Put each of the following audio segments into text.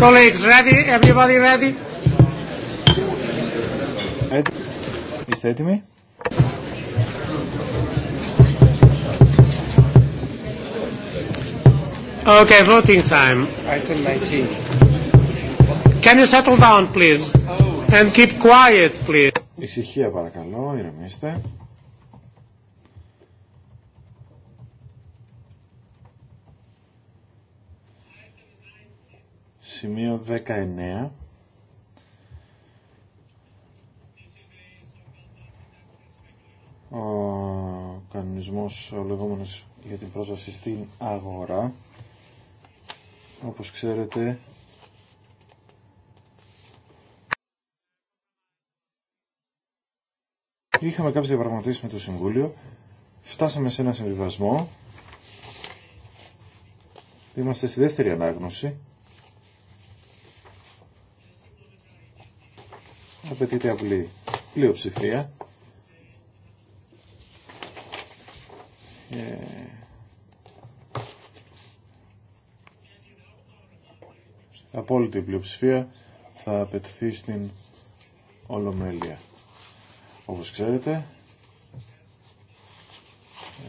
Colleagues, ready? Everybody ready? Είστε έτοιμοι? Okay, voting time. Item 19. Can you settle down, please? And keep quiet, please. Ησυχία παρακαλώ, ηρεμήστε. σημείο 19. Ο κανονισμός ο λεγόμενος για την πρόσβαση στην αγορά. Όπως ξέρετε, Είχαμε κάποιες διαπραγματεύσεις με το Συμβούλιο, φτάσαμε σε ένα συμβιβασμό, είμαστε στη δεύτερη ανάγνωση απαιτείται απλή πλειοψηφία. Ε, απόλυτη πλειοψηφία θα απαιτηθεί στην Ολομέλεια. Όπως ξέρετε,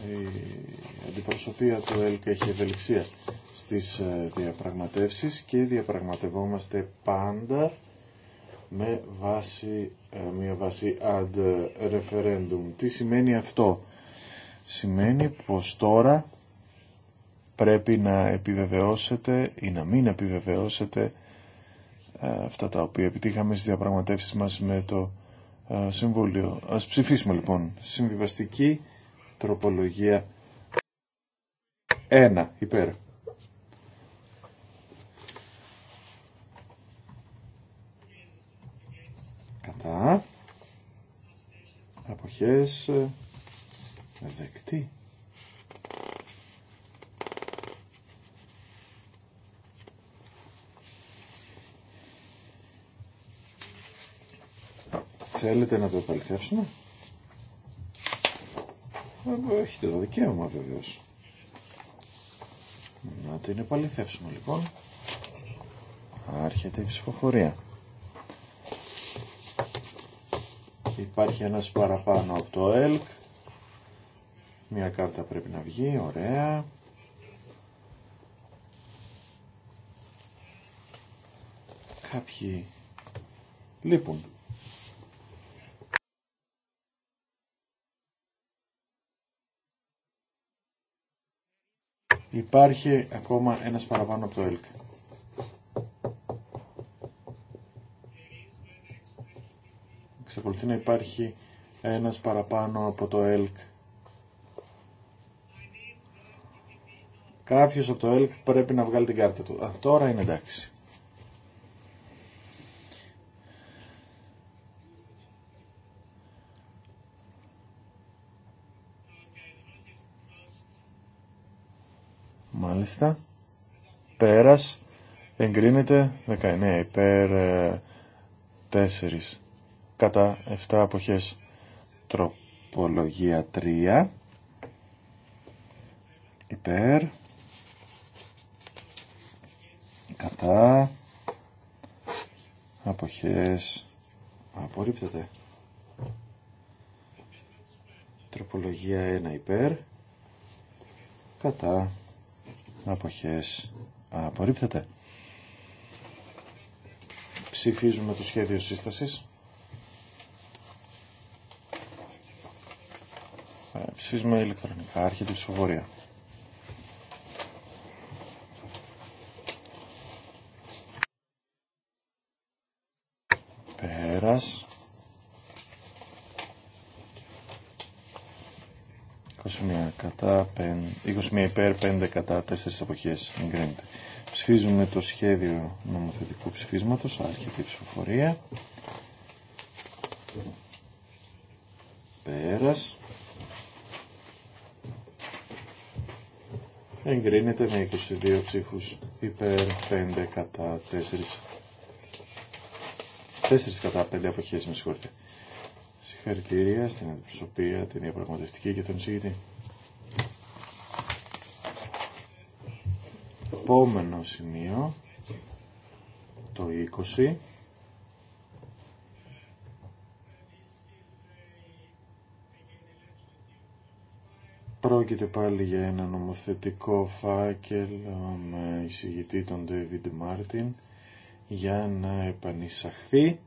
η αντιπροσωπεία του ΕΛΚ έχει ευελιξία στις ε, διαπραγματεύσεις και διαπραγματευόμαστε πάντα με βάση ε, μια βάση ad referendum. Τι σημαίνει αυτό. Σημαίνει πως τώρα πρέπει να επιβεβαιώσετε ή να μην επιβεβαιώσετε ε, αυτά τα οποία επιτύχαμε στις διαπραγματεύσεις μας με το ε, Συμβούλιο. Ας ψηφίσουμε λοιπόν. Συμβιβαστική τροπολογία 1 υπέρ. Τα αποχές δεκτή. Θέλετε να το επαληθεύσουμε. Ε, έχετε το δικαίωμα βεβαίως. Να την επαληθεύσουμε λοιπόν. Άρχεται η ψηφοφορία. υπάρχει ένας παραπάνω από το ΕΛΚ. Μια κάρτα πρέπει να βγει, ωραία. Κάποιοι λείπουν. Υπάρχει ακόμα ένας παραπάνω από το ΕΛΚ. εξακολουθεί να υπάρχει ένας παραπάνω από το ΕΛΚ. Κάποιος από το ΕΛΚ πρέπει να βγάλει την κάρτα του. τώρα είναι εντάξει. Μάλιστα. Πέρας. Εγκρίνεται 19 υπέρ 4 ε, κατά 7 αποχές τροπολογία 3 υπέρ κατά αποχές απορρίπτεται τροπολογία 1 υπέρ κατά αποχές απορρίπτεται ψηφίζουμε το σχέδιο σύστασης ψήφισμα ηλεκτρονικά. Άρχεται η ψηφοφορία. Πέρας. 21, κατά, 21 υπέρ, 5 κατά, 4 εποχές εγκρίνεται. Ψηφίζουμε το σχέδιο νομοθετικού ψηφίσματος, άρχεται η ψηφοφορία. Πέρας. εγκρίνεται με 22 ψήφους υπέρ 5 κατά 4 4 κατά 5 αποχές με συγχωρείτε συγχαρητήρια στην αντιπροσωπεία την διαπραγματευτική και τον εισηγητή επόμενο σημείο το 20 Πρόκειται πάλι για ένα νομοθετικό φάκελο με εισηγητή τον David Martin για να επανεισαχθεί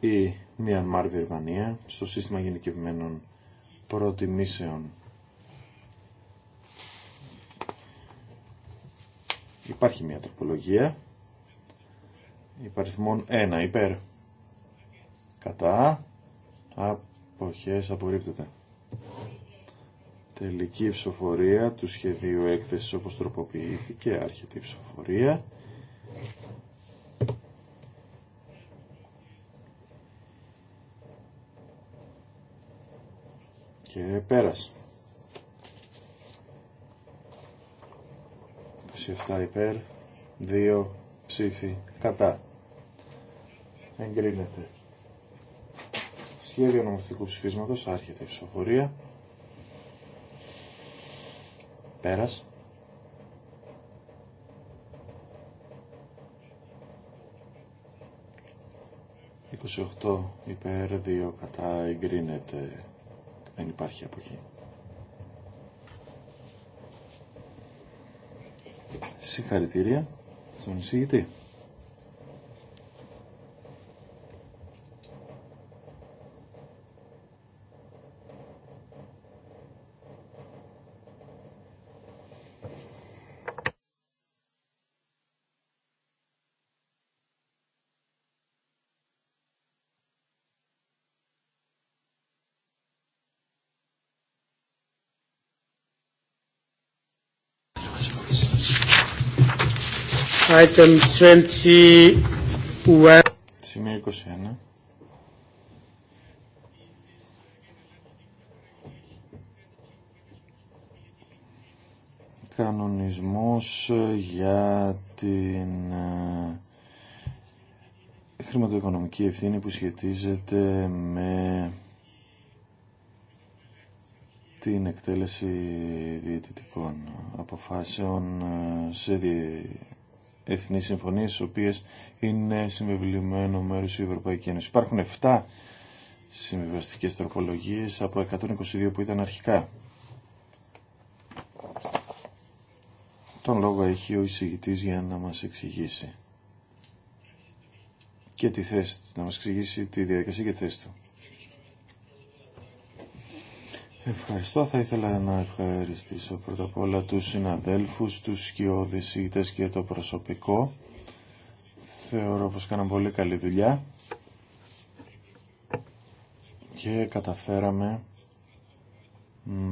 η μια Βερμανία στο σύστημα γενικευμένων προτιμήσεων. Υπάρχει μια τροπολογία. Υπαριθμών 1 υπέρ. Κατά. Αποχές απορρίπτεται. Τελική ψηφοφορία του σχεδίου έκθεσης όπως τροποποιήθηκε. Άρχεται η ψηφοφορία. Και πέρασε. 27 υπέρ, 2 ψήφοι κατά. Εγκρίνεται σχέδιο νομοθετικού ψηφίσματος, άρχεται η ψηφοφορία. Πέρας. υπέρ 2 κατά εγκρίνεται. Δεν υπάρχει αποχή. Συγχαρητήρια στον εισηγητή. Item 21. Σημείο 21. Κανονισμός ε, για την ε, χρηματοοικονομική ευθύνη που σχετίζεται με την εκτέλεση διαιτητικών αποφάσεων ε, σε εθνική συμφωνίες στις οποίε είναι συμβεβλημένο μέρος η Ευρωπαϊκή Ένωση. Υπάρχουν 7 συμβιβαστικέ τροπολογίες από 122 που ήταν αρχικά. Τον λόγο έχει ο εισηγητή για να μα εξηγήσει και τη θέση, να μας εξηγήσει τη διαδικασία και τη θέση του. Ευχαριστώ. Θα ήθελα να ευχαριστήσω πρώτα απ' όλα τους συναδέλφους, τους σκιώδησίτες και το προσωπικό. Θεωρώ πως κάναμε πολύ καλή δουλειά και καταφέραμε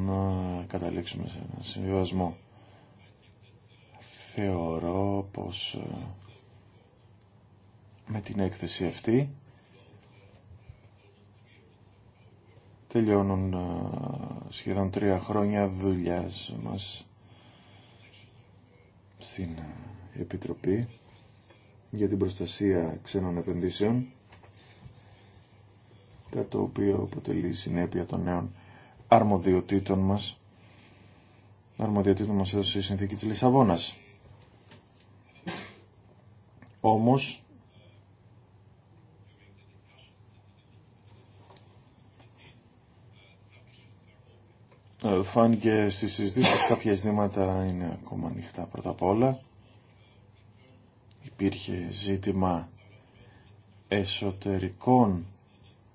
να καταλήξουμε σε ένα συμβιβασμό. Θεωρώ πως ε, με την έκθεση αυτή τελειώνουν ε, σχεδόν τρία χρόνια δουλειά μας στην ε, Επιτροπή για την προστασία ξένων επενδύσεων κάτι το οποίο αποτελεί συνέπεια των νέων αρμοδιοτήτων μας αρμοδιοτήτων μας έδωσε η συνθήκη της Λισαβόνας όμως Ε, φάνηκε στις συζητήσεις κάποια ζητήματα είναι ακόμα ανοιχτά πρώτα απ' όλα. Υπήρχε ζήτημα εσωτερικών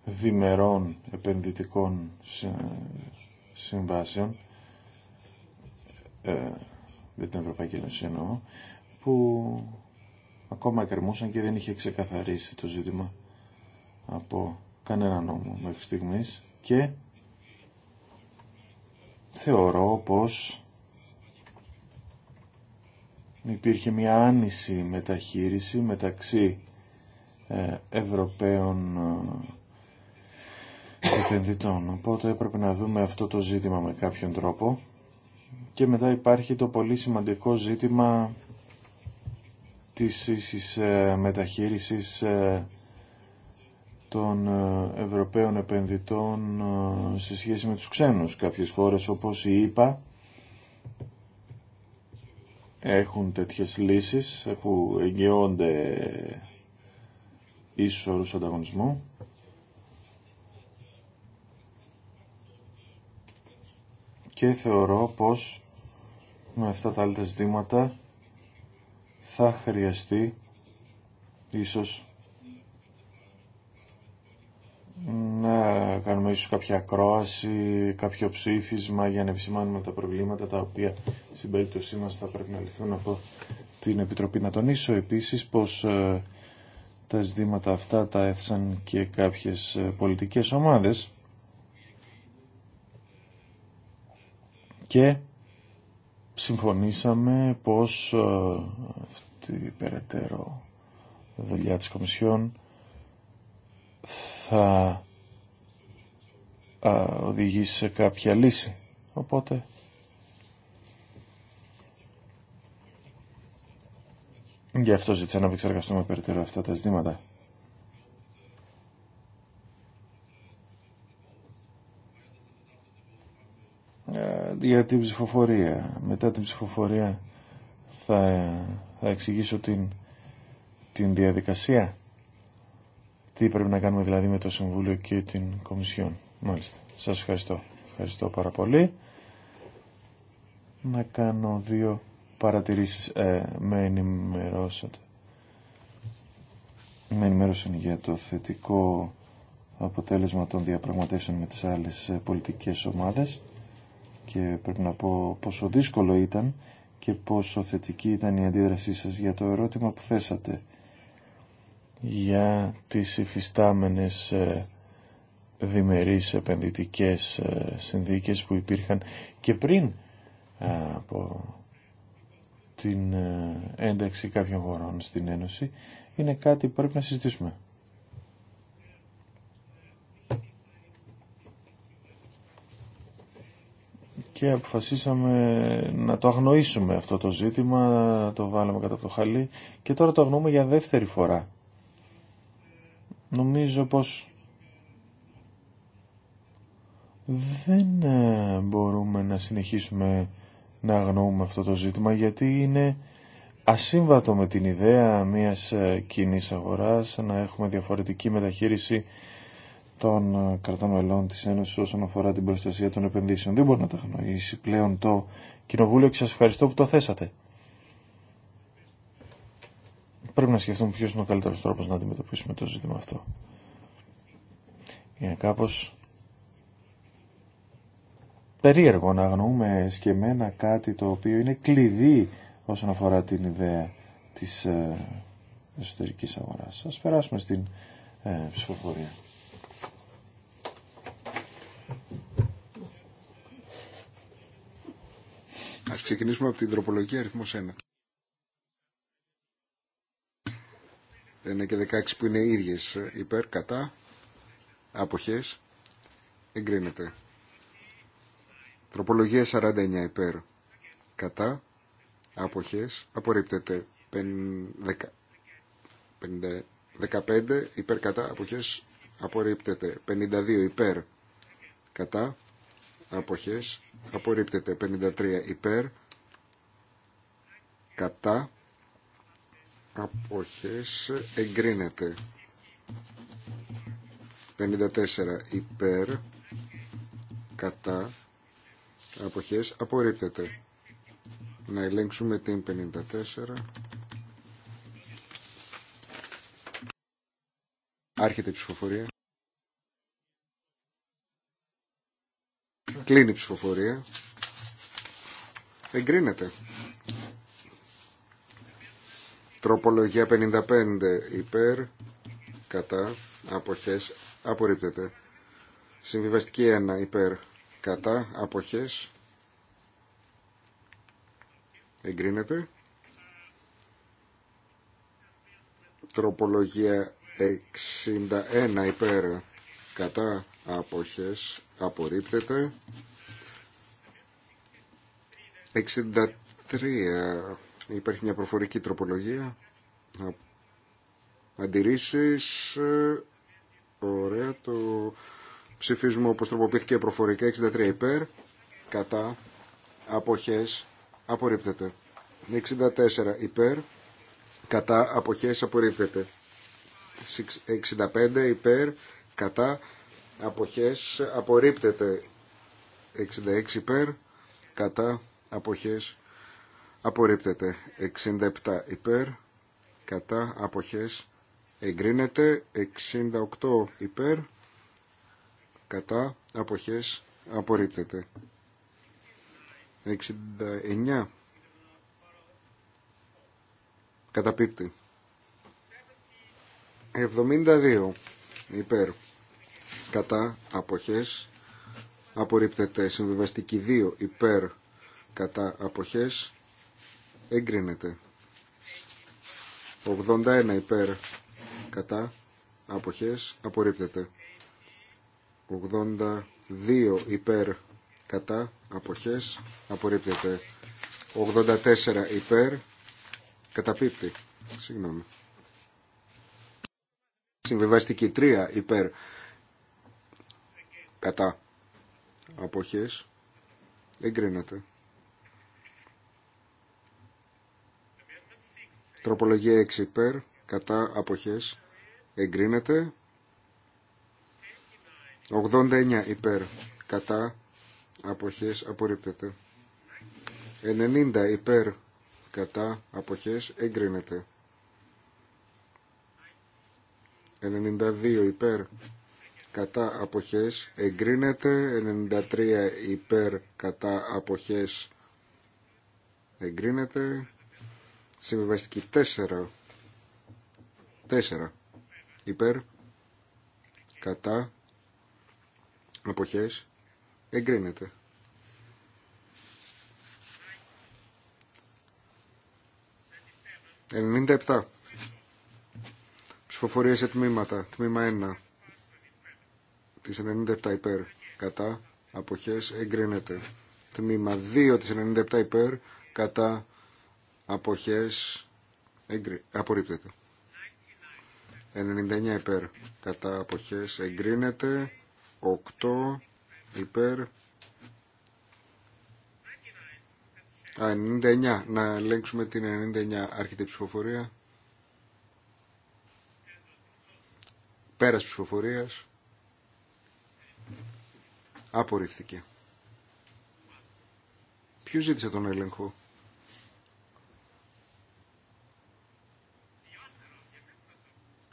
διμερών επενδυτικών συμβάσεων με την Ευρωπαϊκή Ένωση που ακόμα εκκρεμούσαν και δεν είχε ξεκαθαρίσει το ζήτημα από κανένα νόμο μέχρι στιγμής και θεωρώ πως υπήρχε μια άνηση μεταχείριση μεταξύ ε, Ευρωπαίων ε, επενδυτών. Οπότε έπρεπε να δούμε αυτό το ζήτημα με κάποιον τρόπο. Και μετά υπάρχει το πολύ σημαντικό ζήτημα της ίσης ε, μεταχείρισης των ε, Ευρωπαίων επενδυτών ε, σε σχέση με τους ξένους. Κάποιες χώρες όπως η ΕΠΑ έχουν τέτοιες λύσεις που εγγυώνται ίσου όρους ανταγωνισμού. Και θεωρώ πως με αυτά τα άλλα ζητήματα θα χρειαστεί ίσως να κάνουμε ίσως κάποια ακρόαση, κάποιο ψήφισμα για να επισημάνουμε τα προβλήματα τα οποία στην περίπτωσή μας θα πρέπει να λυθούν από την Επιτροπή. Να τονίσω επίσης πως ε, τα ζητήματα αυτά τα έθεσαν και κάποιες ε, πολιτικές ομάδες και συμφωνήσαμε πως ε, αυτή η περαιτέρω δουλειά της Κομισιόν θα οδηγήσει σε κάποια λύση. Οπότε γι' αυτό ζήτησα να επεξεργαστούμε περαιτέρω αυτά τα ζητήματα. Ε, για την ψηφοφορία. Μετά την ψηφοφορία θα, θα εξηγήσω την, την διαδικασία. Τι πρέπει να κάνουμε δηλαδή με το Συμβούλιο και την Κομισιόν. Μάλιστα. Σας ευχαριστώ. Ευχαριστώ πάρα πολύ. Να κάνω δύο παρατηρήσεις. Ε, με ενημερώσατε. Με ενημέρωσαν για το θετικό αποτέλεσμα των διαπραγματεύσεων με τις άλλες ε, πολιτικές ομάδες και πρέπει να πω πόσο δύσκολο ήταν και πόσο θετική ήταν η αντίδρασή σας για το ερώτημα που θέσατε για τις υφιστάμενες ε, διμερείς επενδυτικές ε, συνδίκες που υπήρχαν και πριν ε, από την ένταξη κάποιων χωρών στην Ένωση είναι κάτι που πρέπει να συζητήσουμε. και αποφασίσαμε να το αγνοήσουμε αυτό το ζήτημα, το βάλαμε κατά το χαλί και τώρα το αγνοούμε για δεύτερη φορά. Νομίζω πως δεν ε, μπορούμε να συνεχίσουμε να αγνοούμε αυτό το ζήτημα γιατί είναι ασύμβατο με την ιδέα μιας ε, κοινή αγοράς να έχουμε διαφορετική μεταχείριση των ε, κρατών μελών της Ένωσης όσον αφορά την προστασία των επενδύσεων. Δεν μπορεί να τα γνωρίσει πλέον το Κοινοβούλιο και σας ευχαριστώ που το θέσατε πρέπει να σκεφτούμε ποιος είναι ο καλύτερος τρόπος να αντιμετωπίσουμε το ζήτημα αυτό. Είναι κάπως περίεργο να αγνοούμε σκεμμένα κάτι το οποίο είναι κλειδί όσον αφορά την ιδέα της ε, εσωτερικής αγοράς. Ας περάσουμε στην ε, ψηφοφορία. Ας ξεκινήσουμε από την τροπολογία αριθμός 1. 1 και 16 που είναι ίδιες υπέρ, κατά, αποχές, εγκρίνεται. Τροπολογία 49 υπέρ, κατά, αποχές, απορρίπτεται. 15 υπέρ, κατά, αποχές, απορρίπτεται. 52 υπέρ, κατά, αποχές, απορρίπτεται. 53 υπέρ, κατά, αποχές εγκρίνεται 54 υπέρ κατά αποχές απορρίπτεται να ελέγξουμε την 54 άρχεται η ψηφοφορία κλείνει η ψηφοφορία εγκρίνεται Τροπολογία 55 υπέρ, κατά, αποχές, απορρίπτεται. Συμβιβαστική 1 υπέρ, κατά, αποχές, εγκρίνεται. Τροπολογία 61 υπέρ, κατά, αποχές, απορρίπτεται. 63 Υπάρχει μια προφορική τροπολογία. Αντιρρήσεις. Ε, ωραία. Το ψηφίζουμε όπως τροποποιήθηκε προφορικά. 63 υπέρ. Κατά. Αποχές. Απορρίπτεται. 64 υπέρ. Κατά. Αποχές. Απορρίπτεται. 65 υπέρ. Κατά. Αποχές. Απορρίπτεται. 66 υπέρ. Κατά. Αποχές απορρίπτεται 67 υπέρ κατά αποχές εγκρίνεται 68 υπέρ κατά αποχές απορρίπτεται 69 καταπίπτει 72 υπέρ κατά αποχές απορρίπτεται συμβιβαστική 2 υπέρ κατά αποχές εγκρίνεται. 81 υπέρ κατά αποχές απορρίπτεται. 82 υπέρ κατά αποχές απορρίπτεται. 84 υπέρ καταπίπτει. Συγγνώμη. Συμβιβαστική 3 υπέρ κατά αποχές εγκρίνεται. Τροπολογία 6 υπέρ, κατά αποχές εγκρίνεται. 89 υπέρ, κατά αποχές απορρίπτεται. 90 υπέρ, κατά αποχές εγκρίνεται. 92 υπέρ, κατά αποχές εγκρίνεται. 93 υπέρ, κατά αποχές εγκρίνεται. Συμβιβαστική 4. 4. Υπέρ. Κατά. Αποχές. Εγκρίνεται. 97. Ψηφοφορία σε τμήματα. Τμήμα 1. Τη 97 υπέρ. Κατά. Αποχές. Εγκρίνεται. Τμήμα 2 τη 97 υπέρ. Κατά αποχές εγκρι... απορρίπτεται. 99 υπέρ κατά αποχές εγκρίνεται. 8 υπέρ. Α, 99. Να ελέγξουμε την 99. Άρχεται η ψηφοφορία. Πέρας ψηφοφορίας. Απορρίφθηκε. Ποιος ζήτησε τον έλεγχο.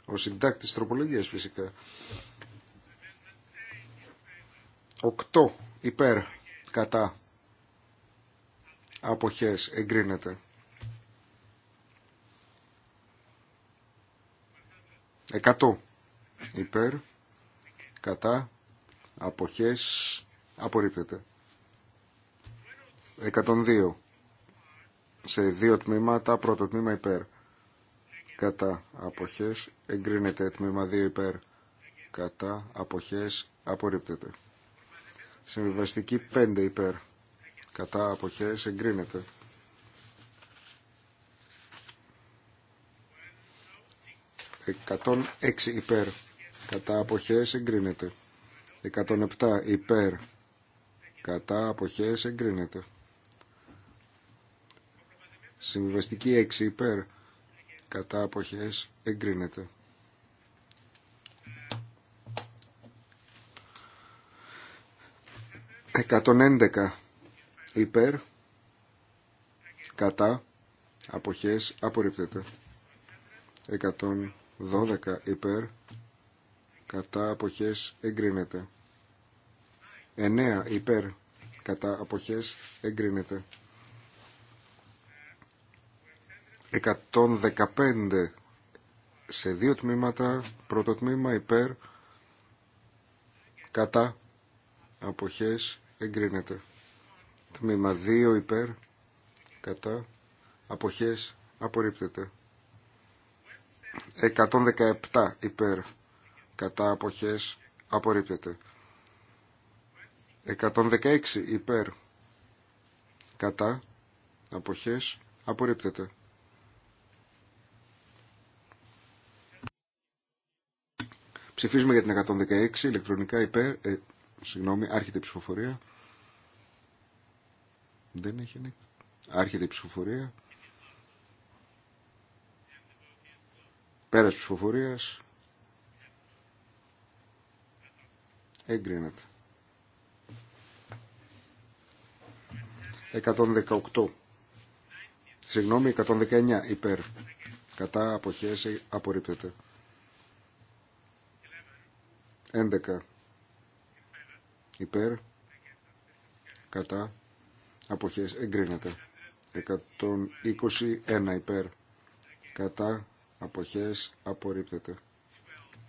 Ο συντάκτης τροπολογίας φυσικά. Οκτώ υπέρ κατά αποχές εγκρίνεται. Εκατό υπέρ κατά αποχές απορρίπτεται. 102 σε δύο τμήματα, πρώτο τμήμα υπέρ κατά αποχές εγκρίνεται τμήμα 2 υπέρ κατά αποχές απορρίπτεται συμβιβαστική 5 υπέρ κατά αποχές εγκρίνεται Εκατόν υπέρ κατά αποχές εγκρίνεται 107 υπέρ κατά αποχές εγκρίνεται συμβιβαστική 6 υπέρ κατά αποχές εγκρίνεται. Εκατόν έντεκα υπέρ κατά αποχές απορρίπτεται. Εκατόν δώδεκα υπέρ κατά αποχές εγκρίνεται. Εννέα υπέρ κατά αποχές εγκρίνεται. 115 σε δύο τμήματα. Πρώτο τμήμα υπέρ, κατά, αποχές, εγκρίνεται. Τμήμα 2 υπέρ, κατά, αποχές, απορρίπτεται. 117 υπέρ, κατά, αποχές, απορρίπτεται. 116 υπέρ, κατά, αποχές, απορρίπτεται. Ψηφίζουμε για την 116 ηλεκτρονικά υπέρ. Ε, συγγνώμη, άρχεται η ψηφοφορία. Δεν έχει ναι. Άρχεται η ψηφοφορία. Πέρας ψηφοφορίας. Εγκρίνεται. 118. Συγγνώμη, 119 υπέρ. Κατά αποχέση απορρίπτεται. 11 υπέρ κατά αποχές εγκρίνεται 121 υπέρ κατά αποχές απορρίπτεται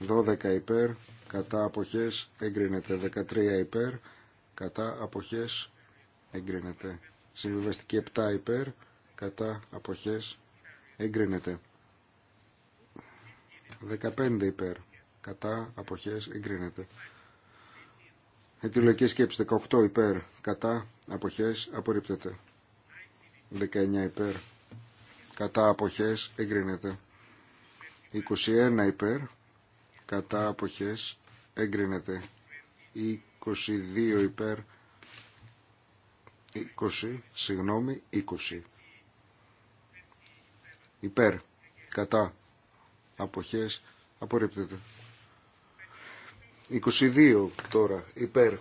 12 υπέρ κατά αποχές εγκρίνεται 13 υπέρ κατά αποχές εγκρίνεται συμβιβαστική 7 υπέρ κατά αποχές εγκρίνεται 15 υπέρ κατά αποχές εγκρίνεται. Ετυλογική σκέψη 18 υπέρ κατά αποχές απορρίπτεται. 19 υπέρ κατά αποχές εγκρίνεται. 21 υπέρ κατά αποχές εγκρίνεται. 22 υπέρ 20, συγγνώμη, 20. Υπέρ, κατά, αποχές, απορρίπτεται. 22 τώρα υπέρ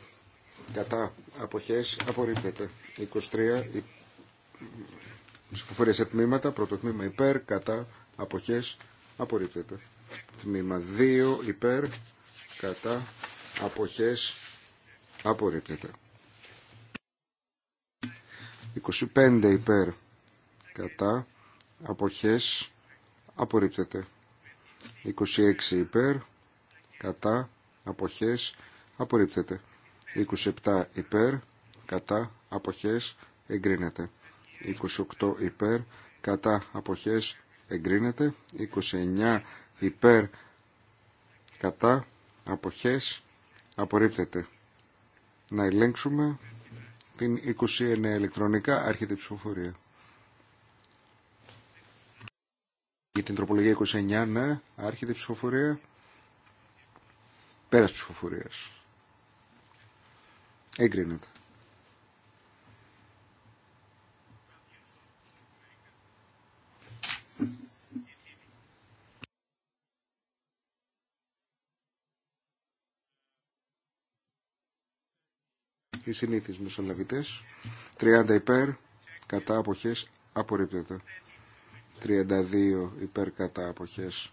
κατά αποχές απορρίπτεται 23 η... σε τμήματα πρώτο τμήμα υπέρ κατά αποχές απορρίπτεται τμήμα 2 υπέρ κατά αποχές απορρίπτεται 25 υπέρ κατά αποχές απορρίπτεται 26 υπέρ κατά αποχές απορρίπτεται 27 υπέρ κατά αποχές εγκρίνεται 28 υπέρ κατά αποχές εγκρίνεται 29 υπέρ κατά αποχές απορρίπτεται να ελέγξουμε την 29 ηλεκτρονικά άρχεται η ψηφοφορία για την τροπολογία 29 ναι άρχεται η ψηφοφορία Πέρα Πέρας ψηφοφορίας. Εγκρίνεται. οι συνήθεις μεσολαβητές 30 υπέρ κατά αποχές απορρίπτεται 32 υπέρ κατά αποχές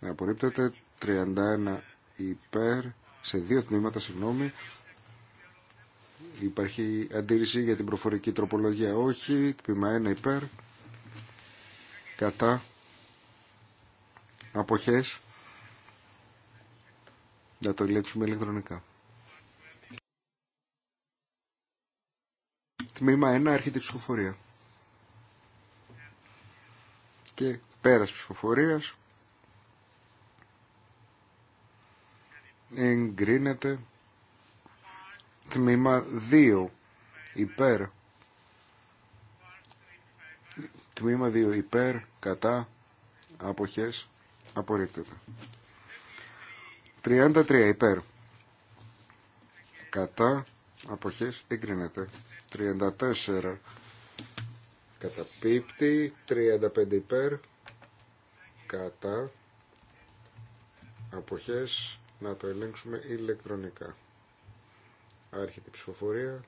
απορρίπτεται 31 υπέρ, σε δύο τμήματα, συγγνώμη. Υπάρχει αντίρρηση για την προφορική τροπολογία. Όχι, τμήμα 1 υπέρ, κατά, αποχές. Να το ελέγξουμε ηλεκτρονικά. Τμήμα 1 έρχεται η ψηφοφορία. Και πέρας ψηφοφορίας εγκρίνεται τμήμα 2 υπέρ τμήμα 2 υπέρ κατά αποχές απορρίπτεται 33 υπέρ κατά αποχές εγκρίνεται 34 κατά πίπτη 35 υπέρ κατά αποχές να το ελέγξουμε ηλεκτρονικά. Άρχεται η ψηφοφορία.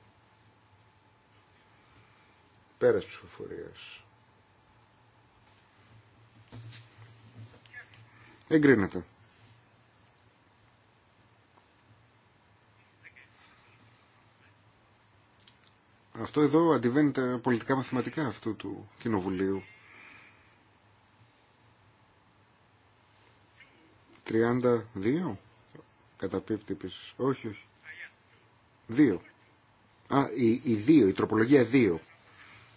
Πέρας ψηφοφορίας. Εγκρίνεται. Αυτό εδώ αντιβαίνει τα πολιτικά μαθηματικά αυτού του κοινοβουλίου. 32. Καταπίπτει επίση. Όχι, όχι. Δύο. Α, η, η δύο, η τροπολογία δύο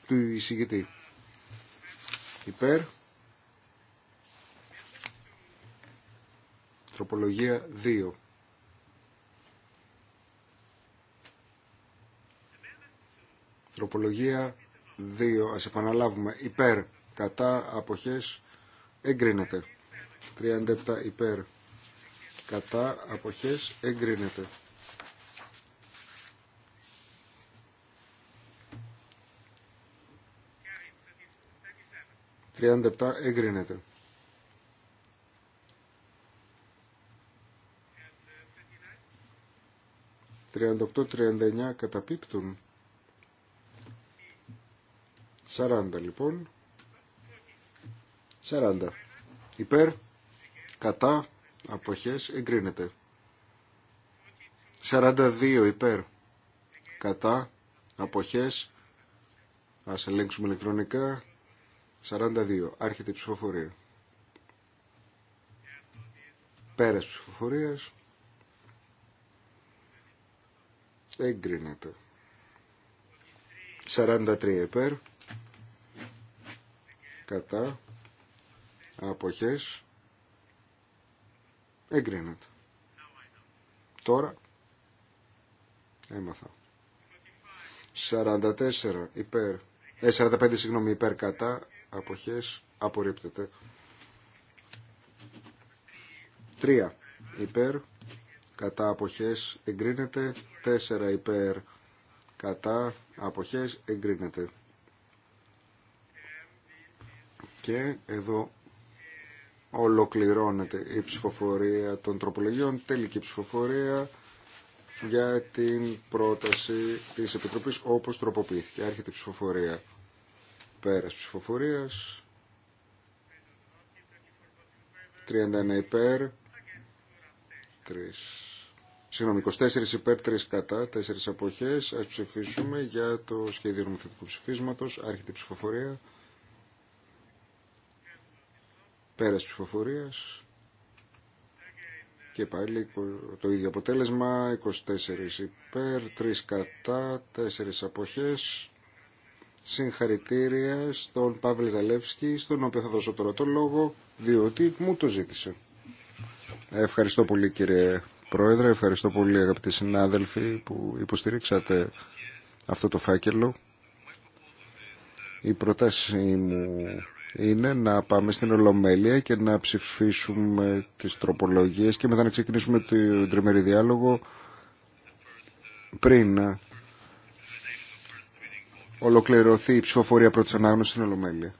του εισηγητή. Υπέρ. Τροπολογία δύο. Τροπολογία δύο. Ας επαναλάβουμε. Υπέρ. Κατά. Αποχές. Εγκρίνεται. 37 υπέρ κατά αποχές εγκρίνεται. Τριάντα επτά εγκρίνεται. Τριάντα οκτώ, τριάντα εννιά καταπίπτουν. Σαράντα λοιπόν. Σαράντα. Υπέρ, κατά, αποχές εγκρίνεται 42 υπέρ κατά αποχές ας ελέγξουμε ηλεκτρονικά 42 άρχεται η ψηφοφορία πέρας ψηφοφορίας εγκρίνεται 43 υπέρ κατά αποχές Εγκρίνεται. Τώρα έμαθα. 44 υπέρ, 45 ε, συγγνώμη υπέρ κατά αποχές απορρίπτεται. 3 υπέρ κατά αποχές εγκρίνεται. 4 υπέρ κατά αποχές εγκρίνεται. Και εδώ Ολοκληρώνεται η ψηφοφορία των τροπολογιών, τελική ψηφοφορία για την πρόταση της Επιτροπής όπως τροποποιήθηκε. Άρχεται η ψηφοφορία πέρας ψηφοφορίας. 31 υπέρ, 3, συγγνώμη, 24 υπέρ, 3 κατά, 4 αποχές. Ας ψηφίσουμε για το σχέδιο νομοθετικού ψηφίσματος. Άρχεται η ψηφοφορία. Πέρας ψηφοφορίας. Και πάλι το ίδιο αποτέλεσμα, 24 υπέρ, 3 κατά, 4 αποχές. Συγχαρητήρια στον Παύλ Ζαλεύσκη, στον οποίο θα δώσω τώρα το λόγο, διότι μου το ζήτησε. Ευχαριστώ πολύ κύριε Πρόεδρε, ευχαριστώ πολύ αγαπητοί συνάδελφοι που υποστηρίξατε αυτό το φάκελο. Η προτάση μου είναι να πάμε στην Ολομέλεια και να ψηφίσουμε τις τροπολογίες και μετά να ξεκινήσουμε το τριμερή διάλογο πριν ολοκληρωθεί η ψηφοφορία πρώτης ανάγνωσης στην Ολομέλεια.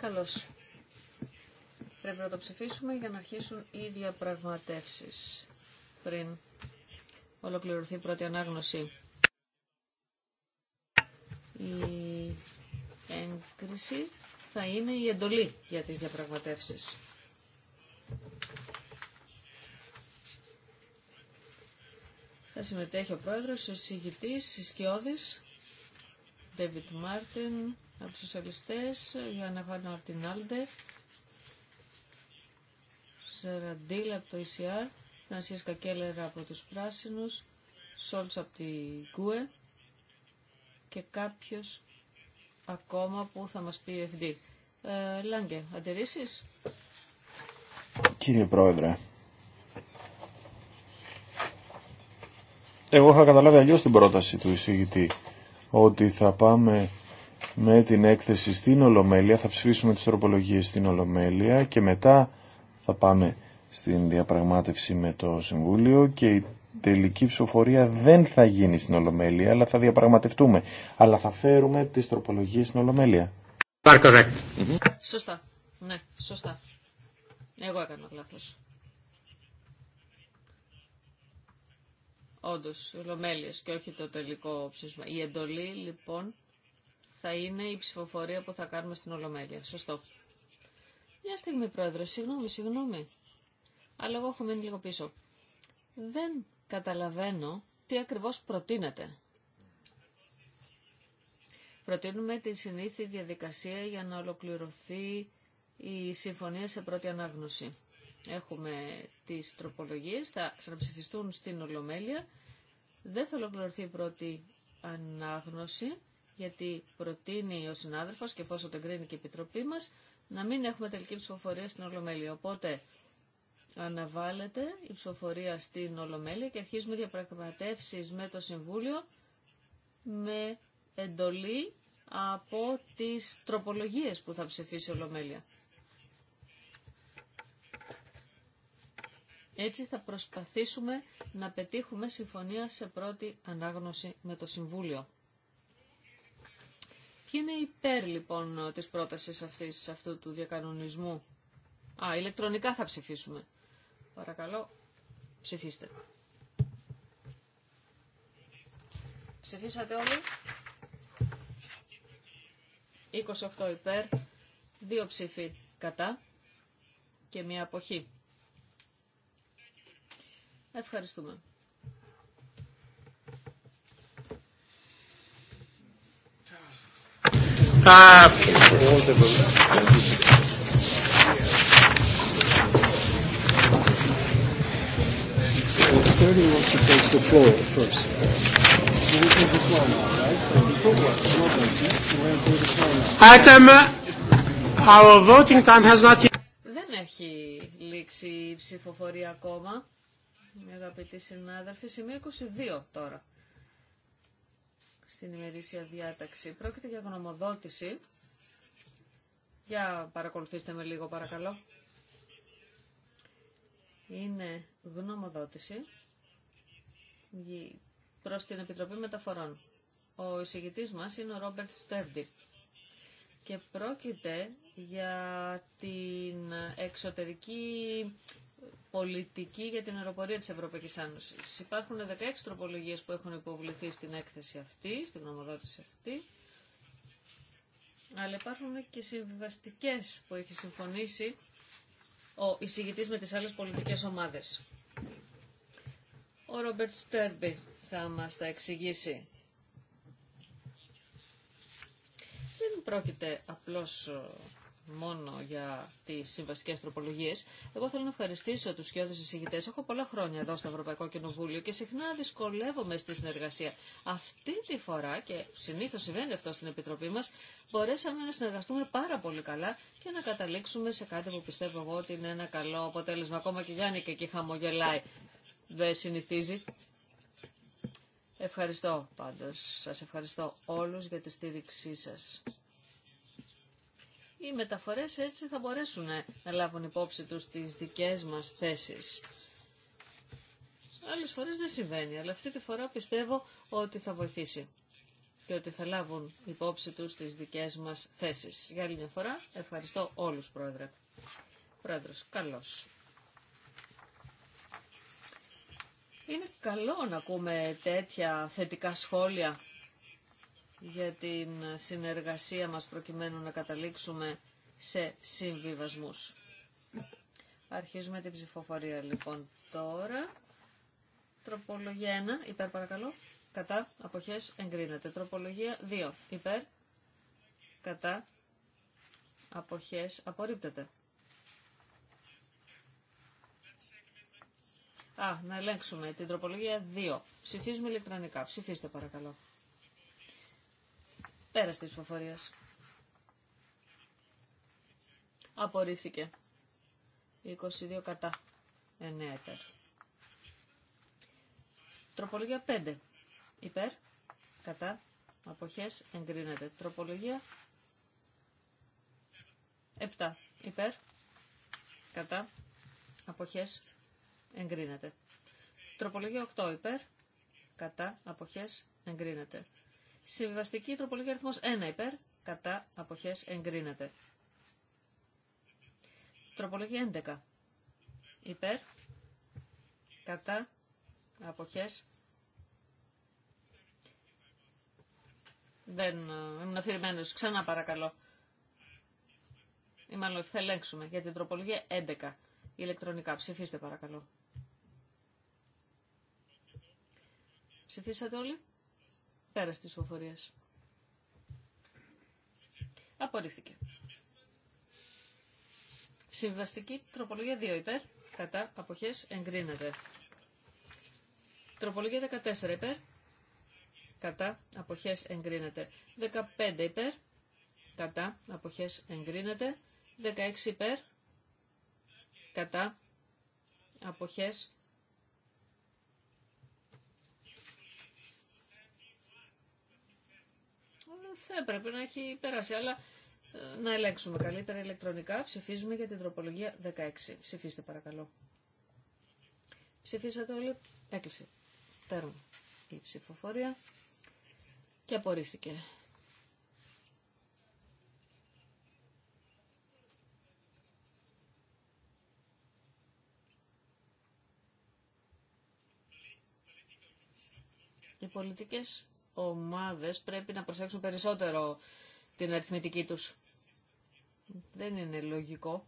Καλώς. Πρέπει να το ψηφίσουμε για να αρχίσουν οι διαπραγματεύσεις πριν ολοκληρωθεί η πρώτη ανάγνωση. Η έγκριση θα είναι η εντολή για τις διαπραγματεύσεις. Θα συμμετέχει ο πρόεδρος, ο συγητής, η Σκιώδης, David Μάρτιν, από τους σοσιαλιστές, Ιωάννα Βάρνα από την Άλντε, Ζεραντήλ από το ECR, Φρανσίσκα Κακέλερα από τους Πράσινους, Σόλτς από την ΚΟΕ, και κάποιος ακόμα που θα μας πει FD. Ε, Λάγκε, αντερήσεις. Κύριε Πρόεδρε, εγώ είχα καταλάβει αλλιώς την πρόταση του εισηγητή ότι θα πάμε με την έκθεση στην Ολομέλεια, θα ψηφίσουμε τις τροπολογίες στην Ολομέλεια και μετά θα πάμε στην διαπραγμάτευση με το Συμβούλιο και τελική ψηφοφορία δεν θα γίνει στην Ολομέλεια, αλλά θα διαπραγματευτούμε. Αλλά θα φέρουμε τις τροπολογίες στην Ολομέλεια. Correct. Mm-hmm. Σωστά. Ναι, σωστά. Εγώ έκανα λάθος. Όντως, ολομέλειες και όχι το τελικό ψήφισμα. Η εντολή, λοιπόν, θα είναι η ψηφοφορία που θα κάνουμε στην Ολομέλεια. Σωστό. Μια στιγμή, Πρόεδρε. Συγγνώμη, συγγνώμη. Αλλά εγώ έχω μείνει λίγο πίσω. Δεν καταλαβαίνω τι ακριβώς προτείνεται. Προτείνουμε τη συνήθη διαδικασία για να ολοκληρωθεί η συμφωνία σε πρώτη ανάγνωση. Έχουμε τις τροπολογίες, θα ξαναψηφιστούν στην Ολομέλεια. Δεν θα ολοκληρωθεί η πρώτη ανάγνωση, γιατί προτείνει ο συνάδελφος και εφόσον το εγκρίνει και η Επιτροπή μας, να μην έχουμε τελική ψηφοφορία στην Ολομέλεια. Οπότε Αναβάλλεται η ψηφοφορία στην Ολομέλεια και αρχίζουμε διαπραγματεύσεις με το Συμβούλιο με εντολή από τις τροπολογίες που θα ψηφίσει η Ολομέλεια. Έτσι θα προσπαθήσουμε να πετύχουμε συμφωνία σε πρώτη ανάγνωση με το Συμβούλιο. Ποιοι είναι υπέρ λοιπόν της πρότασης αυτής, αυτού του διακανονισμού. Α, ηλεκτρονικά θα ψηφίσουμε. Παρακαλώ, ψηφίστε. Ψηφίσατε όλοι. 28 υπέρ, 2 ψήφοι κατά και μία αποχή. Ευχαριστούμε. Ευχαριστούμε. floor our voting time has not yet... Δεν έχει λήξει η ψηφοφορία ακόμα, αγαπητοί συνάδελφοι, σημείο 22 τώρα στην ημερήσια διάταξη. Πρόκειται για γνωμοδότηση. Για παρακολουθήστε με λίγο παρακαλώ. Είναι γνωμοδότηση προς την Επιτροπή Μεταφορών. Ο εισηγητής μας είναι ο Ρόμπερτ Στέρντι και πρόκειται για την εξωτερική πολιτική για την αεροπορία της Ευρωπαϊκής Άνωσης. Υπάρχουν 16 τροπολογίες που έχουν υποβληθεί στην έκθεση αυτή, στην γνωμοδότηση αυτή, αλλά υπάρχουν και συμβιβαστικές που έχει συμφωνήσει ο εισηγητής με τις άλλες πολιτικές ομάδες. Ο Ρόμπερτ Στέρμπι θα μας τα εξηγήσει. Δεν πρόκειται απλώς ε, μόνο για τι συμβαστικέ τροπολογίε. Εγώ θέλω να ευχαριστήσω του σκιώδει εισηγητέ. Έχω πολλά χρόνια εδώ στο Ευρωπαϊκό Κοινοβούλιο και συχνά δυσκολεύομαι στη συνεργασία. Αυτή τη φορά, και συνήθω συμβαίνει αυτό στην Επιτροπή μα, μπορέσαμε να συνεργαστούμε πάρα πολύ καλά και να καταλήξουμε σε κάτι που πιστεύω εγώ ότι είναι ένα καλό αποτέλεσμα. Ακόμα και Γιάννη και εκεί χαμογελάει δεν συνηθίζει. Ευχαριστώ πάντως. Σας ευχαριστώ όλους για τη στήριξή σας. Οι μεταφορές έτσι θα μπορέσουν να λάβουν υπόψη τους τις δικές μας θέσεις. Άλλες φορές δεν συμβαίνει, αλλά αυτή τη φορά πιστεύω ότι θα βοηθήσει και ότι θα λάβουν υπόψη τους τις δικές μας θέσεις. Για άλλη μια φορά, ευχαριστώ όλους, Πρόεδρε. Πρόεδρος, καλώς. Είναι καλό να ακούμε τέτοια θετικά σχόλια για την συνεργασία μας προκειμένου να καταλήξουμε σε συμβιβασμούς. Αρχίζουμε την ψηφοφορία λοιπόν τώρα. Τροπολογία 1, υπέρ παρακαλώ. Κατά, αποχές, εγκρίνεται. Τροπολογία 2, υπέρ. Κατά, αποχές, απορρίπτεται. Α, να ελέγξουμε την τροπολογία 2. Ψηφίζουμε ηλεκτρονικά. Ψηφίστε παρακαλώ. Πέρα τη υποφορίας. Απορρίφθηκε. 22 κατά. 9 υπέρ. Τροπολογία 5. Υπέρ. Κατά. Αποχές. Εγκρίνεται. Τροπολογία 7. Υπέρ. Κατά. Αποχές εγκρίνεται. Τροπολογία 8 υπέρ, κατά, αποχές, εγκρίνεται. Συμβιβαστική τροπολογία αριθμός 1 υπέρ, κατά, αποχές, εγκρίνεται. Τροπολογία 11 υπέρ, κατά, αποχές, Δεν ε, ήμουν αφηρημένο. Ξανά παρακαλώ. Ή μάλλον θα ελέγξουμε για την τροπολογία 11. Ηλεκτρονικά. Ψηφίστε παρακαλώ. Ψηφίσατε όλοι. Πέρα στις ψηφοφορίες. Απορρίφθηκε. Συμβαστική τροπολογία 2 υπέρ. Κατά αποχές εγκρίνεται. Τροπολογία 14 υπέρ. Κατά αποχές εγκρίνεται. 15 υπέρ. Κατά αποχές εγκρίνεται. 16 υπέρ. Κατά αποχές θα ε, πρέπει να έχει περάσει, αλλά ε, να ελέγξουμε καλύτερα ηλεκτρονικά. Ψηφίζουμε για την τροπολογία 16. Ψηφίστε παρακαλώ. Ψηφίσατε όλοι. Έκλεισε. Πέραν η ψηφοφορία και απορρίφθηκε. Οι πολιτικές ομάδες πρέπει να προσέξουν περισσότερο την αριθμητική τους. Δεν είναι λογικό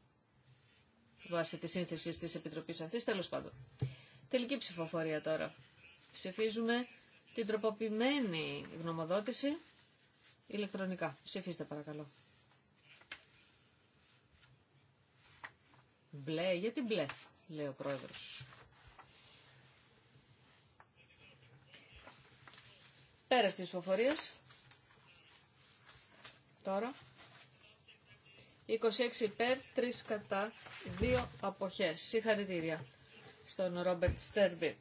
βάσει τη σύνθεση της Επιτροπής αυτή τέλο πάντων. Τελική ψηφοφορία τώρα. Ψηφίζουμε την τροποποιημένη γνωμοδότηση ηλεκτρονικά. Ψηφίστε παρακαλώ. Μπλε, γιατί μπλε, λέει ο πρόεδρος. Πέρα στις ψηφοφορίες. Τώρα. 26 υπέρ, 3 κατά, 2 αποχές. Συγχαρητήρια στον Ρόμπερτ Στέρμπι.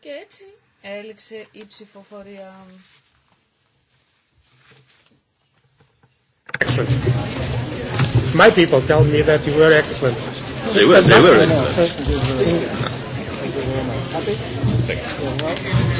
Και έτσι έληξε η ψηφοφορία. Excellent. My people tell me that you were excellent. They were, they were excellent. Thanks.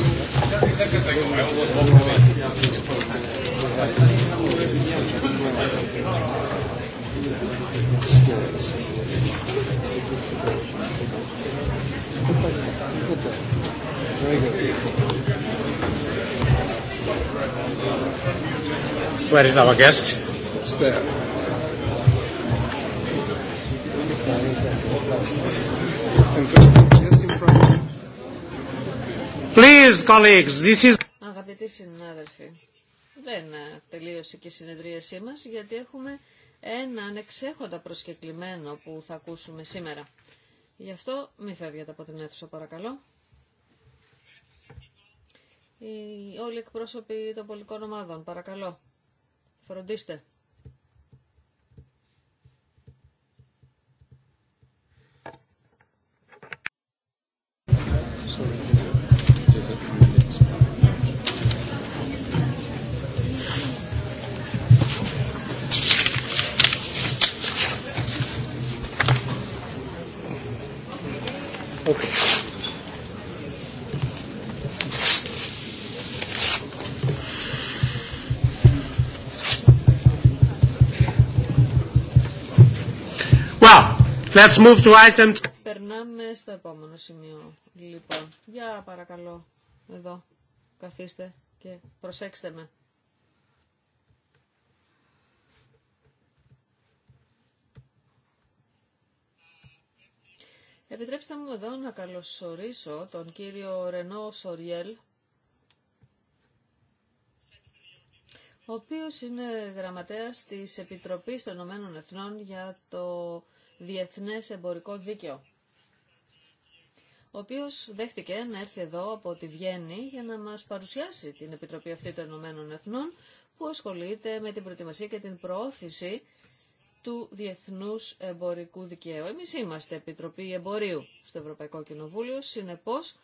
Where is our guest? Please, colleagues, this is... Αγαπητοί συνάδελφοι, δεν ε, τελείωσε και η συνεδρίασή μας γιατί έχουμε ένα ανεξέχοντα προσκεκλημένο που θα ακούσουμε σήμερα. Γι' αυτό μη φεύγετε από την αίθουσα παρακαλώ. Οι όλοι εκπρόσωποι των πολιτικών ομάδων, παρακαλώ, φροντίστε. Let's to item... Περνάμε στο επόμενο σημείο. Λοιπόν, για παρακαλώ, εδώ, καθίστε και προσέξτε με. Επιτρέψτε μου εδώ να καλωσορίσω τον κύριο Ρενό Σοριέλ, ο οποίος είναι γραμματέας της Επιτροπής των Ηνωμένων Εθνών για το Διεθνές Εμπορικό Δίκαιο, ο οποίος δέχτηκε να έρθει εδώ από τη Βιέννη για να μας παρουσιάσει την Επιτροπή αυτή των Ηνωμένων Εθνών, που ασχολείται με την προετοιμασία και την προώθηση του Διεθνούς Εμπορικού Δικαίου. Εμείς είμαστε Επιτροπή Εμπορίου στο Ευρωπαϊκό Κοινοβούλιο, συνεπώς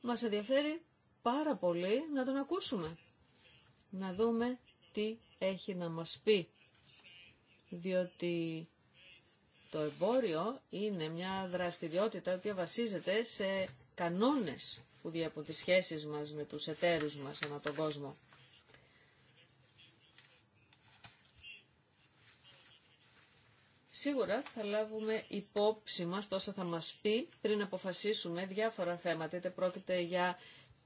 μας ενδιαφέρει πάρα πολύ να τον ακούσουμε, να δούμε τι έχει να μας πει, διότι το εμπόριο είναι μια δραστηριότητα που βασίζεται σε κανόνες που διέπουν τις σχέσεις μας με τους εταίρους μας ανά τον κόσμο. Σίγουρα θα λάβουμε υπόψη μας τόσα θα μας πει πριν αποφασίσουμε διάφορα θέματα, είτε πρόκειται για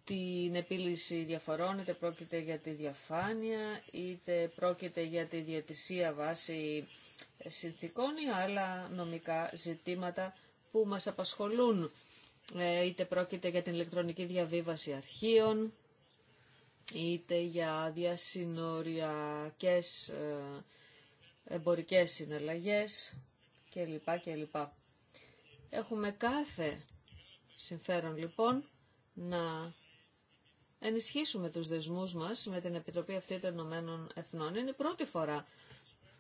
την επίλυση διαφορών, είτε πρόκειται για τη διαφάνεια, είτε πρόκειται για τη διατησία βάση συνθήκων ή άλλα νομικά ζητήματα που μας απασχολούν, ε, είτε πρόκειται για την ηλεκτρονική διαβίβαση αρχείων, είτε για διασυνοριακές ε, εμπορικές συναλλαγές κλπ. κλπ. Έχουμε κάθε συμφέρον λοιπόν να ενισχύσουμε τους δεσμούς μας με την Επιτροπή αυτή των Ηνωμένων Εθνών. Είναι η πρώτη φορά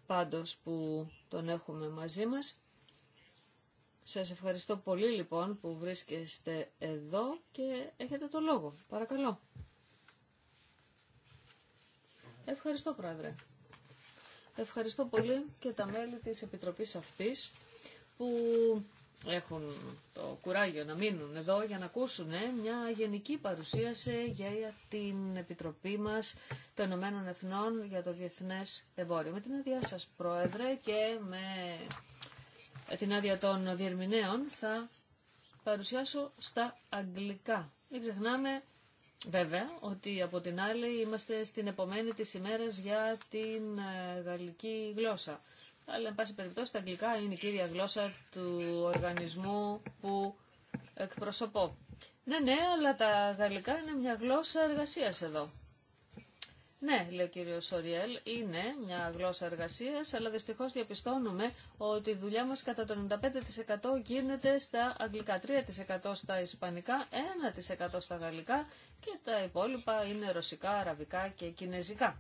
πάντως που τον έχουμε μαζί μας. Σας ευχαριστώ πολύ λοιπόν που βρίσκεστε εδώ και έχετε το λόγο. Παρακαλώ. Ευχαριστώ πρόεδρε. Ευχαριστώ πολύ και τα μέλη της Επιτροπής αυτής που έχουν το κουράγιο να μείνουν εδώ για να ακούσουν ε, μια γενική παρουσίαση για την Επιτροπή μας των Ηνωμένων Εθνών για το Διεθνές Εμπόριο. Με την άδειά σας, Πρόεδρε, και με την άδεια των διερμηνέων θα παρουσιάσω στα αγγλικά. Μην ξεχνάμε Βέβαια ότι από την άλλη είμαστε στην επομένη της ημέρας για την ε, γαλλική γλώσσα. Αλλά, εν πάση περιπτώσει, τα αγγλικά είναι η κύρια γλώσσα του οργανισμού που εκπροσωπώ. Ναι, ναι, αλλά τα γαλλικά είναι μια γλώσσα εργασίας εδώ. Ναι, λέει ο κύριο Σοριέλ, είναι μια γλώσσα εργασία, αλλά δυστυχώ διαπιστώνουμε ότι η δουλειά μα κατά το 95% γίνεται στα αγγλικά, 3% στα ισπανικά, 1% στα γαλλικά και τα υπόλοιπα είναι ρωσικά, αραβικά και κινέζικα.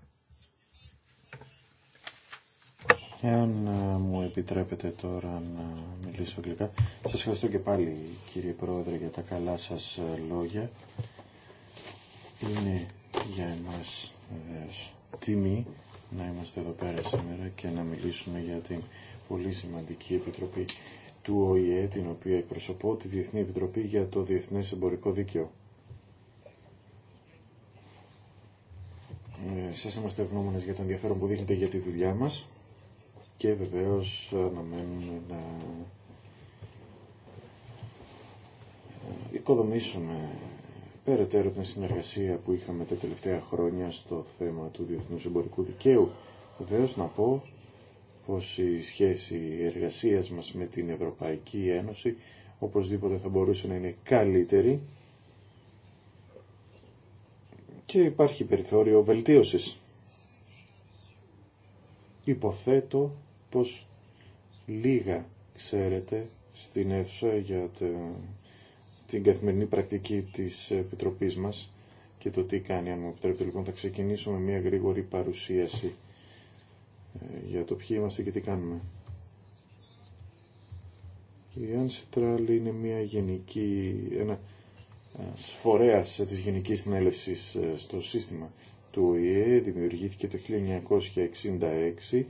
Εάν ε, μου επιτρέπετε τώρα να μιλήσω αγγλικά, σας ευχαριστώ και πάλι κύριε Πρόεδρε για τα καλά σας ε, λόγια. Είναι για εμάς τιμή να είμαστε εδώ πέρα σήμερα και να μιλήσουμε για την πολύ σημαντική επιτροπή του ΟΗΕ, την οποία εκπροσωπώ, τη Διεθνή Επιτροπή για το Διεθνές Εμπορικό Δίκαιο. Ε, σας είμαστε ευγνώμονες για το ενδιαφέρον που δείχνετε για τη δουλειά μας και βεβαίω αναμένουμε να ε, οικοδομήσουμε περαιτέρω την συνεργασία που είχαμε τα τελευταία χρόνια στο θέμα του διεθνούς εμπορικού δικαίου. Βεβαίω να πω πως η σχέση εργασίας μας με την Ευρωπαϊκή Ένωση οπωσδήποτε θα μπορούσε να είναι καλύτερη και υπάρχει περιθώριο βελτίωσης. Υποθέτω πως λίγα ξέρετε στην αίθουσα για το την καθημερινή πρακτική της Επιτροπής μας και το τι κάνει. Αν μου επιτρέπετε λοιπόν θα ξεκινήσω με μια γρήγορη παρουσίαση ε, για το ποιοι είμαστε και τι κάνουμε. Η Ανσίτραλη είναι μια γενική, ένα φορέας της Γενικής Συνέλευσης ε, στο σύστημα του ΟΗΕ, δημιουργήθηκε το 1966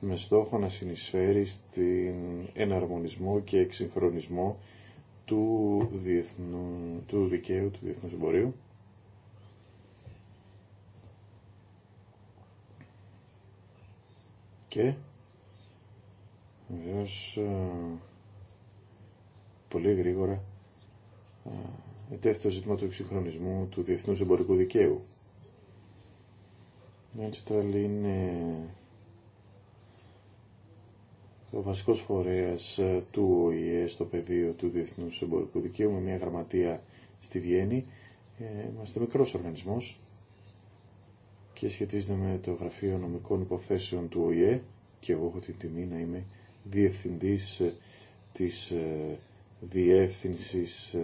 με στόχο να συνεισφέρει στην εναρμονισμό και εξυγχρονισμό του, διεθνού, του δικαίου, του Διεθνού εμπορίου. Και βεβαίω ε, πολύ γρήγορα ε, ετέθη το ζήτημα του εξυγχρονισμού του Διεθνού εμπορικού δικαίου. Έτσι τώρα είναι ο βασικός φορέας ε, του ΟΗΕ στο πεδίο του Διεθνούς Εμπορικού Δικαίου με μια γραμματεία στη Βιέννη. Ε, είμαστε μικρός οργανισμός και σχετίζεται με το Γραφείο Νομικών Υποθέσεων του ΟΗΕ και εγώ έχω την τιμή να είμαι διευθυντής ε, της διεύθυνσης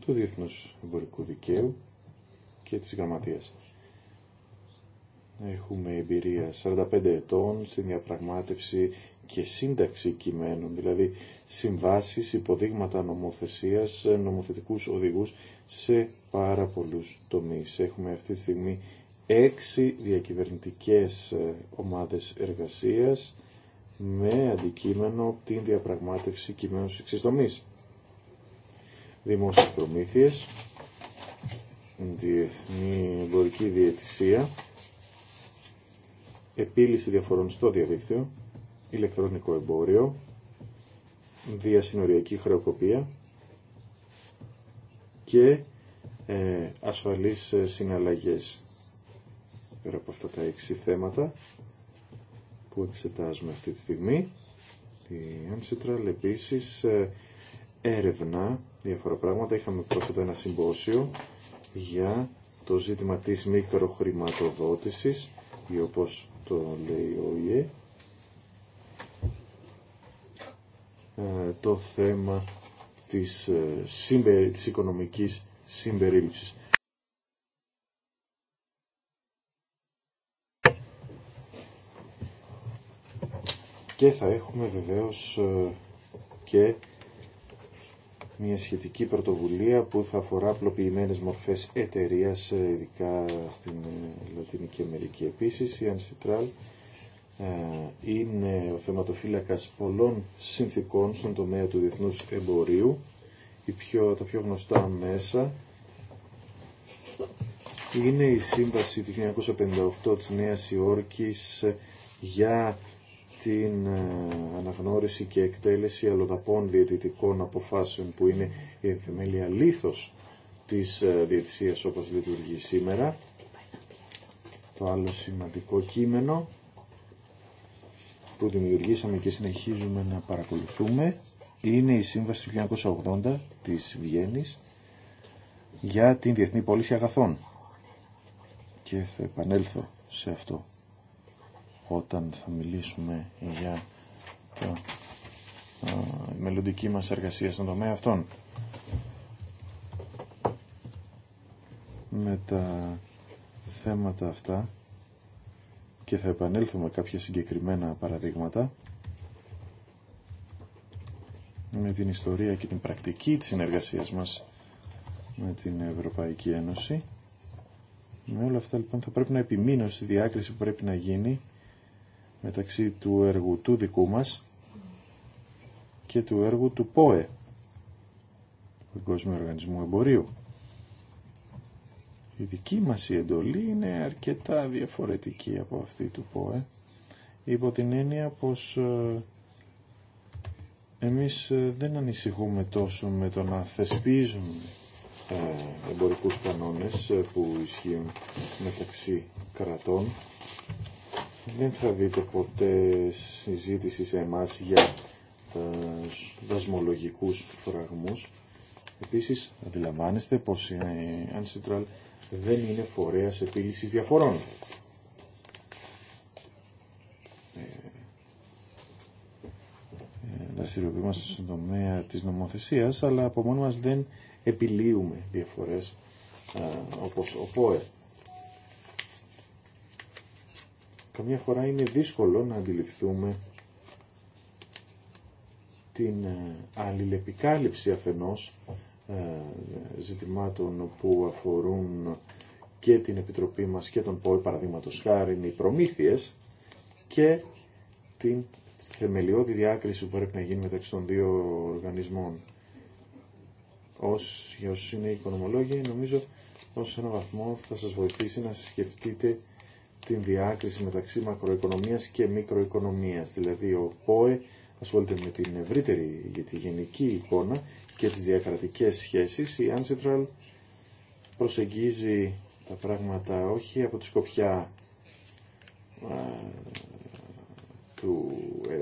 του Διεθνούς Εμπορικού Δικαίου και της Γραμματείας. Έχουμε εμπειρία 45 ετών στην διαπραγμάτευση και σύνταξη κειμένων, δηλαδή συμβάσεις, υποδείγματα νομοθεσίας, νομοθετικούς οδηγούς σε πάρα πολλούς τομείς. Έχουμε αυτή τη στιγμή έξι διακυβερνητικές ε, ομάδες εργασίας με αντικείμενο την διαπραγμάτευση κειμένων σε εξής τομείς. Δημόσιες προμήθειες, διεθνή εμπορική διαιτησία, επίλυση διαφορών στο διαδίκτυο, ηλεκτρονικό εμπόριο, διασυνοριακή χρεοκοπία και ε, ασφαλείς ε, συναλλαγές. Πέρα από αυτά τα έξι θέματα που εξετάζουμε αυτή τη στιγμή, η Ανσίτραλ επίσης ε, έρευνα διάφορα πράγματα. Είχαμε πρόσφατα ένα συμπόσιο για το ζήτημα της μικροχρηματοδότησης ή όπως το λέει ο ΙΕ, ε, το θέμα της, ε, συμπερι, της οικονομικής συμπερίληψης. Και θα έχουμε βεβαίως ε, και μια σχετική πρωτοβουλία που θα αφορά απλοποιημένες μορφές εταιρεία, ε, ειδικά στην Λατινική Αμερική. Επίσης, η Ανσιτράλ ε, είναι ο θεματοφύλακας πολλών συνθήκων στον τομέα του διεθνούς εμπορίου. πιο, τα πιο γνωστά μέσα είναι η Σύμβαση του 1958 της Νέας Υόρκης για την ε, αναγνώριση και εκτέλεση αλλοδαπών διαιτητικών αποφάσεων που είναι η θεμέλια λήθος της ε, διαιτησίας όπως λειτουργεί σήμερα. Το άλλο σημαντικό κείμενο που δημιουργήσαμε και συνεχίζουμε να παρακολουθούμε είναι η Σύμβαση του 1980 της Βιέννης για την Διεθνή Πώληση Αγαθών. Και θα επανέλθω σε αυτό όταν θα μιλήσουμε για τη μελλοντική μας εργασία στον τομέα αυτών. Με τα θέματα αυτά και θα επανέλθουμε κάποια συγκεκριμένα παραδείγματα με την ιστορία και την πρακτική της συνεργασίας μας με την Ευρωπαϊκή Ένωση. Με όλα αυτά λοιπόν θα πρέπει να επιμείνω στη διάκριση που πρέπει να γίνει μεταξύ του έργου του δικού μας και του έργου του ΠΟΕ, του Παγκόσμιου Οργανισμού Εμπορίου. Η δική μας η εντολή είναι αρκετά διαφορετική από αυτή του ΠΟΕ, υπό την έννοια πως ε, εμείς ε, δεν ανησυχούμε τόσο με το να θεσπίζουμε εμπορικούς κανόνες ε, που ισχύουν μεταξύ κρατών δεν θα δείτε ποτέ συζήτηση σε εμάς για τους ε, δασμολογικούς φραγμούς. Επίσης, αντιλαμβάνεστε πως η Ancestral δεν είναι φορέας επίλυσης διαφορών. Ε, ε, δραστηριοποιούμαστε στον τομέα της νομοθεσίας, αλλά από μόνο μας δεν επιλύουμε διαφορές α, όπως ο καμιά φορά είναι δύσκολο να αντιληφθούμε την ε, αλληλεπικάλυψη αφενός ε, ζητημάτων που αφορούν και την Επιτροπή μας και τον ΠΟΕ παραδείγματος χάρη οι προμήθειες και την θεμελιώδη διάκριση που πρέπει να γίνει μεταξύ των δύο οργανισμών. Ως, για όσους είναι οικονομολόγοι, νομίζω ως ένα βαθμό θα σας βοηθήσει να σκεφτείτε την διάκριση μεταξύ μακροοικονομίας και μικροοικονομίας. Δηλαδή ο ΠΟΕ ασχολείται με την ευρύτερη, για τη γενική εικόνα και τις διακρατικές σχέσεις. Η Ancestral προσεγγίζει τα πράγματα όχι από τη σκοπιά α, του, ε,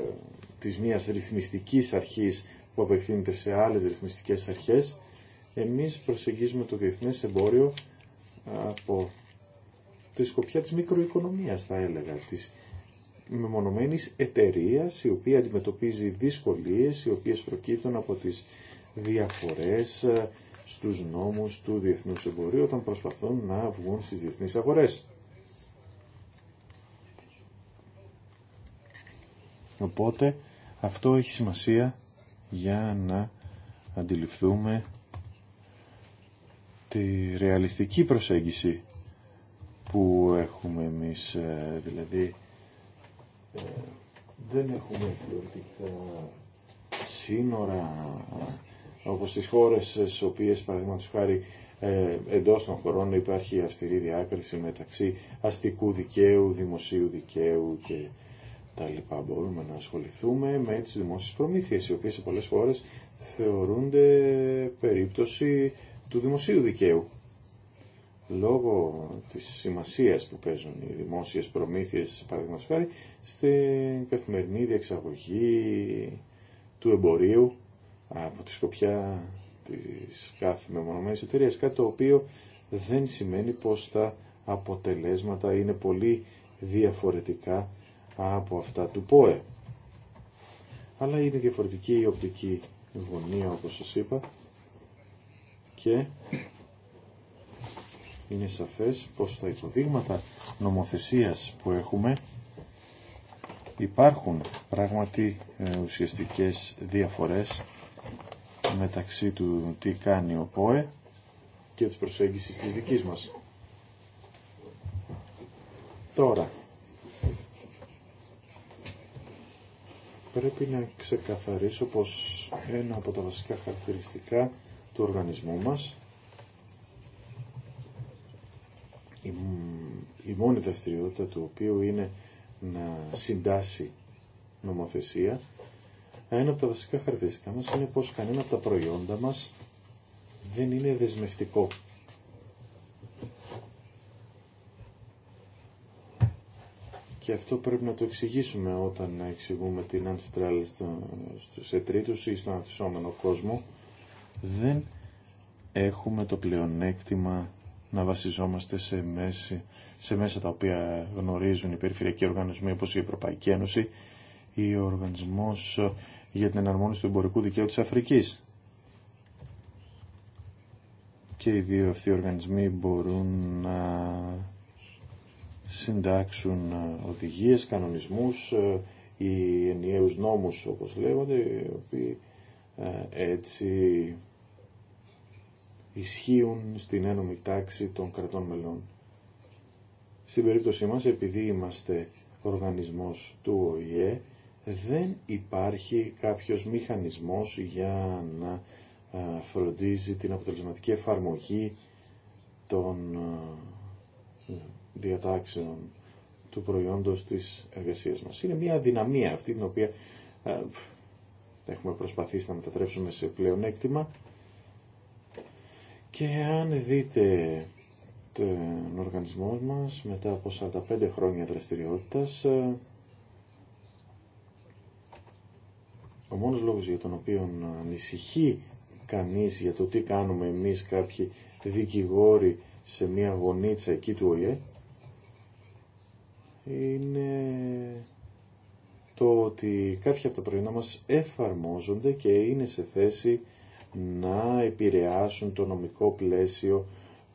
της μίας ρυθμιστικής αρχής που απευθύνεται σε άλλες ρυθμιστικές αρχές. Εμείς προσεγγίζουμε το διεθνές εμπόριο από τη σκοπιά της μικροοικονομίας θα έλεγα, της μεμονωμένης εταιρεία η οποία αντιμετωπίζει δυσκολίες οι οποίες προκύπτουν από τις διαφορές ε, στους νόμους του διεθνούς εμπορίου όταν προσπαθούν να βγουν στις διεθνείς αγορές. Οπότε αυτό έχει σημασία για να αντιληφθούμε τη ρεαλιστική προσέγγιση που έχουμε εμείς, ε, δηλαδή ε, δεν έχουμε θεωρητικά σύνορα όπως στις χώρες στις οποίες παραδείγματος χάρη ε, εντός των χωρών υπάρχει αυστηρή διάκριση μεταξύ αστικού δικαίου, δημοσίου δικαίου και τα λοιπά. Μπορούμε να ασχοληθούμε με τις δημόσιες προμήθειες, οι οποίες σε πολλές χώρες θεωρούνται περίπτωση του δημοσίου δικαίου λόγω της σημασίας που παίζουν οι δημόσιες προμήθειες, παραδείγματος χάρη, στην καθημερινή διεξαγωγή του εμπορίου από τη σκοπιά της κάθε μεμονωμένης εταιρεία, κάτι το οποίο δεν σημαίνει πως τα αποτελέσματα είναι πολύ διαφορετικά από αυτά του ΠΟΕ. Αλλά είναι διαφορετική η οπτική γωνία όπως σας είπα και είναι σαφές πως τα υποδείγματα νομοθεσίας που έχουμε υπάρχουν πράγματι ε, ουσιαστικές διαφορές μεταξύ του τι κάνει ο ΠΟΕ και της προσέγγισης της δικής μας. Τώρα, πρέπει να ξεκαθαρίσω πως ένα από τα βασικά χαρακτηριστικά του οργανισμού μας η μόνη δραστηριότητα του οποίου είναι να συντάσει νομοθεσία, ένα από τα βασικά χαρακτηριστικά μας είναι πως κανένα από τα προϊόντα μας δεν είναι δεσμευτικό. Και αυτό πρέπει να το εξηγήσουμε όταν εξηγούμε την Ancestral σε τρίτους ή στον αναπτυσσόμενο κόσμο. Δεν έχουμε το πλεονέκτημα να βασιζόμαστε σε, μέση, σε μέσα τα οποία γνωρίζουν οι περιφερειακοί οργανισμοί όπως η Ευρωπαϊκή Ένωση ή ο Οργανισμός για την Εναρμόνιση του Εμπορικού Δικαίου της Αφρικής. Και οι δύο αυτοί οργανισμοί μπορούν να συντάξουν οδηγίες, κανονισμούς ε, ή ενιαίους νόμους όπως λέγονται, οι οποίοι ε, έτσι ισχύουν στην ένωμη τάξη των κρατών μελών. Στην περίπτωσή μας, επειδή είμαστε οργανισμός του ΟΗΕ, δεν υπάρχει κάποιος μηχανισμός για να φροντίζει την αποτελεσματική εφαρμογή των διατάξεων του προϊόντος της εργασίας μας. Είναι μια δυναμία αυτή την οποία έχουμε προσπαθήσει να μετατρέψουμε σε πλεονέκτημα και αν δείτε τον οργανισμό μας μετά από 45 χρόνια δραστηριότητας, ε, ο μόνος λόγος για τον οποίο ανησυχεί κανείς για το τι κάνουμε εμείς κάποιοι δικηγόροι σε μια γωνίτσα εκεί του ΟΗΕ είναι το ότι κάποια από τα προϊόντά μας εφαρμόζονται και είναι σε θέση να επηρεάσουν το νομικό πλαίσιο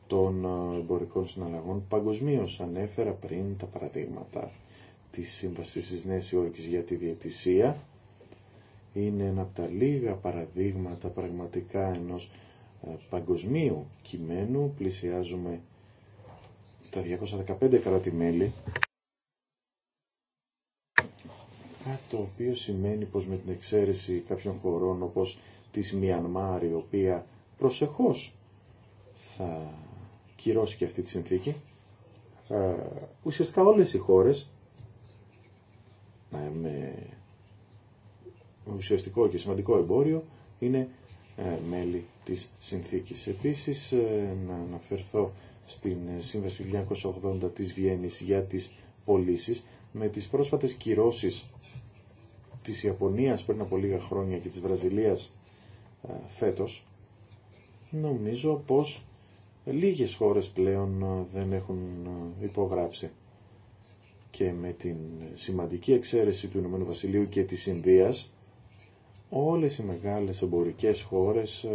των ε, εμπορικών συναλλαγών. Παγκοσμίω ανέφερα πριν τα παραδείγματα τη σύμβαση τη Νέα για τη Διαιτησία. Είναι ένα από τα λίγα παραδείγματα πραγματικά ενός ε, παγκοσμίου κειμένου. Πλησιάζουμε τα 215 κράτη-μέλη. Κάτι το οποίο σημαίνει πως με την εξαίρεση κάποιων χωρών όπως της Μιανμάρ η οποία προσεχώς θα κυρώσει και αυτή τη συνθήκη. Ε, ουσιαστικά όλες οι χώρες με ουσιαστικό και σημαντικό εμπόριο είναι ε, μέλη της συνθήκης. Επίσης, ε, να αναφερθώ στην Σύμβαση του 1980 της Βιέννης για τις πωλήσει με τις πρόσφατες κυρώσεις της Ιαπωνίας πριν από λίγα χρόνια και της Βραζιλίας ε, φέτος, νομίζω πως λίγες χώρες πλέον ε, δεν έχουν ε, υπογράψει. Και με την σημαντική εξαίρεση του Ηνωμένου Βασιλείου και της Ινδίας, όλες οι μεγάλες εμπορικές χώρες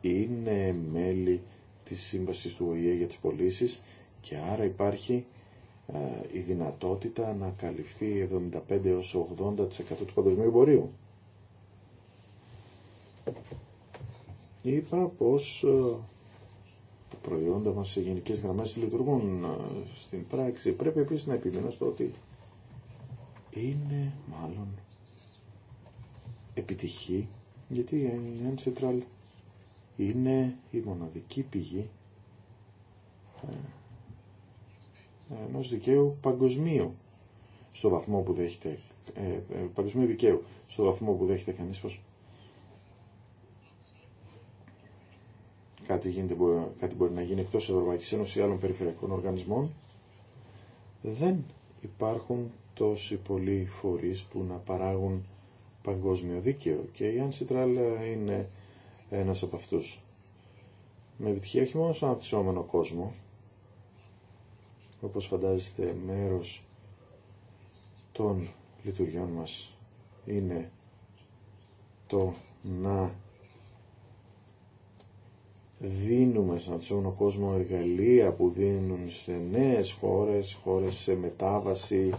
είναι μέλη της Σύμβασης του ΟΗΕ για τις πωλήσει και άρα υπάρχει η δυνατότητα να καλυφθεί 75 έως 80% του παγκοσμίου εμπορίου. Είπα πως ε, τα προϊόντα μας σε γενικές γραμμές λειτουργούν ε, στην πράξη. Πρέπει επίσης να επιμείνω στο ότι είναι μάλλον επιτυχή γιατί η Ancestral είναι η μοναδική πηγή ε, ενό δικαίου παγκοσμίου στο βαθμό που δέχεται παγκοσμίου δικαίου στο βαθμό που δέχεται κανείς πως κάτι, γίνεται, κάτι μπορεί να γίνει εκτός Ευρωπαϊκής Ένωσης ή άλλων περιφερειακών οργανισμών, δεν υπάρχουν τόσοι πολλοί φορείς που να παράγουν παγκόσμιο δίκαιο και η Ανσιτράλ είναι ένας από αυτούς. Με επιτυχία όχι μόνο στον αναπτυσσόμενο κόσμο, όπως φαντάζεστε μέρος των λειτουργιών μας είναι το να δίνουμε στον ανθρώπινο κόσμο εργαλεία που δίνουν σε νέες χώρες, χώρες σε μετάβαση,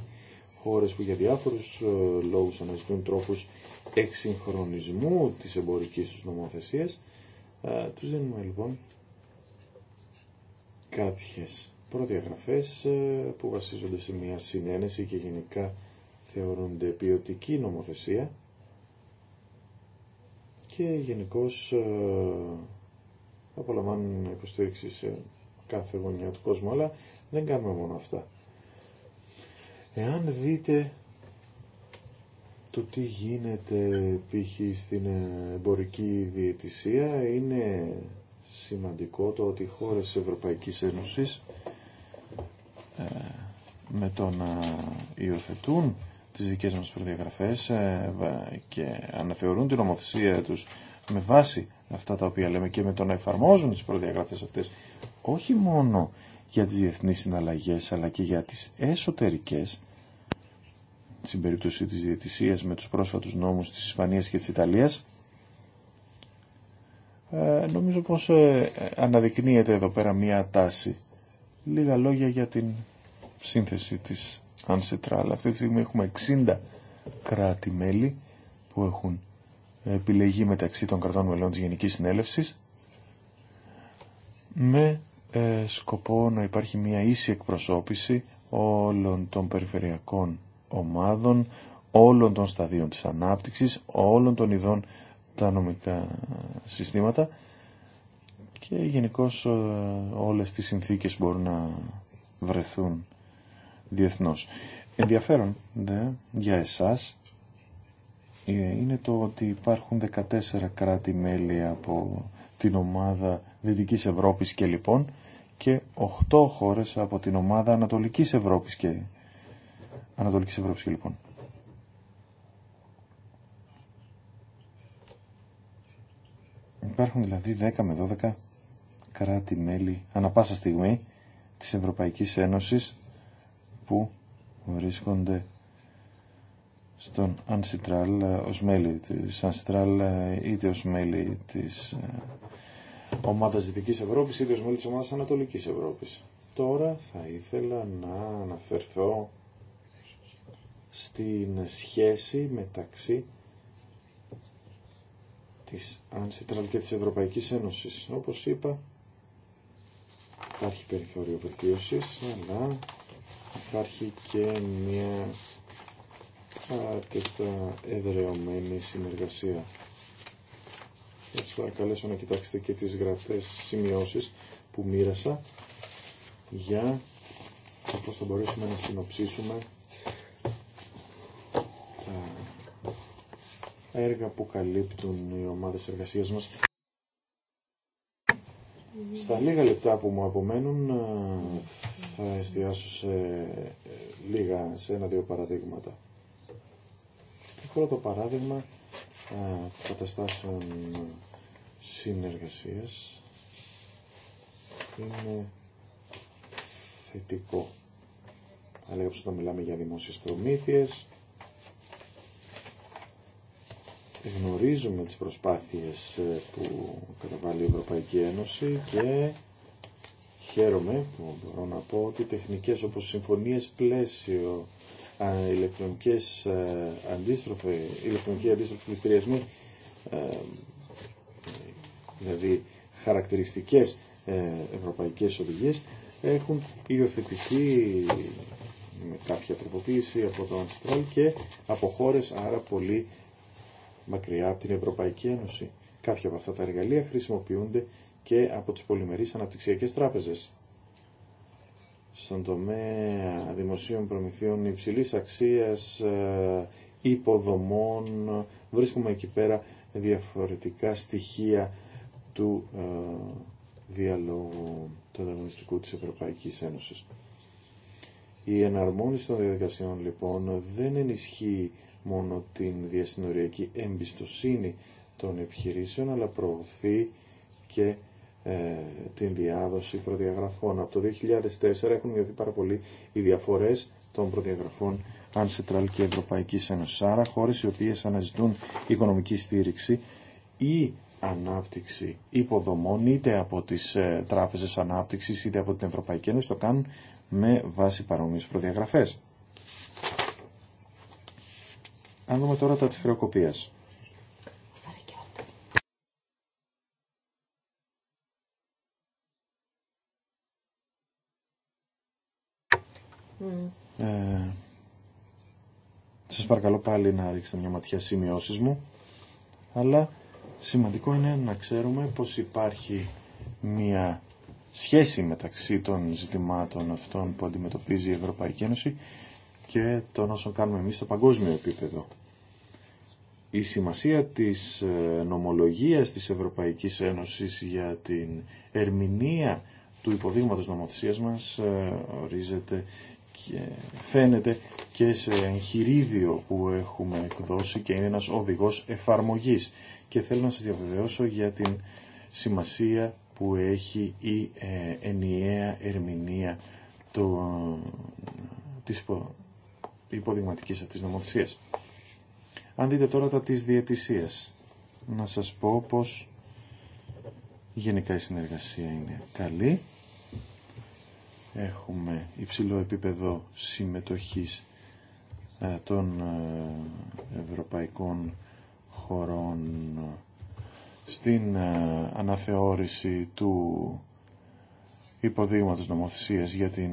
χώρες που για διάφορους ε, λόγους αναζητούν τρόπους εξυγχρονισμού της εμπορικής τους νομοθεσίας. Ε, τους δίνουμε λοιπόν κάποιες προδιαγραφές ε, που βασίζονται σε μια συνένεση και γενικά θεωρούνται ποιοτική νομοθεσία και γενικώς απολαμβάνουν υποστήριξη σε κάθε γωνιά του κόσμου, αλλά δεν κάνουμε μόνο αυτά. Εάν δείτε το τι γίνεται π.χ. στην ε, εμπορική διαιτησία, είναι σημαντικό το ότι οι χώρες της Ευρωπαϊκής Ένωσης ε, με το να υιοθετούν τις δικές μας προδιαγραφές ε, και αναθεωρούν την ομοθεσία τους με βάση αυτά τα οποία λέμε και με το να εφαρμόζουν τις προδιαγραφές αυτές όχι μόνο για τις διεθνείς συναλλαγές αλλά και για τις εσωτερικές στην περίπτωση της διετησίας με τους πρόσφατους νόμους της Ισπανίας και της Ιταλίας ε, νομίζω πως ε, αναδεικνύεται εδώ πέρα μία τάση λίγα λόγια για την σύνθεση της Ανσετράλ αυτή τη στιγμή έχουμε 60 κράτη-μέλη που έχουν επιλεγεί μεταξύ των κρατών μελών της Γενικής Συνέλευσης με ε, σκοπό να υπάρχει μια ίση εκπροσώπηση όλων των περιφερειακών ομάδων, όλων των σταδίων της ανάπτυξης, όλων των ειδών τα νομικά συστήματα και γενικώ ε, όλες τις συνθήκες μπορούν να βρεθούν διεθνώς. Ενδιαφέρον ναι, για εσάς ε, είναι το ότι υπάρχουν 14 κράτη-μέλη από την ομάδα Δυτικής Ευρώπης και λοιπόν και 8 χώρες από την ομάδα Ανατολικής Ευρώπης και, Ανατολικής Ευρώπης και λοιπόν. Υπάρχουν δηλαδή 10 με 12 κράτη-μέλη ανα πάσα στιγμή της Ευρωπαϊκής Ένωσης που βρίσκονται στον Ανσιτράλ ε, ως μέλη της Ανσιτράλ ε, είτε ως μέλη της ε, ομάδας Δυτικής Ευρώπης είτε ως μέλη της ομάδας Ανατολικής Ευρώπης. Τώρα θα ήθελα να αναφερθώ στην σχέση μεταξύ της Ανσιτράλ και της Ευρωπαϊκής Ένωσης. Όπως είπα, υπάρχει περιθώριο βελτιώση, αλλά υπάρχει και μια αρκετά εδρεωμένη συνεργασία. Θα θα καλέσω να κοιτάξετε και τις γραπτές σημειώσεις που μοίρασα για πώ πώς θα μπορέσουμε να συνοψίσουμε τα έργα που καλύπτουν οι ομάδες εργασίας μας. Στα λίγα λεπτά που μου απομένουν θα εστιάσω σε λίγα, σε ένα-δύο παραδείγματα το παράδειγμα καταστάσεων συνεργασίας είναι θετικό. Αλλά όταν μιλάμε για δημόσιες προμήθειες, γνωρίζουμε τις προσπάθειες ε, που καταβάλει η Ευρωπαϊκή Ένωση και χαίρομαι που μπορώ να πω ότι τεχνικές όπως συμφωνίες πλαίσιο ηλεκτρονικές ε, αντίστροφοι, ηλεκτρονικοί πληστηριασμοί, ε, δηλαδή χαρακτηριστικές ε, ευρωπαϊκές οδηγίες, έχουν υιοθετηθεί με κάποια τροποποίηση από το Αντιστρόλ και από χώρε άρα πολύ μακριά από την Ευρωπαϊκή Ένωση. Κάποια από αυτά τα εργαλεία χρησιμοποιούνται και από τις πολυμερείς αναπτυξιακές τράπεζες στον τομέα δημοσίων προμηθειών υψηλής αξίας ε, υποδομών. Βρίσκουμε εκεί πέρα διαφορετικά στοιχεία του ε, διαλόγου του ανταγωνιστικού της Ευρωπαϊκής Ένωσης. Η εναρμόνιση των διαδικασιών λοιπόν δεν ενισχύει μόνο την διασυνοριακή εμπιστοσύνη των επιχειρήσεων αλλά προωθεί και ε, την διάδοση προδιαγραφών. Από το 2004 έχουν μειωθεί πάρα πολύ οι διαφορές των προδιαγραφών Ανσετραλ και Ευρωπαϊκής Ένωση Άρα χώρε οι οποίες αναζητούν οικονομική στήριξη ή ανάπτυξη υποδομών είτε από τις ε, τράπεζες ανάπτυξης είτε από την Ευρωπαϊκή Ένωση το κάνουν με βάση παρόμοιε προδιαγραφέ. Αν δούμε τώρα τα τη χρεοκοπία. Ε, σας παρακαλώ πάλι να ρίξετε μια ματιά σημειώσεις μου. Αλλά σημαντικό είναι να ξέρουμε πως υπάρχει μια σχέση μεταξύ των ζητημάτων αυτών που αντιμετωπίζει η Ευρωπαϊκή Ένωση και των όσων κάνουμε εμείς στο παγκόσμιο επίπεδο. Η σημασία της ε, νομολογίας της Ευρωπαϊκής Ένωσης για την ερμηνεία του υποδείγματος νομοθεσίας μας ε, ορίζεται και φαίνεται και σε εγχειρίδιο που έχουμε εκδώσει και είναι ένας οδηγός εφαρμογής. Και θέλω να σας διαβεβαιώσω για την σημασία που έχει η ε, ενιαία ερμηνεία το, της υποδειγματικής αυτής νομοθεσίας. Αν δείτε τώρα τα της διαιτησίας, να σας πω πως γενικά η συνεργασία είναι καλή έχουμε υψηλό επίπεδο συμμετοχής ε, των ε, ευρωπαϊκών χωρών ε, στην αναθεώρηση του υποδείγματος νομοθεσίας για την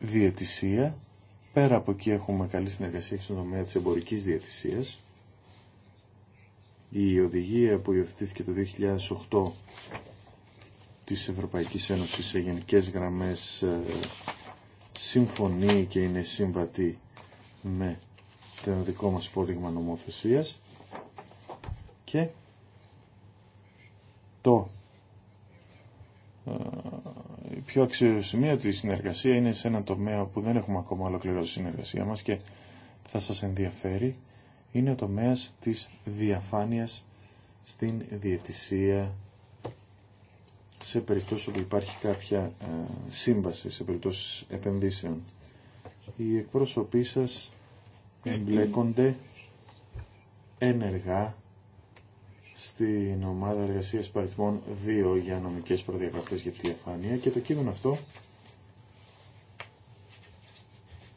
διαιτησία. Πέρα από εκεί έχουμε καλή συνεργασία στον τομέα της εμπορικής διαιτησίας. Η οδηγία που υιοθετήθηκε το 2008 της Ευρωπαϊκής Ένωσης σε γενικές γραμμές ε, συμφωνεί και είναι σύμβατη με το δικό μας υπόδειγμα νομοθεσίας και το ε, πιο πιο η συνεργασία είναι σε ένα τομέα που δεν έχουμε ακόμα ολοκληρώσει συνεργασία μας και θα σας ενδιαφέρει είναι ο τομέας της διαφάνειας στην διαιτησία σε περιπτώσει όπου υπάρχει κάποια ε, σύμβαση, σε περιπτώσει επενδύσεων. Οι εκπρόσωποι σα εμπλέκονται ενεργά στην ομάδα εργασίας παριθμών 2 για νομικές προδιαγραφές για τη διαφάνεια και το κείμενο αυτό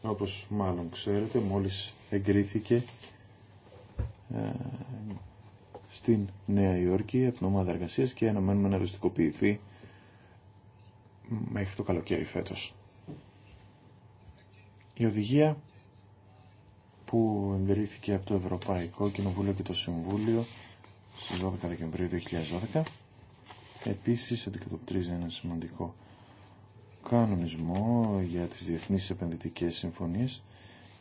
όπως μάλλον ξέρετε μόλις εγκρίθηκε ε, στην Νέα Υόρκη από την ομάδα εργασία και αναμένουμε να οριστικοποιηθεί μέχρι το καλοκαίρι φέτος. Η οδηγία που εγκρίθηκε από το Ευρωπαϊκό Κοινοβούλιο και το Συμβούλιο στις 12 Δεκεμβρίου 2012 επίσης αντικατοπτρίζει ένα σημαντικό κανονισμό για τις διεθνείς επενδυτικές συμφωνίες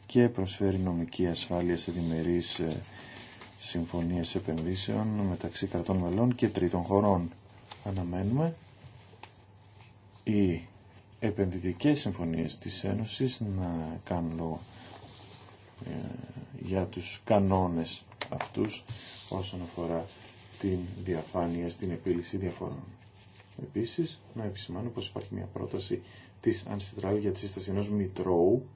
και προσφέρει νομική ασφάλεια σε διμερείς ε, συμφωνίες επενδύσεων μεταξύ κρατών μελών και τρίτων χωρών. Αναμένουμε οι επενδυτικές συμφωνίες της Ένωσης να κάνουν λόγο ε, για τους κανόνες αυτούς όσον αφορά την διαφάνεια στην επίλυση διαφορών. Επίσης, να επισημάνω πως υπάρχει μια πρόταση της Ανσιτράλ για τη σύσταση ενός μητρώου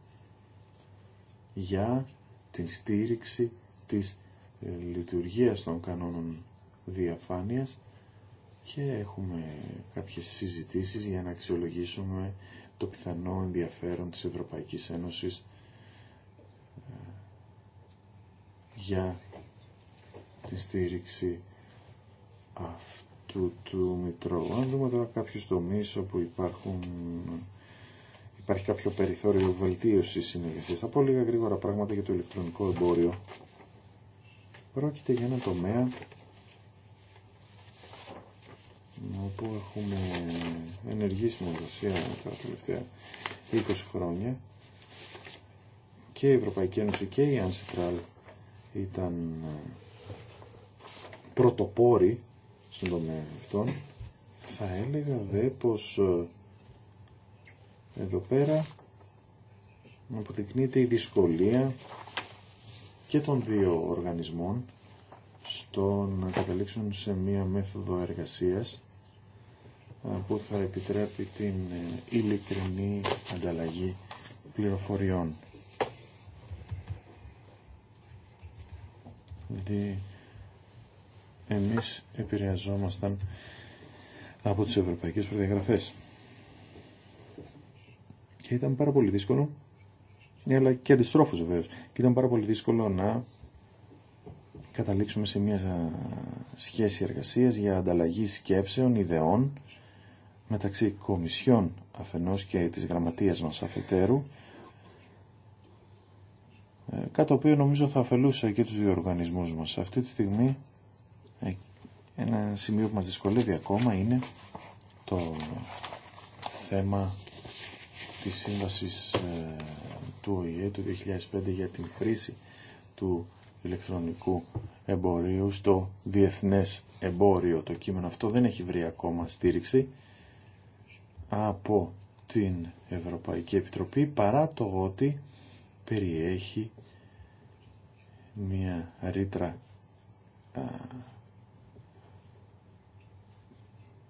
για την στήριξη της ε, λειτουργίας των κανόνων διαφάνειας και έχουμε κάποιες συζητήσεις για να αξιολογήσουμε το πιθανό ενδιαφέρον της Ευρωπαϊκής Ένωσης ε, για τη στήριξη αυτού του Μητρώου. Αν δούμε τώρα κάποιους τομείς όπου υπάρχουν, υπάρχει κάποιο περιθώριο βελτίωσης συνεργασίας. Θα πω λίγα γρήγορα πράγματα για το ηλεκτρονικό εμπόριο Πρόκειται για ένα τομέα όπου έχουμε ενεργή συνεργασία τα τελευταία 20 χρόνια και η Ευρωπαϊκή Ένωση και η Ανσιτράλ ήταν ε, πρωτοπόροι στον τομέα αυτών. Θα έλεγα δε πως ε, εδώ πέρα αποδεικνύεται η δυσκολία και των δύο οργανισμών στο να καταλήξουν σε μία μέθοδο εργασίας ε, που θα επιτρέπει την ε, ειλικρινή ανταλλαγή πληροφοριών. Γιατί εμείς επηρεαζόμασταν από τις ευρωπαϊκές προδιαγραφές. Και ήταν πάρα πολύ δύσκολο ναι, αλλά και αντιστρόφως βεβαίω. Και ήταν πάρα πολύ δύσκολο να καταλήξουμε σε μια σχέση εργασίας για ανταλλαγή σκέψεων, ιδεών μεταξύ κομισιών αφενός και της γραμματείας μας αφετέρου ε, κάτι το οποίο νομίζω θα αφελούσε και τους δύο οργανισμούς μας. Αυτή τη στιγμή ε, ένα σημείο που μας δυσκολεύει ακόμα είναι το θέμα της σύμβασης ε, του ΟΗΕ του 2005 για την χρήση του ηλεκτρονικού εμπορίου στο διεθνές εμπόριο. Το κείμενο αυτό δεν έχει βρει ακόμα στήριξη από την Ευρωπαϊκή Επιτροπή παρά το ότι περιέχει μια ρήτρα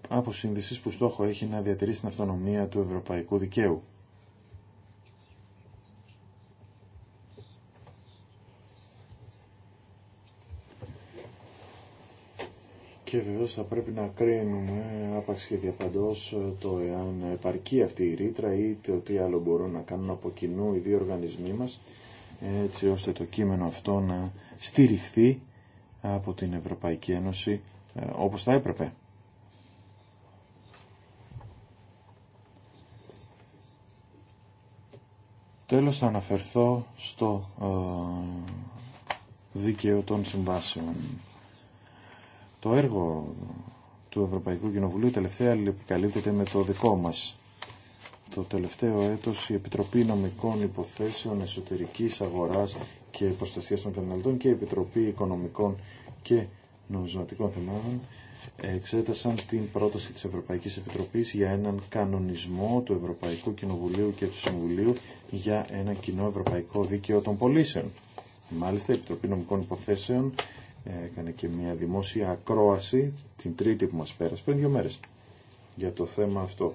από σύνδεσης που στόχο έχει να διατηρήσει την αυτονομία του ευρωπαϊκού δικαίου. Και βεβαίως θα πρέπει να κρίνουμε άπαξ και διαπαντός το εάν επαρκεί αυτή η ρήτρα ή το τι άλλο μπορούν να κάνουν από κοινού οι δύο οργανισμοί μας έτσι ώστε το κείμενο αυτό να στηριχθεί από την Ευρωπαϊκή Ένωση ε, όπως θα έπρεπε. Τέλος θα αναφερθώ στο ε, δίκαιο των συμβάσεων. Το έργο του Ευρωπαϊκού Κοινοβουλίου τελευταία επικαλύπτεται με το δικό μας. Το τελευταίο έτος η Επιτροπή Νομικών Υποθέσεων Εσωτερικής Αγοράς και Προστασίας των Καταναλωτών και η Επιτροπή Οικονομικών και Νομισματικών Θεμάτων εξέτασαν την πρόταση της Ευρωπαϊκής Επιτροπής για έναν κανονισμό του Ευρωπαϊκού Κοινοβουλίου και του Συμβουλίου για ένα κοινό ευρωπαϊκό δίκαιο των πολίσεων. Μάλιστα, η Επιτροπή Νομικών Υποθέσεων έκανε και μια δημόσια ακρόαση την τρίτη που μας πέρασε πριν δύο μέρες για το θέμα αυτό.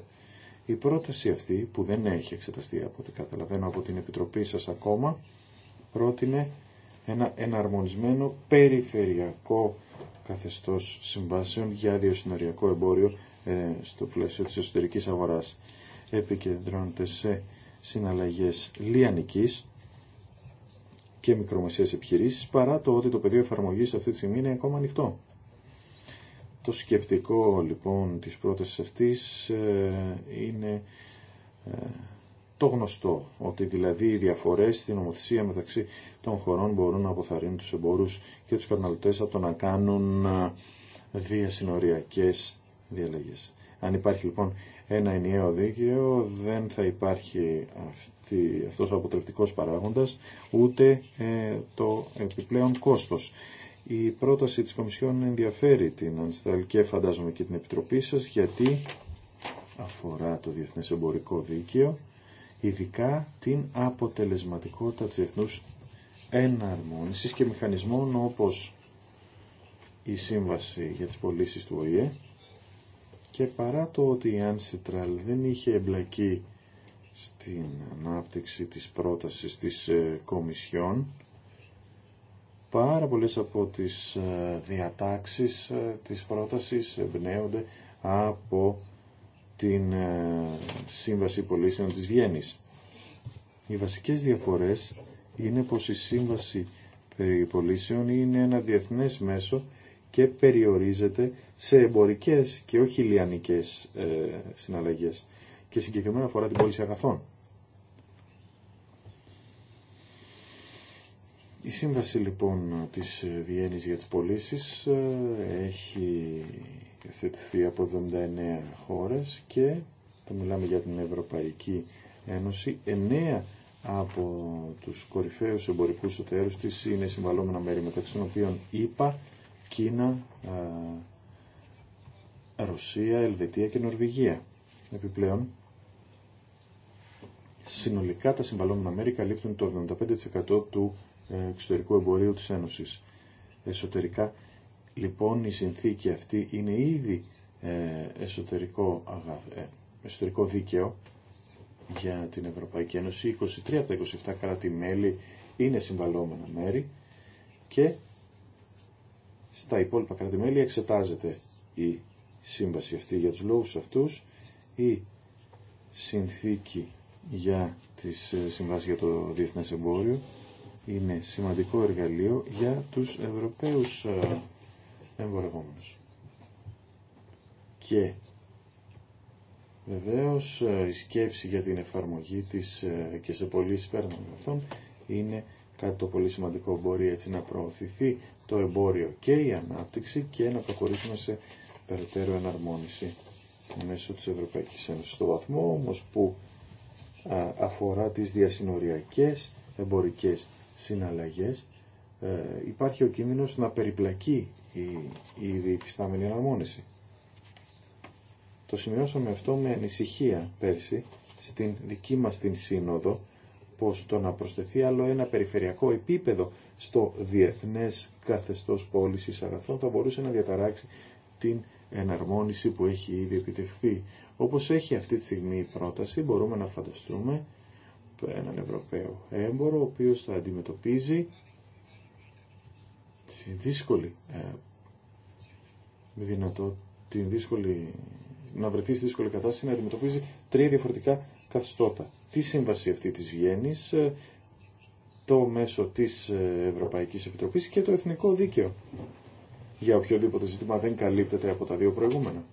Η πρόταση αυτή που δεν έχει εξεταστεί από ό,τι καταλαβαίνω από την Επιτροπή σας ακόμα πρότεινε ένα εναρμονισμένο περιφερειακό καθεστώς συμβάσεων για διοσυνοριακό εμπόριο ε, στο πλαίσιο της εσωτερικής αγοράς. Επικεντρώνεται σε συναλλαγές λιανικής και μικρομεσαίε επιχειρήσεις, παρά το ότι το πεδίο εφαρμογή αυτή τη στιγμή είναι ακόμα ανοιχτό. Το σκεπτικό λοιπόν της πρότασης αυτής ε, είναι ε, το γνωστό, ότι δηλαδή οι διαφορές στην ομοθεσία μεταξύ των χωρών μπορούν να αποθαρρύνουν τους εμπόρους και τους καταναλωτές από το να κάνουν ε, διασυνοριακές διαλέγες. Αν υπάρχει λοιπόν ένα ενιαίο δίκαιο δεν θα υπάρχει αυτή αυτή, αυτός ο αποτρεπτικός παράγοντας, ούτε ε, το επιπλέον κόστος. Η πρόταση της Κομισιόν ενδιαφέρει την Ανστραλ και φαντάζομαι και την Επιτροπή σας, γιατί αφορά το Διεθνές Εμπορικό Δίκαιο, ειδικά την αποτελεσματικότητα της διεθνούς εναρμόνισης και μηχανισμών όπως η Σύμβαση για τις πωλήσει του ΟΗΕ και παρά το ότι η Άνσιτραλ δεν είχε εμπλακεί στην ανάπτυξη της πρότασης της ε, Κομισιόν. Πάρα πολλές από τις ε, διατάξεις ε, της πρότασης εμπνέονται από την Σύμβαση Πολίσεων της Βιέννης. Οι βασικές διαφορές είναι πως η Σύμβαση Πολίσεων είναι ένα διεθνές μέσο και περιορίζεται σε εμπορικές και όχι λιανικές συναλλαγές και συγκεκριμένα αφορά την πώληση αγαθών. Η σύμβαση λοιπόν της Βιέννης για τις πωλήσει ε, έχει θετηθεί από 79 χώρες και θα μιλάμε για την Ευρωπαϊκή Ένωση. 9 από τους κορυφαίους εμπορικούς εταίρους της είναι συμβαλόμενα μέρη μεταξύ των οποίων ΗΠΑ, Κίνα, ε, Ρωσία, Ελβετία και Νορβηγία. Επιπλέον, Συνολικά τα συμβαλόμενα μέρη καλύπτουν το 75% του ε, εξωτερικού εμπορίου της Ένωσης. Εσωτερικά λοιπόν η συνθήκη αυτή είναι ήδη ε, ε, εσωτερικό, δίκαιο για την Ευρωπαϊκή Ένωση. 23 από τα 27 κράτη-μέλη είναι συμβαλόμενα μέρη και στα υπόλοιπα κράτη-μέλη εξετάζεται η σύμβαση αυτή για τους λόγους αυτούς. Η συνθήκη για τις ε, συμβάσεις για το διεθνές εμπόριο είναι σημαντικό εργαλείο για τους Ευρωπαίους ε, εμπορευόμενους. Και βεβαίως ε, η σκέψη για την εφαρμογή της και σε πωλήσει πέραν είναι κάτι το πολύ σημαντικό μπορεί έτσι να προωθηθεί το εμπόριο και η ανάπτυξη και να προχωρήσουμε σε περαιτέρω εναρμόνιση μέσω της Ευρωπαϊκής Ένωσης. Στο βαθμό όμως που αφορά τις διασυνοριακές εμπορικές συναλλαγές ε, υπάρχει ο κίνδυνος να περιπλακεί η, η διεπιστάμενη Το σημειώσαμε αυτό με ανησυχία πέρσι στην δική μας την σύνοδο πως το να προσθεθεί άλλο ένα περιφερειακό επίπεδο στο διεθνές καθεστώς πώλησης αγαθών θα μπορούσε να διαταράξει την εναρμόνιση που έχει ήδη επιτευχθεί. Όπως έχει αυτή τη στιγμή η πρόταση μπορούμε να φανταστούμε έναν Ευρωπαίο έμπορο ο οποίος θα αντιμετωπίζει τη δύσκολη ε, δυνατό, την δύσκολη, να βρεθεί στη δύσκολη κατάσταση να αντιμετωπίζει τρία διαφορετικά καθεστώτα. Τη σύμβαση αυτή της Βιέννης, ε, το μέσο της ε, Ευρωπαϊκής Επιτροπής και το Εθνικό Δίκαιο για οποιοδήποτε ζήτημα δεν καλύπτεται από τα δύο προηγούμενα.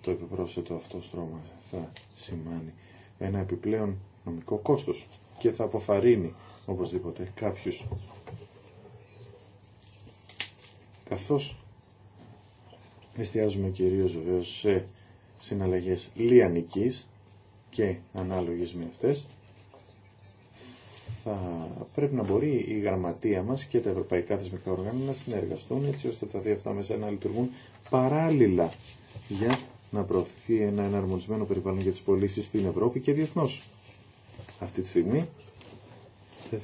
Το επιπρόσθετο αυτό στρώμα θα σημάνει ένα επιπλέον νομικό κόστος και θα αποθαρρύνει οπωσδήποτε κάποιους. Καθώς εστιάζουμε κυρίως βεβαίως σε συναλλαγές λιανικής και ανάλογες με αυτές, θα πρέπει να μπορεί η γραμματεία μας και τα ευρωπαϊκά θεσμικά οργάνα να συνεργαστούν έτσι ώστε τα δύο αυτά μέσα να λειτουργούν παράλληλα για να προωθηθεί ένα εναρμονισμένο περιβάλλον για τις πωλήσει στην Ευρώπη και διεθνώς. Αυτή τη στιγμή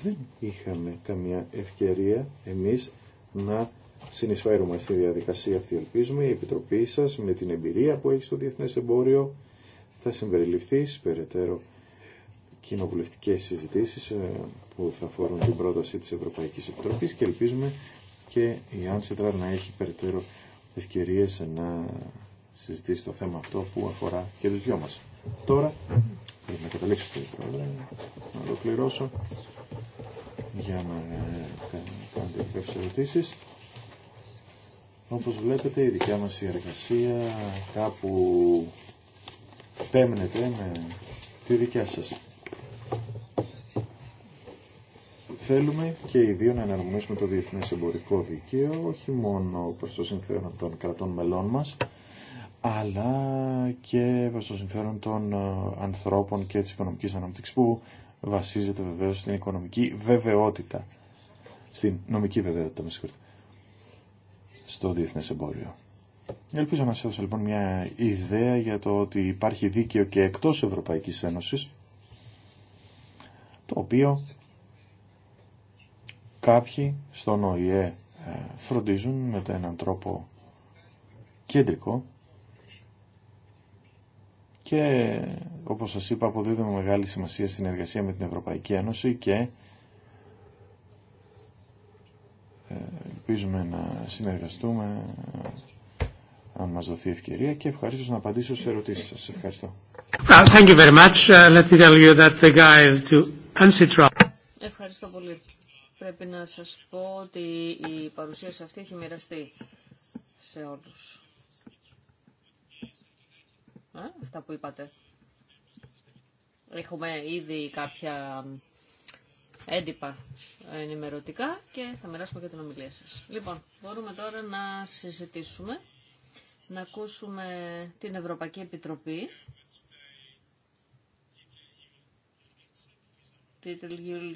δεν είχαμε καμία ευκαιρία εμείς να συνεισφέρουμε στη διαδικασία αυτή ελπίζουμε η Επιτροπή σας με την εμπειρία που έχει στο Διεθνές Εμπόριο θα συμπεριληφθεί περαιτέρω κοινοβουλευτικές συζητήσεις ε, που θα αφορούν την πρόταση της Ευρωπαϊκής Επιτροπής και ελπίζουμε και η Άντσετρα να έχει περαιτέρω ευκαιρίες να συζητήσει το θέμα αυτό που αφορά και τους δυο μας. Τώρα, για να καταλήξω το πρόβλημα, να ολοκληρώσω για να ε, κάνετε κάποιες ερωτήσεις. Όπως βλέπετε η δικιά μας εργασία κάπου τέμνεται με τη δικιά σας. Θέλουμε και οι δύο να εναρμονίσουμε το διεθνές εμπορικό δικαίο, όχι μόνο προ το συμφέρον των κρατών μελών μας, αλλά και προ το συμφέρον των ε, ανθρώπων και τη οικονομική ανάπτυξη που βασίζεται βεβαίω στην οικονομική βεβαιότητα, στην νομική βεβαιότητα, με στο διεθνές εμπόριο. Ελπίζω να σας έδωσα λοιπόν μια ιδέα για το ότι υπάρχει δίκαιο και εκτό Ευρωπαϊκή Ένωση, το οποίο Κάποιοι στον ΟΗΕ ε, φροντίζουν με έναν τρόπο κεντρικό και όπως σας είπα αποδίδουμε μεγάλη σημασία στην εργασία με την Ευρωπαϊκή Ένωση και ε, ελπίζουμε να συνεργαστούμε αν μας δοθεί ευκαιρία και ευχαριστώ να απαντήσω σε ερωτήσεις σας. Ευχαριστώ. Ευχαριστώ πολύ. Πρέπει να σας πω ότι η παρουσίαση αυτή έχει μοιραστεί σε όλους. αυτά που είπατε. Έχουμε ήδη κάποια έντυπα ενημερωτικά και θα μοιράσουμε και την ομιλία σας. Λοιπόν, μπορούμε τώρα να συζητήσουμε, να ακούσουμε την Ευρωπαϊκή Επιτροπή. Τίτλ Γιουλ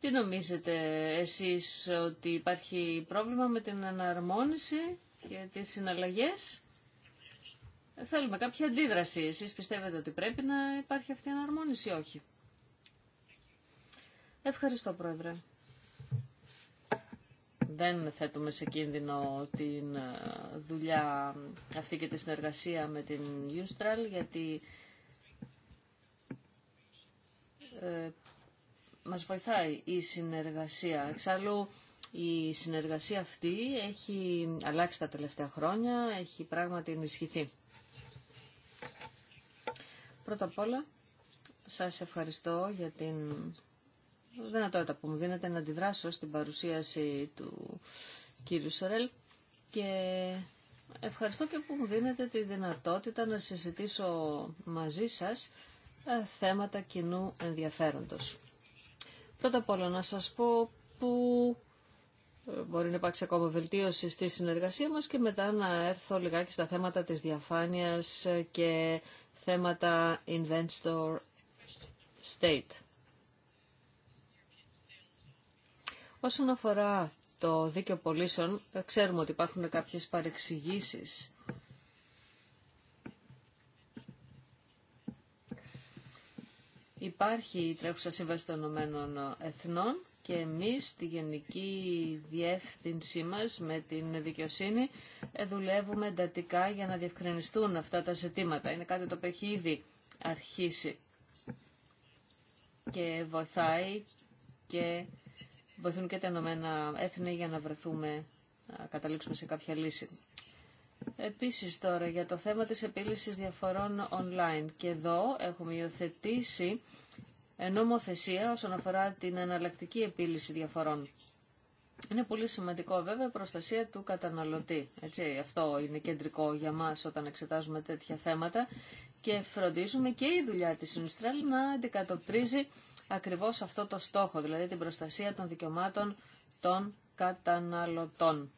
Τι νομίζετε εσείς ότι υπάρχει πρόβλημα με την αναρμόνιση και τις συναλλαγές. Θέλουμε κάποια αντίδραση. Εσείς πιστεύετε ότι πρέπει να υπάρχει αυτή η αναρμόνιση ή όχι. Ευχαριστώ Πρόεδρε. Δεν θέτουμε σε κίνδυνο την ε, δουλειά αυτή και τη συνεργασία με την Ιουστράλ γιατί ε, μας βοηθάει η συνεργασία. Εξάλλου η συνεργασία αυτή έχει αλλάξει τα τελευταία χρόνια, έχει πράγματι ενισχυθεί. Πρώτα απ' όλα, σας ευχαριστώ για την δυνατότητα που μου δίνετε να αντιδράσω στην παρουσίαση του κύριου Σορέλ και ευχαριστώ και που μου δίνετε τη δυνατότητα να συζητήσω μαζί σας ε, θέματα κοινού ενδιαφέροντος. Πρώτα απ' όλα να σας πω που ε, μπορεί να υπάρξει ακόμα βελτίωση στη συνεργασία μας και μετά να έρθω λιγάκι στα θέματα της διαφάνειας ε, και θέματα Investor State. Όσον αφορά το δίκαιο πολίσεων, ε, ξέρουμε ότι υπάρχουν κάποιες παρεξηγήσεις Υπάρχει η τρέχουσα σύμβαση των Ηνωμένων Εθνών και εμείς στη Γενική Διεύθυνσή μας με την δικαιοσύνη ε, δουλεύουμε εντατικά για να διευκρινιστούν αυτά τα ζητήματα. Είναι κάτι το οποίο έχει ήδη αρχίσει και βοηθάει και βοηθούν και τα Ηνωμένα Έθνη για να βρεθούμε, να καταλήξουμε σε κάποια λύση. Επίσης τώρα για το θέμα της επίλυσης διαφορών online. Και εδώ έχουμε υιοθετήσει νομοθεσία όσον αφορά την εναλλακτική επίλυση διαφορών. Είναι πολύ σημαντικό βέβαια η προστασία του καταναλωτή. Έτσι, αυτό είναι κεντρικό για μας όταν εξετάζουμε τέτοια θέματα και φροντίζουμε και η δουλειά της Συνουστράλη να αντικατοπτρίζει ακριβώς αυτό το στόχο, δηλαδή την προστασία των δικαιωμάτων των καταναλωτών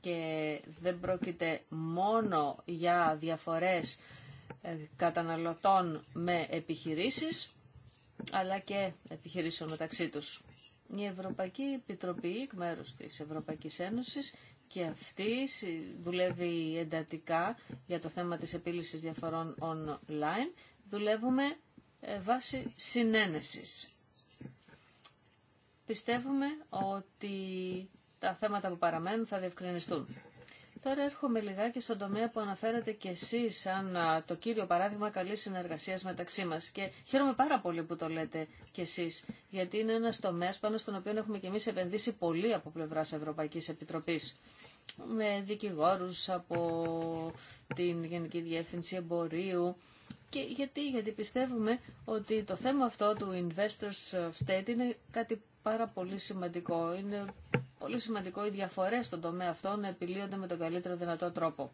και δεν πρόκειται μόνο για διαφορές ε, καταναλωτών με επιχειρήσεις, αλλά και επιχειρήσεων μεταξύ τους. Η Ευρωπαϊκή Επιτροπή, εκ μέρους της Ευρωπαϊκής Ένωσης, και αυτή δουλεύει εντατικά για το θέμα της επίλυσης διαφορών online. Δουλεύουμε ε, βάσει συνένεσης. Πιστεύουμε ότι τα θέματα που παραμένουν θα διευκρινιστούν. Τώρα έρχομαι λιγάκι στον τομέα που αναφέρατε κι εσεί σαν το κύριο παράδειγμα καλή συνεργασία μεταξύ μα. Και χαίρομαι πάρα πολύ που το λέτε κι εσεί, γιατί είναι ένα τομέα πάνω στον οποίο έχουμε κι εμεί επενδύσει πολύ από πλευρά Ευρωπαϊκή Επιτροπή. Με δικηγόρου από την Γενική Διεύθυνση Εμπορίου. Και γιατί, γιατί πιστεύουμε ότι το θέμα αυτό του Investors of State είναι κάτι πάρα πολύ σημαντικό. Είναι πολύ σημαντικό οι διαφορές στον τομέα αυτό να επιλύονται με τον καλύτερο δυνατό τρόπο.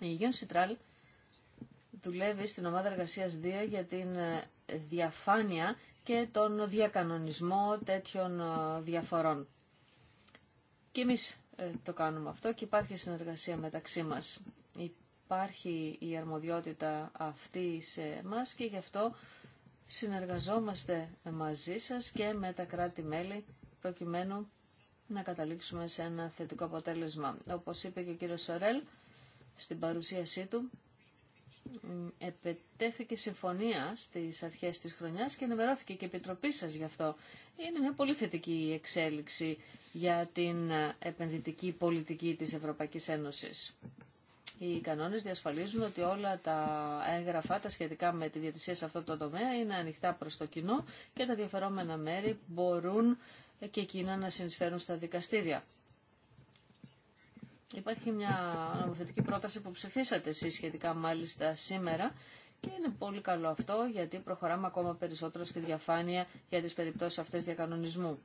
Η Γιάννη Σιτράλ δουλεύει στην ομάδα εργασίας 2 για την ε, διαφάνεια και τον διακανονισμό τέτοιων ε, διαφορών. Και εμείς ε, το κάνουμε αυτό και υπάρχει συνεργασία μεταξύ μας. Υπάρχει η αρμοδιότητα αυτή σε μας και γι' αυτό συνεργαζόμαστε μαζί σας και με τα κράτη-μέλη προκειμένου να καταλήξουμε σε ένα θετικό αποτέλεσμα. Όπως είπε και ο κύριος Σορέλ στην παρουσίασή του, επετέθηκε συμφωνία στις αρχές της χρονιάς και ενημερώθηκε και η Επιτροπή σας γι' αυτό. Είναι μια πολύ θετική εξέλιξη για την ε, επενδυτική πολιτική της Ευρωπαϊκής Ένωσης. Οι κανόνες διασφαλίζουν ότι όλα τα έγγραφα, τα σχετικά με τη διατησία σε αυτό το τομέα, είναι ανοιχτά προς το κοινό και τα διαφερόμενα μέρη μπορούν και εκείνα να συνεισφέρουν στα δικαστήρια. Υπάρχει μια νομοθετική πρόταση που ψηφίσατε εσείς σχετικά μάλιστα σήμερα και είναι πολύ καλό αυτό γιατί προχωράμε ακόμα περισσότερο στη διαφάνεια για τις περιπτώσεις αυτές διακανονισμού.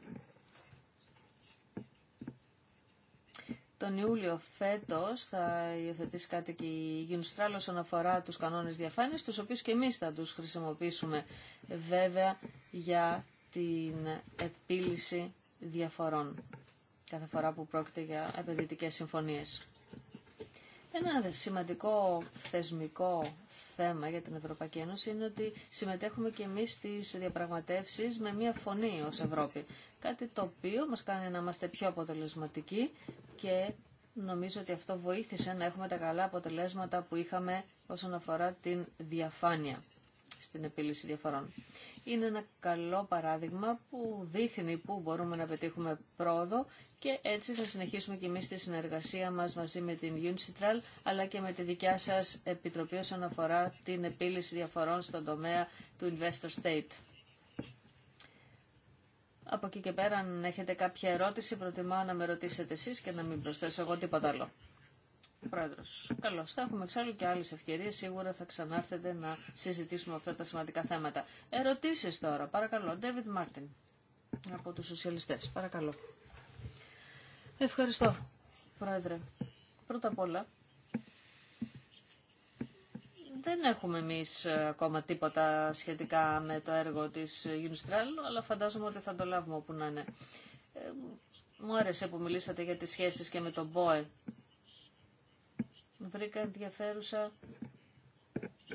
Τον Ιούλιο φέτος θα υιοθετήσει κάτι και η Γιουνστράλ όσον αφορά τους κανόνες διαφάνειας, τους οποίους και εμείς θα τους χρησιμοποιήσουμε βέβαια για την επίλυση διαφορών κάθε φορά που πρόκειται για επενδυτικές συμφωνίες. Ένα σημαντικό θεσμικό θέμα για την Ευρωπαϊκή Ένωση είναι ότι συμμετέχουμε και εμείς στις διαπραγματεύσεις με μία φωνή ως Ευρώπη. Κάτι το οποίο μας κάνει να είμαστε πιο αποτελεσματικοί και νομίζω ότι αυτό βοήθησε να έχουμε τα καλά αποτελέσματα που είχαμε όσον αφορά την διαφάνεια στην επίλυση διαφορών. Είναι ένα καλό παράδειγμα που δείχνει πού μπορούμε να πετύχουμε πρόοδο και έτσι θα συνεχίσουμε και εμείς τη συνεργασία μας μαζί με την UNCITRAL αλλά και με τη δικιά σας επιτροπή όσον αφορά την επίλυση διαφορών στον τομέα του Investor State. Από εκεί και πέρα, αν έχετε κάποια ερώτηση, προτιμάω να με ρωτήσετε εσείς και να μην προσθέσω εγώ τίποτα άλλο. Πρόεδρο. Καλώς. Θα έχουμε εξάλλου και άλλες ευκαιρίες. Σίγουρα θα ξανάρθετε να συζητήσουμε αυτά τα σημαντικά θέματα. Ερωτήσεις τώρα. Παρακαλώ. David Μάρτιν από τους σοσιαλιστές. Παρακαλώ. Ευχαριστώ, Πρόεδρε. Πρώτα απ' όλα, δεν έχουμε εμεί ε, ακόμα τίποτα σχετικά με το έργο της Unistral, αλλά φαντάζομαι ότι θα το λάβουμε όπου να είναι. Ε, μου άρεσε που μιλήσατε για τις σχέσεις και με τον ΠΟΕ Βρήκα ενδιαφέρουσα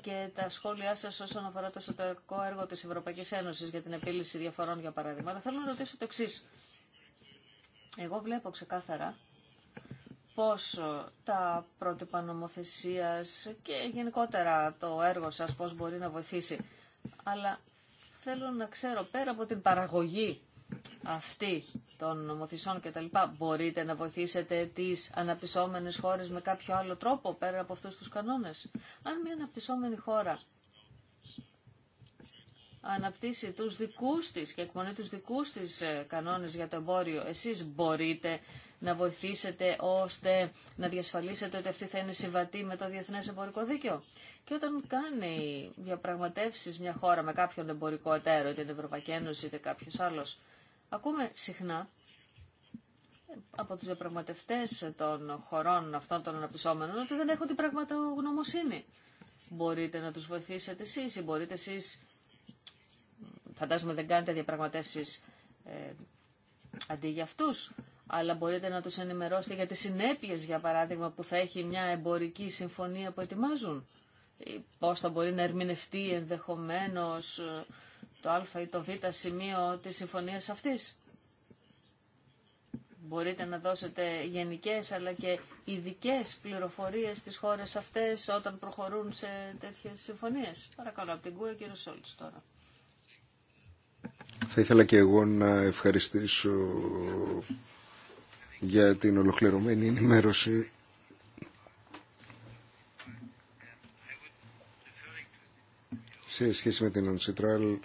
και τα σχόλιά σας όσον αφορά το εσωτερικό έργο της Ευρωπαϊκής Ένωσης για την επίλυση διαφορών, για παράδειγμα. Αλλά θέλω να ρωτήσω το εξή. Εγώ βλέπω ξεκάθαρα πώς ε, τα πρότυπα νομοθεσίας και γενικότερα το έργο σας πώς μπορεί να βοηθήσει. Αλλά θέλω να ξέρω πέρα από την παραγωγή αυτή των νομοθεσιών και τα λοιπά, μπορείτε να βοηθήσετε τις αναπτυσσόμενες χώρες με κάποιο άλλο τρόπο πέρα από αυτούς τους κανόνες. Αν μια αναπτυσσόμενη χώρα αναπτύσσει τους δικούς της και εκπονεί τους δικούς της ε, κανόνες για το εμπόριο, εσείς μπορείτε να βοηθήσετε ώστε να διασφαλίσετε ότι αυτή θα είναι συμβατή με το Διεθνές Εμπορικό Δίκαιο. Και όταν κάνει διαπραγματεύσεις μια χώρα με κάποιον εμπορικό εταίρο, είτε την Ευρωπαϊκή Ένωση είτε κάποιος άλλος, Ακούμε συχνά από τους διαπραγματευτές των χωρών αυτών των αναπτυσσόμενων ότι δεν έχουν την πραγματογνωμοσύνη. Μπορείτε να τους βοηθήσετε εσείς ή μπορείτε εσείς, φαντάζομαι δεν κάνετε διαπραγματεύσεις ε, αντί για αυτούς, αλλά μπορείτε να τους ενημερώσετε για τις συνέπειες, για παράδειγμα, που θα έχει μια εμπορική συμφωνία που ετοιμάζουν πώς θα μπορεί να ερμηνευτεί ενδεχομένως ε, το α ή το β σημείο της συμφωνίας αυτής. Μπορείτε να δώσετε γενικές αλλά και ειδικέ πληροφορίες στις χώρες αυτές όταν προχωρούν σε τέτοιες συμφωνίες. Παρακαλώ, από την ΚΟΕ, κύριο Σόλτς τώρα. Θα ήθελα και εγώ να ευχαριστήσω για την ολοκληρωμένη ενημέρωση σε σχέση με την Uncitral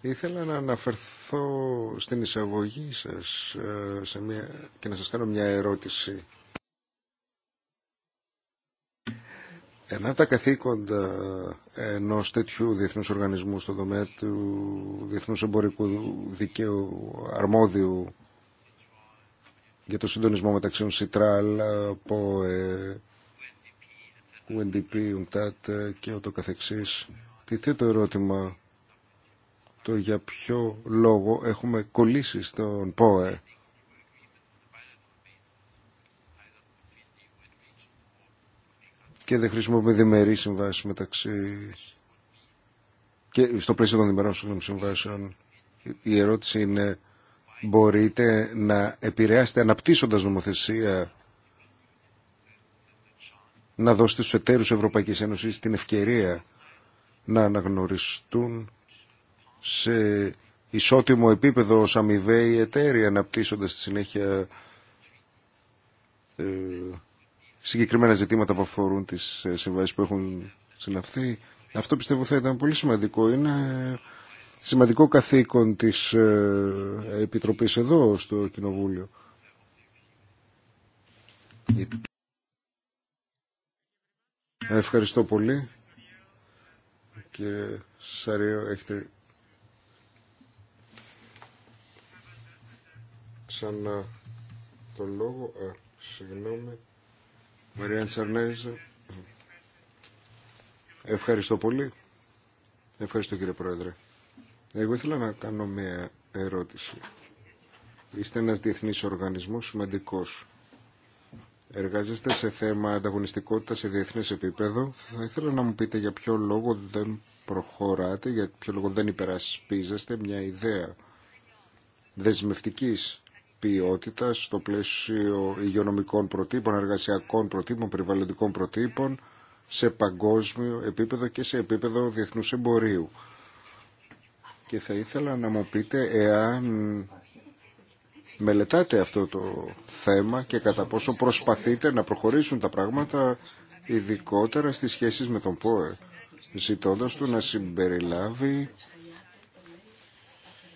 ήθελα να αναφερθώ στην εισαγωγή σας ε, σε και να σας κάνω μια ερώτηση. Ένα από τα καθήκοντα ενό τέτοιου διεθνού οργανισμού στον τομέα του διεθνούς εμπορικού δικαίου αρμόδιου για το συντονισμό μεταξύ ΣΥΤΡΑΛ, ΠΟΕ, UNDP, UNCTAD και ούτω καθεξής τεθεί το ερώτημα το για ποιο λόγο έχουμε κολλήσει στον ΠΟΕ. Και δεν χρησιμοποιούμε διμερεί συμβάσει μεταξύ. και στο πλαίσιο των διμερών συμβάσεων. Η ερώτηση είναι, μπορείτε να επηρεάσετε αναπτύσσοντας νομοθεσία να δώσετε στους εταίρους Ευρωπαϊκής Ένωσης την ευκαιρία να αναγνωριστούν σε ισότιμο επίπεδο ως αμοιβαίοι εταίροι αναπτύσσοντας στη συνέχεια ε, συγκεκριμένα ζητήματα που αφορούν τις ε, συμβάσεις που έχουν συναυθεί. Αυτό πιστεύω θα ήταν πολύ σημαντικό. Είναι σημαντικό καθήκον της ε, Επιτροπής εδώ στο Κοινοβούλιο. Ευχαριστώ πολύ. Κύριε Σαρίο, έχετε ξανά το λόγο. Α, συγγνώμη. Μαρία Τσαρνέζο. Ευχαριστώ πολύ. Ευχαριστώ κύριε Πρόεδρε. Εγώ ήθελα να κάνω μια ερώτηση. Είστε ένας διεθνής οργανισμός σημαντικός Εργάζεστε σε θέμα ανταγωνιστικότητα σε διεθνές επίπεδο. Θα ήθελα να μου πείτε για ποιο λόγο δεν προχωράτε, για ποιο λόγο δεν υπερασπίζεστε μια ιδέα δεσμευτικής ποιότητα στο πλαίσιο υγειονομικών προτύπων, εργασιακών προτύπων, περιβαλλοντικών προτύπων σε παγκόσμιο επίπεδο και σε επίπεδο διεθνούς εμπορίου. Και θα ήθελα να μου πείτε εάν μελετάτε αυτό το θέμα και κατά πόσο προσπαθείτε να προχωρήσουν τα πράγματα ειδικότερα στις σχέσεις με τον ΠΟΕ ζητώντας του να συμπεριλάβει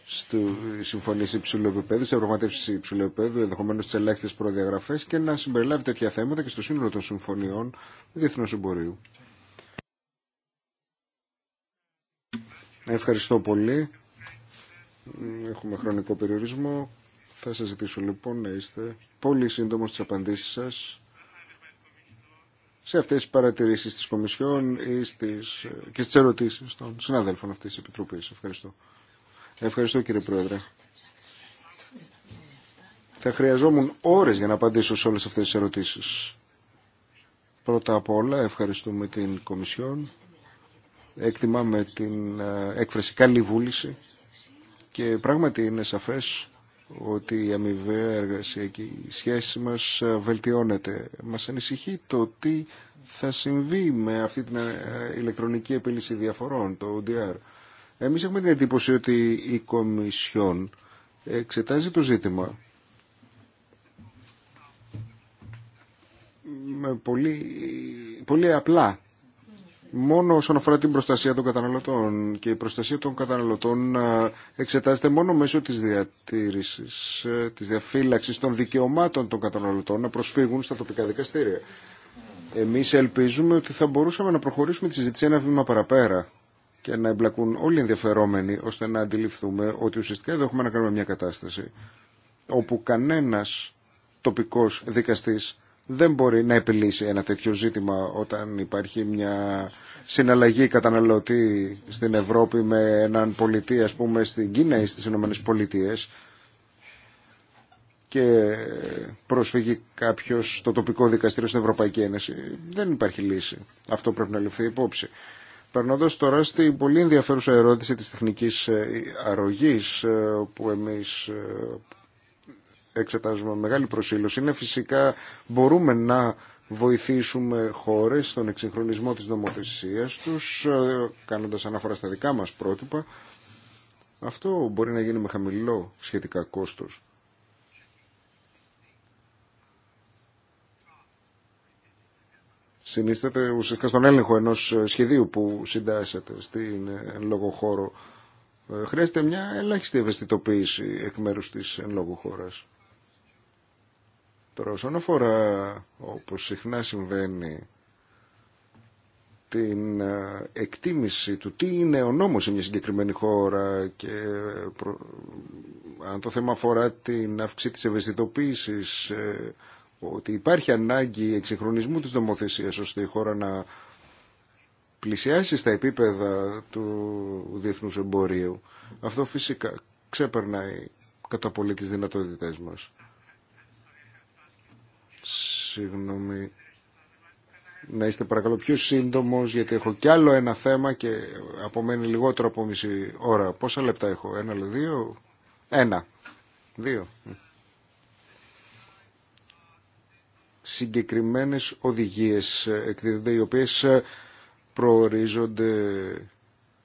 στη συμφωνίες υψηλού επίπεδου, σε προγραμματεύσεις υψηλού επίπεδου, ενδεχομένω στι ελάχιστε προδιαγραφέ και να συμπεριλάβει τέτοια θέματα και στο σύνολο των συμφωνιών διεθνού εμπορίου. Ευχαριστώ πολύ. Έχουμε χρονικό περιορισμό. Θα σας ζητήσω λοιπόν να είστε πολύ σύντομο στις απαντήσεις σας σε αυτές τις παρατηρήσεις της Κομισιόν ή στις, και στις ερωτήσεις των συναδέλφων αυτής της Επιτροπής. Ευχαριστώ. Ευχαριστώ κύριε Πρόεδρε. Θα χρειαζόμουν ώρες για να απαντήσω σε όλες αυτές τις ερωτήσεις. Πρώτα απ' όλα ευχαριστούμε την Κομισιόν. Έκτιμα με την ε, έκφραση καλή βούληση και πράγματι είναι σαφές ότι η αμοιβαία εργασιακή σχέση μας ε, βελτιώνεται. Μας ανησυχεί το τι θα συμβεί με αυτή την ε, ηλεκτρονική επίλυση διαφορών, το ODR. Εμείς έχουμε την εντύπωση ότι η Κομισιόν εξετάζει το ζήτημα με πολύ, πολύ απλά μόνο όσον αφορά την προστασία των καταναλωτών και η προστασία των καταναλωτών ε, εξετάζεται μόνο μέσω της διατήρησης, ε, της διαφύλαξης των δικαιωμάτων των καταναλωτών να προσφύγουν στα τοπικά δικαστήρια. Εμείς ελπίζουμε ότι θα μπορούσαμε να προχωρήσουμε τη συζήτηση ένα βήμα παραπέρα και να εμπλακούν όλοι οι ενδιαφερόμενοι ώστε να αντιληφθούμε ότι ουσιαστικά εδώ έχουμε να κάνουμε μια κατάσταση όπου κανένας τοπικός δικαστής δεν μπορεί να επιλύσει ένα τέτοιο ζήτημα όταν υπάρχει μια συναλλαγή καταναλωτή στην Ευρώπη με έναν πολιτή ας πούμε στην Κίνα ή στις Ηνωμένες Πολιτείες και προσφύγει κάποιος στο τοπικό δικαστήριο στην Ευρωπαϊκή Ένωση. Δεν υπάρχει λύση. Αυτό πρέπει να ληφθεί υπόψη. Περνώντα τώρα στην πολύ ενδιαφέρουσα ερώτηση της τεχνικής ε, αρρωγής ε, που εμείς ε, εξετάζουμε μεγάλη προσήλωση είναι φυσικά μπορούμε να βοηθήσουμε χώρες στον εξυγχρονισμό της νομοθεσίας τους ε, κάνοντας αναφορά στα δικά μας πρότυπα. Αυτό μπορεί να γίνει με χαμηλό σχετικά κόστος. Συνίσταται ουσιαστικά στον έλεγχο ενός ε, σχεδίου που συντάσσεται στην ε, λόγω χώρο. Χρειάζεται μια ελάχιστη ευαισθητοποίηση εκ μέρους της εν λόγω χώρας. Τώρα όσον αφορά, όπως συχνά συμβαίνει, την ε, εκτίμηση του τι είναι ο νόμος σε μια συγκεκριμένη χώρα και αν το θέμα αφορά την αύξηση της ευαισθητοποίησης ε, ότι υπάρχει ανάγκη εξυγχρονισμού της νομοθεσίας ώστε η χώρα να πλησιάσει στα επίπεδα του διεθνούς εμπορίου αυτό φυσικά ξέπερνάει κατά πολύ τις δυνατότητές μας. Συγγνώμη. Να είστε παρακαλώ πιο σύντομο, γιατί έχω κι άλλο ένα θέμα και απομένει λιγότερο από μισή ώρα. Πόσα λεπτά έχω, ένα, δύο, ένα, δύο. Συγκεκριμένες οδηγίες εκδίδονται, οι οποίες προορίζονται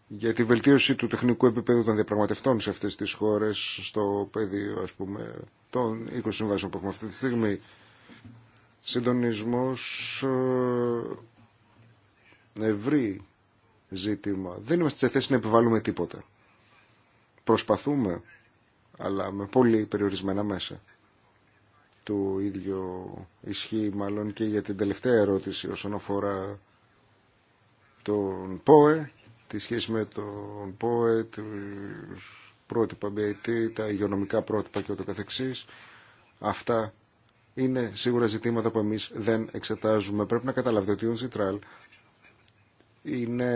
για τη βελτίωση του τεχνικού επίπεδου των διαπραγματευτών σε αυτές τις χώρες, στο πεδίο, ας πούμε, των 20 συμβάσεων που έχουμε αυτή τη στιγμή συντονισμός ε, ευρύ ζήτημα. Δεν είμαστε σε θέση να επιβάλλουμε τίποτα. Προσπαθούμε, αλλά με πολύ περιορισμένα μέσα. Το ίδιο ισχύει μάλλον και για την τελευταία ερώτηση όσον αφορά τον ΠΟΕ, τη σχέση με τον ΠΟΕ, πρότυπα BIT, τα υγειονομικά πρότυπα και ούτω καθεξής. Αυτά είναι σίγουρα ζητήματα που εμείς δεν εξετάζουμε. Πρέπει να καταλάβετε ότι ο UNCITRAL είναι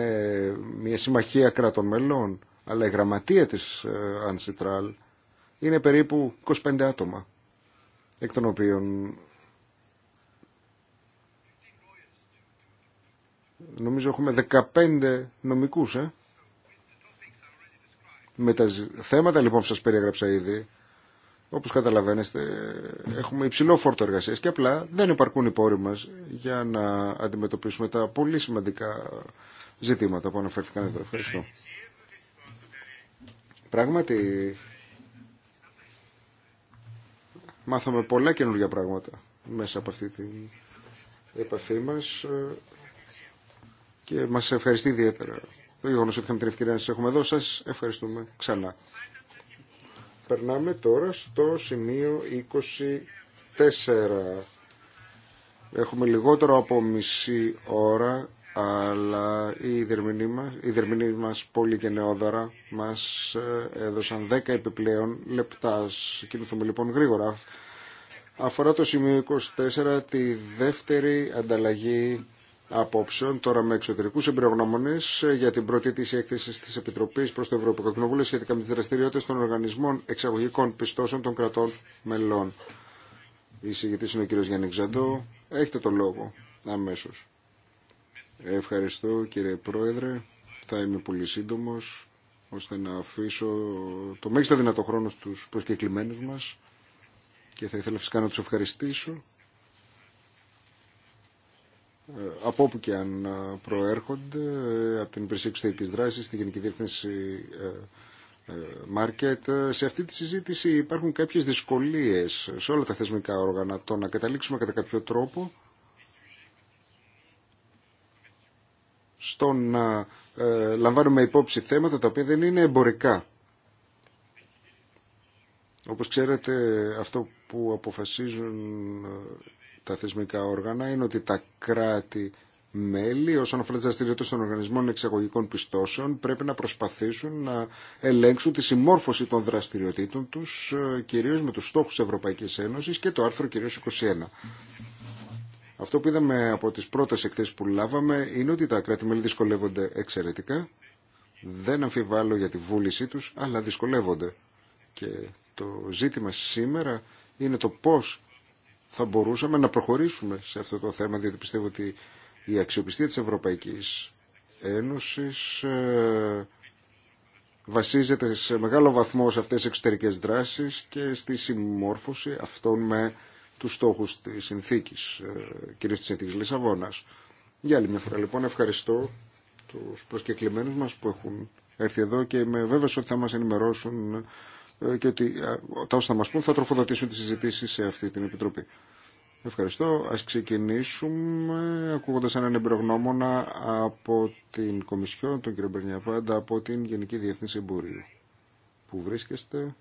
μια συμμαχία κρατών μελών, αλλά η γραμματεία της Ανσίτραλ ε, είναι περίπου 25 άτομα, εκ των οποίων νομίζω έχουμε 15 νομικούς. Ε? Με τα θέματα λοιπόν που σας περιέγραψα ήδη, όπως καταλαβαίνετε, έχουμε υψηλό φόρτο εργασίας και απλά δεν υπαρκούν οι πόροι μας για να αντιμετωπίσουμε τα πολύ σημαντικά ζητήματα που αναφέρθηκαν εδώ. Ευχαριστώ. Πράγματι, μάθαμε πολλά καινούργια πράγματα μέσα από αυτή την επαφή μας και μας ευχαριστεί ιδιαίτερα το γεγονό ότι είχαμε την ευκαιρία να σας έχουμε εδώ. Σας ευχαριστούμε ξανά. Περνάμε τώρα στο σημείο 24. Έχουμε λιγότερο από μισή ώρα, αλλά οι δερμηνοί μας, μας πολύ και μας ε, έδωσαν 10 επιπλέον λεπτά. Κινηθούμε λοιπόν γρήγορα. Αφορά το σημείο 24, τη δεύτερη ανταλλαγή απόψεων τώρα με εξωτερικού εμπειρογνώμονε ε, για την πρώτη ετήσια έκθεση τη Επιτροπή προ το Ευρωπαϊκό Κοινοβούλιο σχετικά με τι δραστηριότητε των οργανισμών εξαγωγικών πιστώσεων των κρατών μελών. Η συγκεκριτή είναι ο κύριο Γιάννη Ξαντό. Έχετε το λόγο αμέσω. Ευχαριστώ κύριε Πρόεδρε. Θα είμαι πολύ σύντομο ώστε να αφήσω το μέγιστο δυνατό χρόνο στους προσκεκλημένους μας και θα ήθελα φυσικά να τους ευχαριστήσω ε, από όπου και αν ε, προέρχονται, ε, από την υπηρεσία εξωτερική δράση, στη Γενική Διεύθυνση Μάρκετ. Σε αυτή τη συζήτηση υπάρχουν κάποιε δυσκολίε σε όλα τα θεσμικά όργανα το να καταλήξουμε κατά κάποιο τρόπο στο να λαμβάνουμε υπόψη θέματα τα οποία δεν είναι εμπορικά. Όπως ξέρετε αυτό που αποφασίζουν τα θεσμικά όργανα είναι ότι τα κράτη μέλη όσον αφορά τι δραστηριότητε των οργανισμών εξαγωγικών πιστώσεων πρέπει να προσπαθήσουν να ελέγξουν τη συμμόρφωση των δραστηριοτήτων του, ε, κυρίω με του στόχου τη Ευρωπαϊκή Ένωση και το άρθρο κυρίω 21. Αυτό που είδαμε από τις πρώτες εκθέσεις που λάβαμε είναι ότι τα κράτη-μέλη δυσκολεύονται εξαιρετικά. Δεν αμφιβάλλω για τη βούλησή τους, αλλά δυσκολεύονται. Και το ζήτημα σήμερα είναι το πώς θα μπορούσαμε να προχωρήσουμε σε αυτό το θέμα, διότι πιστεύω ότι η αξιοπιστία της Ευρωπαϊκής Ένωσης ε, βασίζεται σε μεγάλο βαθμό σε αυτές τις εξωτερικές δράσεις και στη συμμόρφωση αυτών με τους στόχους της συνθήκης, ε, κυρίως της συνθήκης Λισαβόνας. Για άλλη μια φορά λοιπόν ευχαριστώ τους προσκεκλημένους μας που έχουν έρθει εδώ και είμαι βέβαιος ότι θα μας ενημερώσουν ε, και ότι ε, τα όσα θα μας πούν θα τροφοδοτήσουν τις συζητήσεις σε αυτή την Επιτροπή. Ευχαριστώ. Ας ξεκινήσουμε ακούγοντας έναν εμπειρογνώμονα από την Κομισιόν, τον κύριο Μπερνιαπάντα, από την Γενική Διεύθυνση Εμπορίου. Που βρίσκεστε.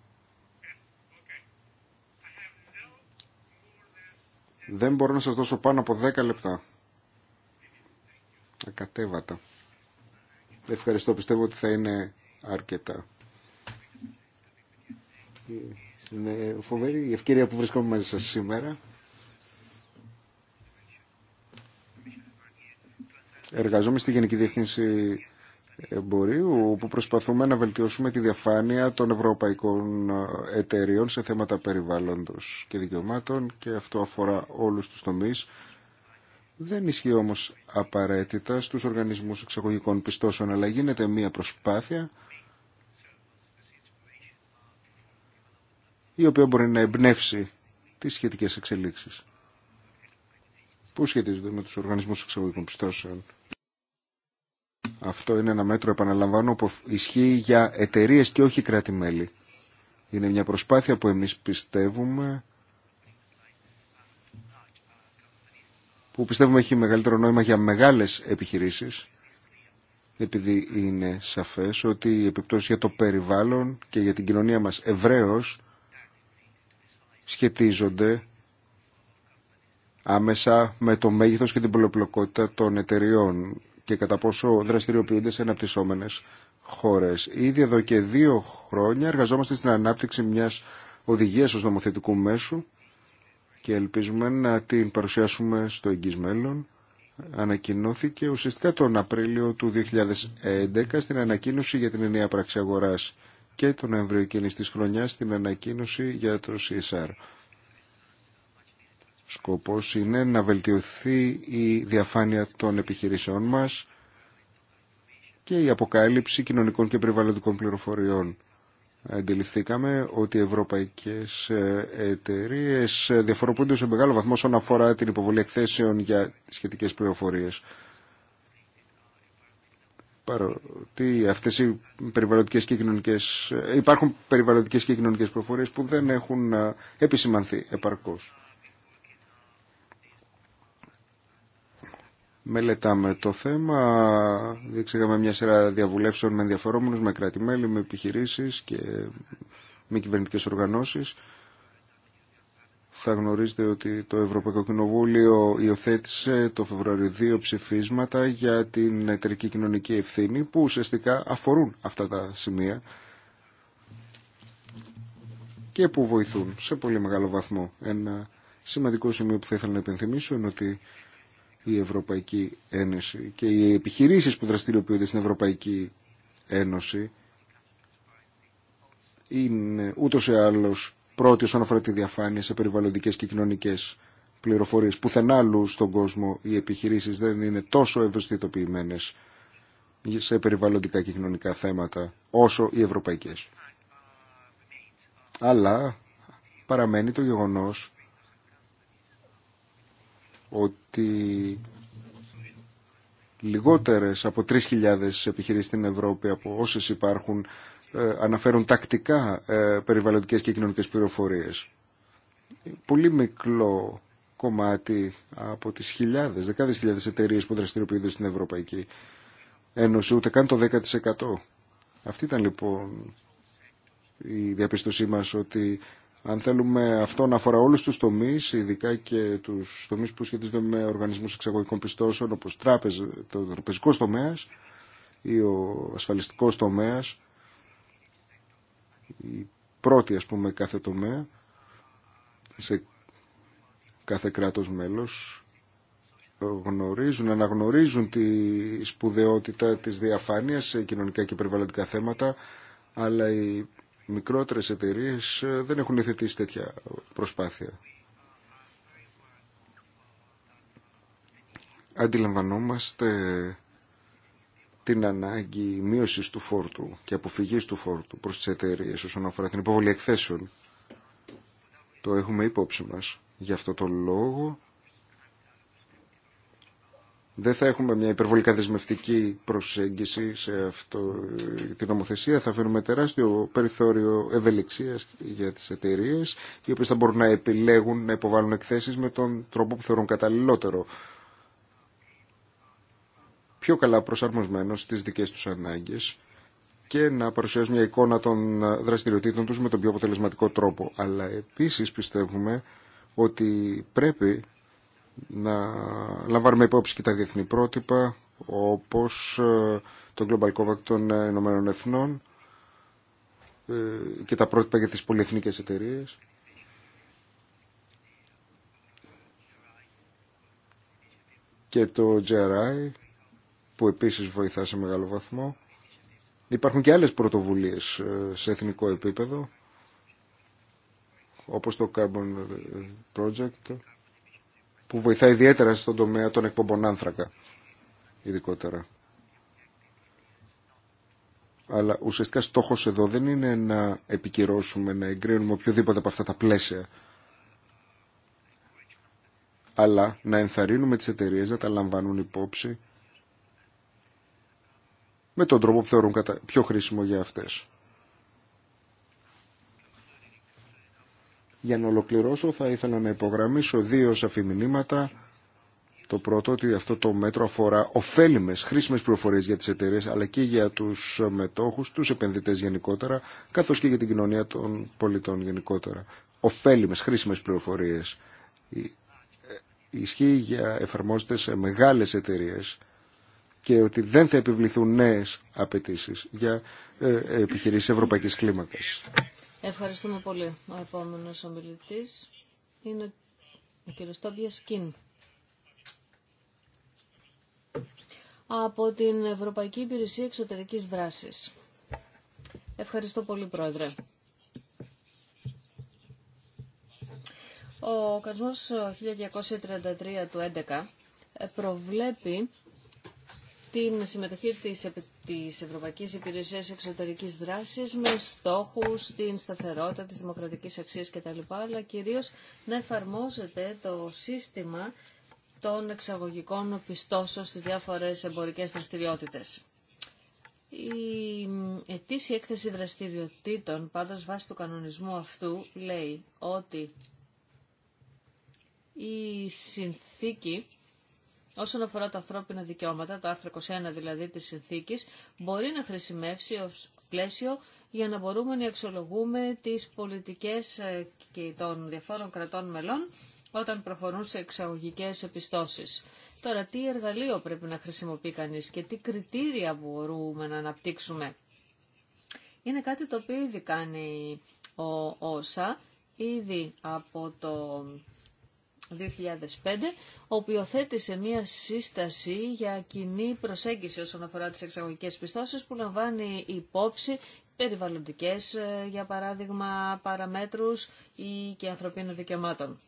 Δεν μπορώ να σας δώσω πάνω από 10 λεπτά. Ακατέβατα. Ευχαριστώ. Πιστεύω ότι θα είναι αρκετά είναι φοβερή η ευκαιρία που βρισκόμαι μαζί σας σήμερα. Εργαζόμαι στη Γενική Διεύθυνση Εμπορίου, όπου προσπαθούμε να βελτιώσουμε τη διαφάνεια των ευρωπαϊκών εταιρείων σε θέματα περιβάλλοντος και δικαιωμάτων και αυτό αφορά όλους τους τομείς. Δεν ισχύει όμως απαραίτητα στους οργανισμούς εξαγωγικών πιστώσεων, αλλά γίνεται μία προσπάθεια η οποία μπορεί να εμπνεύσει τις σχετικές εξελίξεις που σχετίζονται με τους οργανισμούς εξαγωγικών πιστώσεων. Αυτό είναι ένα μέτρο, επαναλαμβάνω, που ισχύει για εταιρείες και όχι κράτη-μέλη. Είναι μια προσπάθεια που εμείς πιστεύουμε που πιστεύουμε έχει μεγαλύτερο νόημα για μεγάλες επιχειρήσεις επειδή είναι σαφές ότι η επιπτώση για το περιβάλλον και για την κοινωνία μας ευρέως σχετίζονται άμεσα με το μέγεθος και την πολλοπλοκότητα των εταιριών και κατά πόσο δραστηριοποιούνται σε αναπτυσσόμενες χώρες. Ήδη εδώ και δύο χρόνια εργαζόμαστε στην ανάπτυξη μιας οδηγίας ως νομοθετικού μέσου και ελπίζουμε να την παρουσιάσουμε στο εγγύς μέλλον. Ανακοινώθηκε ουσιαστικά τον Απρίλιο του 2011 στην ανακοίνωση για την ενιαία πράξη αγοράς και τον Νοεμβρίο εκείνης χρονιάς στην ανακοίνωση για το CSR. Σκοπός είναι να βελτιωθεί η διαφάνεια των επιχειρήσεών μας και η αποκάλυψη κοινωνικών και περιβαλλοντικών πληροφοριών. Αντιληφθήκαμε ότι οι ευρωπαϊκές ε, εταιρείε διαφοροποιούνται σε μεγάλο βαθμό όσον αφορά την υποβολή εκθέσεων για σχετικές πληροφορίε παρότι αυτές οι περιβαλλοντικές και ε, υπάρχουν περιβαλλοντικές και κοινωνικές προφορίες που δεν έχουν ε, επισημανθεί επαρκώς. Μελετάμε το θέμα, διεξήγαμε μια σειρά διαβουλεύσεων με ενδιαφερόμενους, με κράτη-μέλη, με επιχειρήσεις και με κυβερνητικές οργανώσεις θα γνωρίζετε ότι το Ευρωπαϊκό Κοινοβούλιο υιοθέτησε το Φεβρουάριο δύο ψηφίσματα για την εταιρική κοινωνική ευθύνη που ουσιαστικά αφορούν αυτά τα σημεία και που βοηθούν σε πολύ μεγάλο βαθμό. Ένα σημαντικό σημείο που θα ήθελα να υπενθυμίσω είναι ότι η Ευρωπαϊκή Ένωση και οι επιχειρήσεις που δραστηριοποιούνται στην Ευρωπαϊκή Ένωση είναι ούτως ή άλλως πρώτη όσον αφορά τη διαφάνεια σε περιβαλλοντικέ και κοινωνικές πληροφορίες. Πουθενάλλου στον κόσμο οι επιχειρήσεις δεν είναι τόσο ευαισθητοποιημένε σε περιβαλλοντικά και κοινωνικά θέματα όσο οι ευρωπαϊκές. Αλλά παραμένει το γεγονός ότι λιγότερες από 3.000 επιχειρήσεις στην Ευρώπη από όσες υπάρχουν ε, αναφέρουν τακτικά ε, περιβαλλοντικές και κοινωνικές πληροφορίες. Πολύ μικρό κομμάτι από τις χιλιάδες, δεκάδες χιλιάδες εταιρείες που δραστηριοποιούνται στην Ευρωπαϊκή Ένωση, ούτε καν το 10%. Αυτή ήταν λοιπόν η διαπίστωσή μας ότι αν θέλουμε αυτό να αφορά όλους τους τομείς, ειδικά και τους τομείς που σχετίζονται με οργανισμούς εξαγωγικών πιστώσεων, όπως τράπεζ, το τραπεζικός τομέας ή ο ασφαλιστικός τομέας, η πρώτη ας πούμε κάθε τομέα σε κάθε κράτος μέλος γνωρίζουν, αναγνωρίζουν τη σπουδαιότητα της διαφάνειας σε κοινωνικά και περιβαλλοντικά θέματα αλλά οι μικρότερες εταιρείες ε, δεν έχουν υθετήσει τέτοια προσπάθεια. Αντιλαμβανόμαστε την ανάγκη μείωσης του φόρτου και αποφυγή του φόρτου προς τις εταιρείε όσον αφορά την υποβολή εκθέσεων. Το έχουμε υπόψη μας. Γι' αυτό το λόγο δεν θα έχουμε μια υπερβολικά δεσμευτική προσέγγιση σε αυτό την νομοθεσία. Θα φέρουμε τεράστιο περιθώριο ευελιξία για τις εταιρείε, οι οποίες θα μπορούν να επιλέγουν να υποβάλουν εκθέσει με τον τρόπο που θεωρούν καταλληλότερο πιο καλά προσαρμοσμένο στις δικές τους ανάγκες και να παρουσιάζουν μια εικόνα των δραστηριοτήτων τους με τον πιο αποτελεσματικό τρόπο. Αλλά επίσης πιστεύουμε ότι πρέπει να λαμβάνουμε υπόψη και τα διεθνή πρότυπα όπως ε, το Global Compact των ε, Ηνωμένων Εθνών ε, και τα πρότυπα για τις πολυεθνικές εταιρείες. και το GRI που επίσης βοηθά σε μεγάλο βαθμό. Υπάρχουν και άλλες πρωτοβουλίες ε, σε εθνικό επίπεδο, όπως το Carbon Project, που βοηθά ιδιαίτερα στον τομέα των εκπομπών άνθρακα, ειδικότερα. Αλλά ουσιαστικά στόχος εδώ δεν είναι να επικυρώσουμε, να εγκρίνουμε οποιοδήποτε από αυτά τα πλαίσια, αλλά να ενθαρρύνουμε τις εταιρείες να τα λαμβάνουν υπόψη με τον τρόπο που θεωρούν πιο χρήσιμο για αυτές. Για να ολοκληρώσω θα ήθελα να υπογραμμίσω δύο σαφή μηνύματα. Το πρώτο ότι αυτό το μέτρο αφορά ωφέλιμες, χρήσιμες πληροφορίες για τις εταιρείες αλλά και για τους μετόχους, τους επενδυτές γενικότερα καθώς και για την κοινωνία των πολιτών γενικότερα. Ωφέλιμες, χρήσιμες πληροφορίες ε, ισχύει για εφαρμόζεται σε μεγάλες εταιρείες και ότι δεν θα επιβληθούν νέες απαιτήσει για ε, επιχειρήσεις ευρωπαϊκής κλίμακας. Ευχαριστούμε πολύ. Ο επόμενος ομιλητής είναι ο κ. Τόμπια Σκίν. Από την Ευρωπαϊκή Υπηρεσία Εξωτερικής Δράσης. Ευχαριστώ πολύ, Πρόεδρε. Ο κανονισμός 1233 του 11 προβλέπει την συμμετοχή της, της Ευρωπαϊκής Υπηρεσίας Εξωτερικής Δράσης με στόχους την σταθερότητα της δημοκρατικής αξίας κτλ. Αλλά κυρίως να εφαρμόζεται το σύστημα των εξαγωγικών πιστώσεων στις διάφορες εμπορικές δραστηριότητες. Η ετήσια έκθεση δραστηριοτήτων, πάντως βάσει του κανονισμού αυτού, λέει ότι η συνθήκη Όσον αφορά τα ανθρώπινα δικαιώματα, το άρθρο 21 δηλαδή της συνθήκης, μπορεί να χρησιμεύσει ως πλαίσιο για να μπορούμε να εξολογούμε τις πολιτικές ε, και των διαφόρων κρατών μελών όταν προχωρούν σε εξαγωγικές επιστώσεις. Τώρα, τι εργαλείο πρέπει να χρησιμοποιεί κανείς και τι κριτήρια μπορούμε να αναπτύξουμε. Είναι κάτι το οποίο ήδη κάνει ο ΩΣΑ, ήδη από το 2005, όπου υιοθέτησε μία σύσταση για κοινή προσέγγιση όσον αφορά τις εξαγωγικές πιστώσεις που λαμβάνει υπόψη περιβαλλοντικές, ε, για παράδειγμα, παραμέτρους ή και ανθρωπίνων δικαιωμάτων.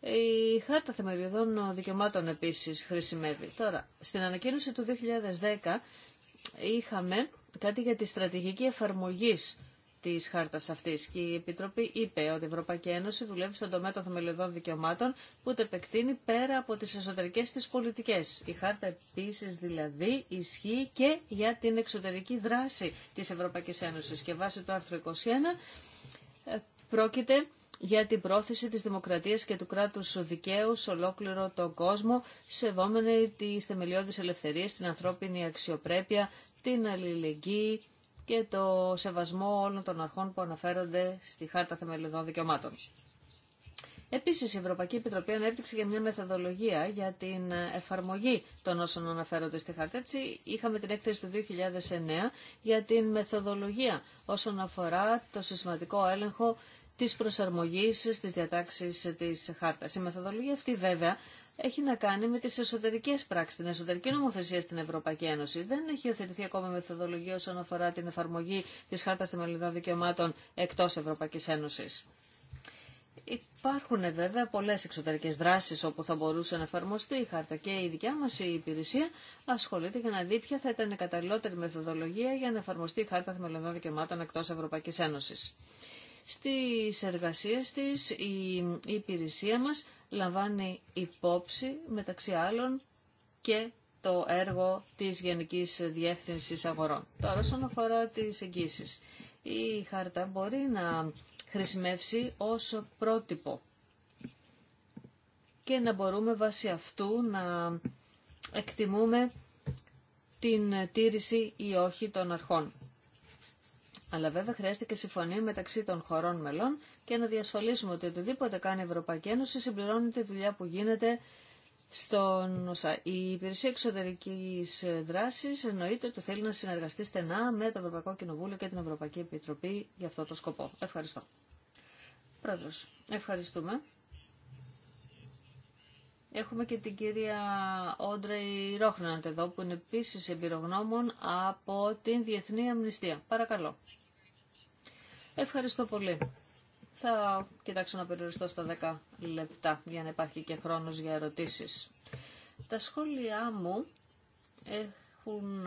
Η Χάρτα Θεμελιωδών Δικαιωμάτων επίσης χρησιμεύει. Τώρα, στην ανακοίνωση του 2010 είχαμε κάτι για τη στρατηγική εφαρμογής Τη χάρτα αυτή. και η Επιτροπή είπε ότι η Ευρωπαϊκή Ένωση δουλεύει στον τομέα των θεμελιωδών δικαιωμάτων που το επεκτείνει πέρα από τι εσωτερικέ τη πολιτικέ. Η χάρτα επίσης δηλαδή ισχύει και για την εξωτερική δράση τη Ευρωπαϊκή Ένωση. και βάσει του άρθρου 21 ε, πρόκειται για την πρόθεση της δημοκρατίας και του κράτους δικαίου σε ολόκληρο τον κόσμο, σεβόμενοι τις θεμελιώδεις ελευθερίες, την ανθρώπινη αξιοπρέπεια, την αλληλεγγύη και το σεβασμό όλων των αρχών που αναφέρονται στη Χάρτα Θεμελιωδών Δικαιωμάτων. Επίσης, η Ευρωπαϊκή Επιτροπή ανέπτυξε για μια μεθοδολογία για την εφαρμογή των όσων αναφέρονται στη χαρτά. Έτσι, είχαμε την έκθεση του 2009 για την μεθοδολογία όσον αφορά το συστηματικό έλεγχο της προσαρμογής στις διατάξεις της χάρτας. Η μεθοδολογία αυτή βέβαια έχει να κάνει με τις εσωτερικές πράξεις, την εσωτερική νομοθεσία στην Ευρωπαϊκή Ένωση. Δεν έχει οθετηθεί ακόμα μεθοδολογία όσον αφορά την εφαρμογή της Χάρτας Θεμελιδών Δικαιωμάτων εκτός Ευρωπαϊκής Ένωσης. Υπάρχουν βέβαια πολλές εξωτερικές δράσεις όπου θα μπορούσε να εφαρμοστεί η χάρτα και η δικιά μας η υπηρεσία ασχολείται για να δει ποια θα ήταν η καταλληλότερη μεθοδολογία για να εφαρμοστεί η χάρτα θεμελιωδών δικαιωμάτων εκτός Ευρωπαϊκής Ένωσης. Στις εργασίες της η υπηρεσία μας λαμβάνει υπόψη μεταξύ άλλων και το έργο της Γενικής Διεύθυνσης Αγορών. Τώρα, όσον αφορά τις εγγύσεις, η χάρτα μπορεί να χρησιμεύσει ως πρότυπο και να μπορούμε βάσει αυτού να εκτιμούμε την τήρηση ή όχι των αρχών. Αλλά βέβαια χρειάζεται και συμφωνία μεταξύ των χωρών μελών και να διασφαλίσουμε ότι οτιδήποτε κάνει η Ευρωπαϊκή Ένωση συμπληρώνει τη δουλειά που γίνεται στον ΩΣΑ. Η Υπηρεσία Εξωτερική Δράση εννοείται ότι θέλει να συνεργαστεί στενά με το Ευρωπαϊκό Κοινοβούλιο και την Ευρωπαϊκή Επιτροπή για αυτό το σκοπό. Ευχαριστώ. Πρόεδρο, ευχαριστούμε. Έχουμε και την κυρία Όντρε Ρόχναντ εδώ, που είναι επίση εμπειρογνώμων από την Διεθνή Αμνηστία. Παρακαλώ. Ευχαριστώ πολύ. Θα κοιτάξω να περιοριστώ στα 10 λεπτά για να υπάρχει και χρόνος για ερωτήσεις. Τα σχόλιά μου έχουν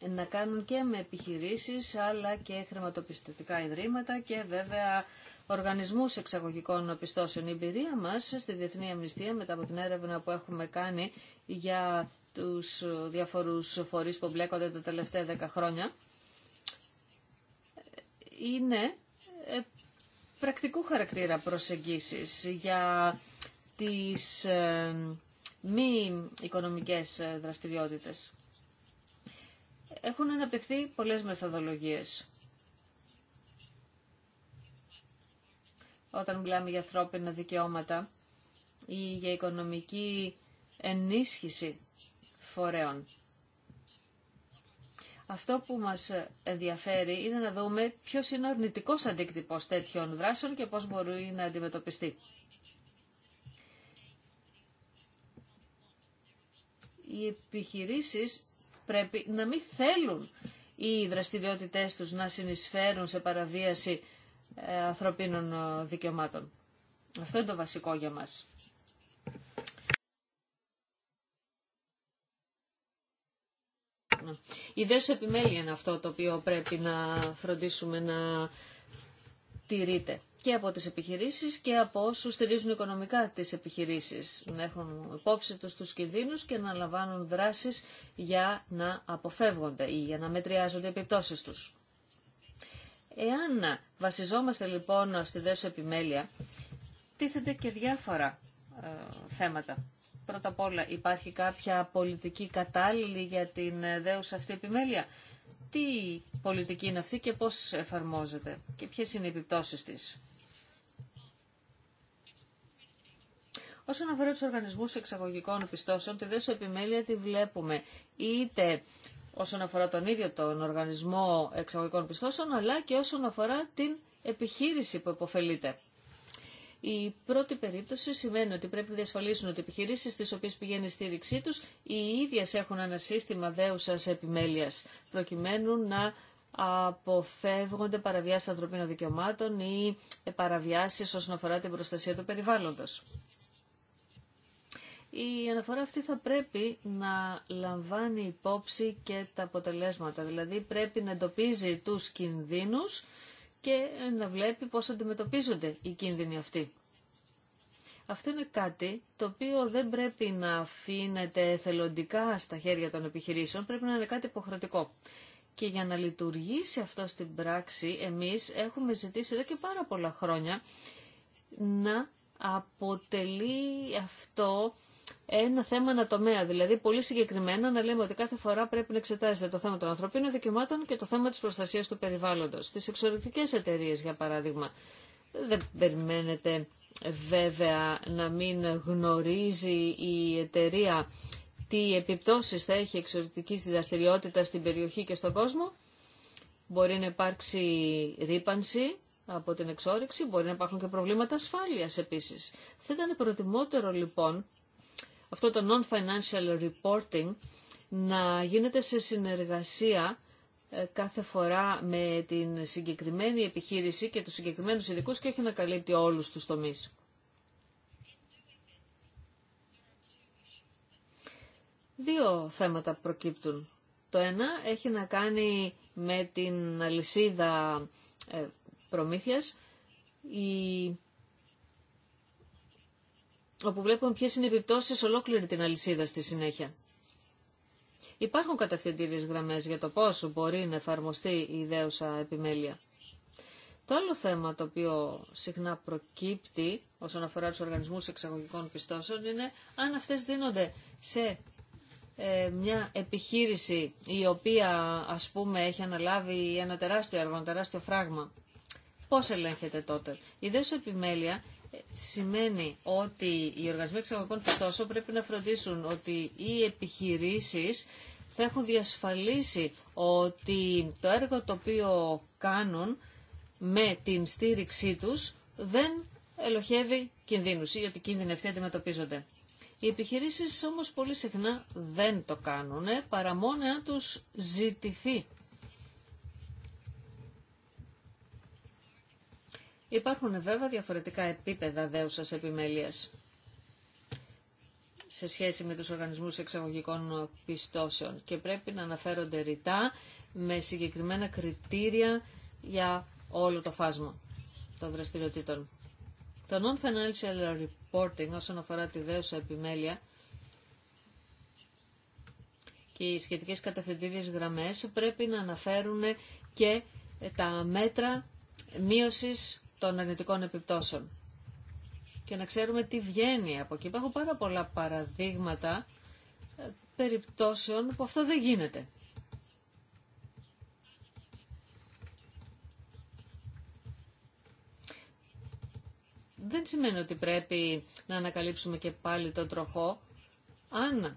ε, να κάνουν και με επιχειρήσεις αλλά και χρηματοπιστωτικά ιδρύματα και βέβαια οργανισμούς εξαγωγικών πιστώσεων. Η εμπειρία μας στη Διεθνή Αμνηστία μετά από την έρευνα που έχουμε κάνει για τους διαφορούς φορείς που μπλέκονται τα τελευταία 10 χρόνια είναι πρακτικού χαρακτήρα προσεγγίσεις για τις ε, μη οικονομικές ε, δραστηριότητες. Έχουν αναπτυχθεί πολλές μεθοδολογίες. Όταν μιλάμε για ανθρώπινα δικαιώματα ή για οικονομική ενίσχυση φορέων. Αυτό που μας ενδιαφέρει είναι να δούμε ποιος είναι ο αρνητικός αντίκτυπος τέτοιων δράσεων και πώς μπορεί να αντιμετωπιστεί. Οι επιχειρήσεις πρέπει να μην θέλουν οι δραστηριότητές τους να συνεισφέρουν σε παραβίαση ε, ανθρωπίνων ε, δικαιωμάτων. Αυτό είναι το βασικό για μας. Η δέση επιμέλεια είναι αυτό το οποίο πρέπει να φροντίσουμε να τηρείται και από τις επιχειρήσεις και από όσους στηρίζουν οικονομικά τις επιχειρήσεις. Να έχουν υπόψη τους τους κινδύνους και να λαμβάνουν δράσεις για να αποφεύγονται ή για να μετριάζονται οι επιπτώσεις τους. Εάν βασιζόμαστε λοιπόν στη δέσο επιμέλεια, τίθεται και διάφορα ε, θέματα. Πρώτα απ' όλα, υπάρχει κάποια πολιτική κατάλληλη για την δέουσα αυτή επιμέλεια. Τι πολιτική είναι αυτή και πώς εφαρμόζεται και ποιες είναι οι επιπτώσεις της. Όσον αφορά τους οργανισμούς εξαγωγικών πιστώσεων, τη δέσο επιμέλεια τη βλέπουμε είτε όσον αφορά τον ίδιο τον οργανισμό εξαγωγικών πιστώσεων, αλλά και όσον αφορά την επιχείρηση που υποφελείται. Η πρώτη περίπτωση σημαίνει ότι πρέπει να διασφαλίσουν ότι οι επιχειρήσει στι οποίε πηγαίνει η στήριξή του οι ίδιε έχουν ένα σύστημα δέουσα επιμέλεια, προκειμένου να αποφεύγονται παραβιάσει ανθρωπίνων δικαιωμάτων ή παραβιάσει όσον αφορά την προστασία του περιβάλλοντο. Η αναφορά αυτή θα πρέπει να λαμβάνει υπόψη και τα αποτελέσματα, δηλαδή πρέπει να εντοπίζει τους κινδύνους και να βλέπει πώς αντιμετωπίζονται οι κίνδυνοι αυτοί. Αυτό είναι κάτι το οποίο δεν πρέπει να αφήνεται θελοντικά στα χέρια των επιχειρήσεων, πρέπει να είναι κάτι υποχρεωτικό. Και για να λειτουργήσει αυτό στην πράξη, εμείς έχουμε ζητήσει εδώ και πάρα πολλά χρόνια να αποτελεί αυτό ένα θέμα ανατομέα. Δηλαδή, πολύ συγκεκριμένα να λέμε ότι κάθε φορά πρέπει να εξετάζεται το θέμα των ανθρωπίνων δικαιωμάτων και το θέμα τη προστασία του περιβάλλοντο. Στι εξορρυκτικέ εταιρείε, για παράδειγμα, δεν περιμένετε βέβαια να μην γνωρίζει η εταιρεία τι επιπτώσει θα έχει η εξορρυκτική δραστηριότητα στην περιοχή και στον κόσμο. Μπορεί να υπάρξει ρήπανση από την εξόρυξη, μπορεί να υπάρχουν και προβλήματα ασφάλειας επίσης. Θα ήταν προτιμότερο λοιπόν αυτό το non-financial reporting να γίνεται σε συνεργασία ε, κάθε φορά με την συγκεκριμένη επιχείρηση και τους συγκεκριμένους ειδικούς και όχι να καλύπτει όλους τους τομείς. Δύο θέματα προκύπτουν. Το ένα έχει να κάνει με την αλυσίδα ε, προμήθειας. Η όπου βλέπουμε ποιε είναι οι σε ολόκληρη την αλυσίδα στη συνέχεια. Υπάρχουν κατευθυντήριε γραμμές για το πόσο μπορεί να εφαρμοστεί η ιδέουσα επιμέλεια. Το άλλο θέμα το οποίο συχνά προκύπτει όσον αφορά τους οργανισμούς εξαγωγικών πιστώσεων είναι αν αυτές δίνονται σε ε, μια επιχείρηση η οποία ας πούμε έχει αναλάβει ένα τεράστιο έργο, ένα τεράστιο φράγμα Πώς ελέγχεται τότε. Η δέσο επιμέλεια ε, σημαίνει ότι οι οργανισμοί εξαγωγικών πιστώσεων πρέπει να φροντίσουν ότι οι επιχειρήσεις θα έχουν διασφαλίσει ότι το έργο το οποίο κάνουν με την στήριξή τους δεν ελοχεύει κινδύνους ή ότι κίνδυνοι αυτοί αντιμετωπίζονται. Οι επιχειρήσεις όμως πολύ συχνά δεν το κάνουν παρά μόνο αν τους ζητηθεί Υπάρχουν βέβαια διαφορετικά επίπεδα δέουσας επιμέλειας σε σχέση με τους οργανισμούς εξαγωγικών πιστώσεων και πρέπει να αναφέρονται ρητά με συγκεκριμένα κριτήρια για όλο το φάσμα των δραστηριοτήτων. Το non-financial reporting όσον αφορά τη δέουσα επιμέλεια και οι σχετικές κατευθυντήριες γραμμές πρέπει να αναφέρουν και τα μέτρα μείωσης των αρνητικών επιπτώσεων. Και να ξέρουμε τι βγαίνει από εκεί. Υπάρχουν πάρα πολλά παραδείγματα ε, περιπτώσεων που αυτό δεν γίνεται. Δεν σημαίνει ότι πρέπει να ανακαλύψουμε και πάλι τον τροχό. Αν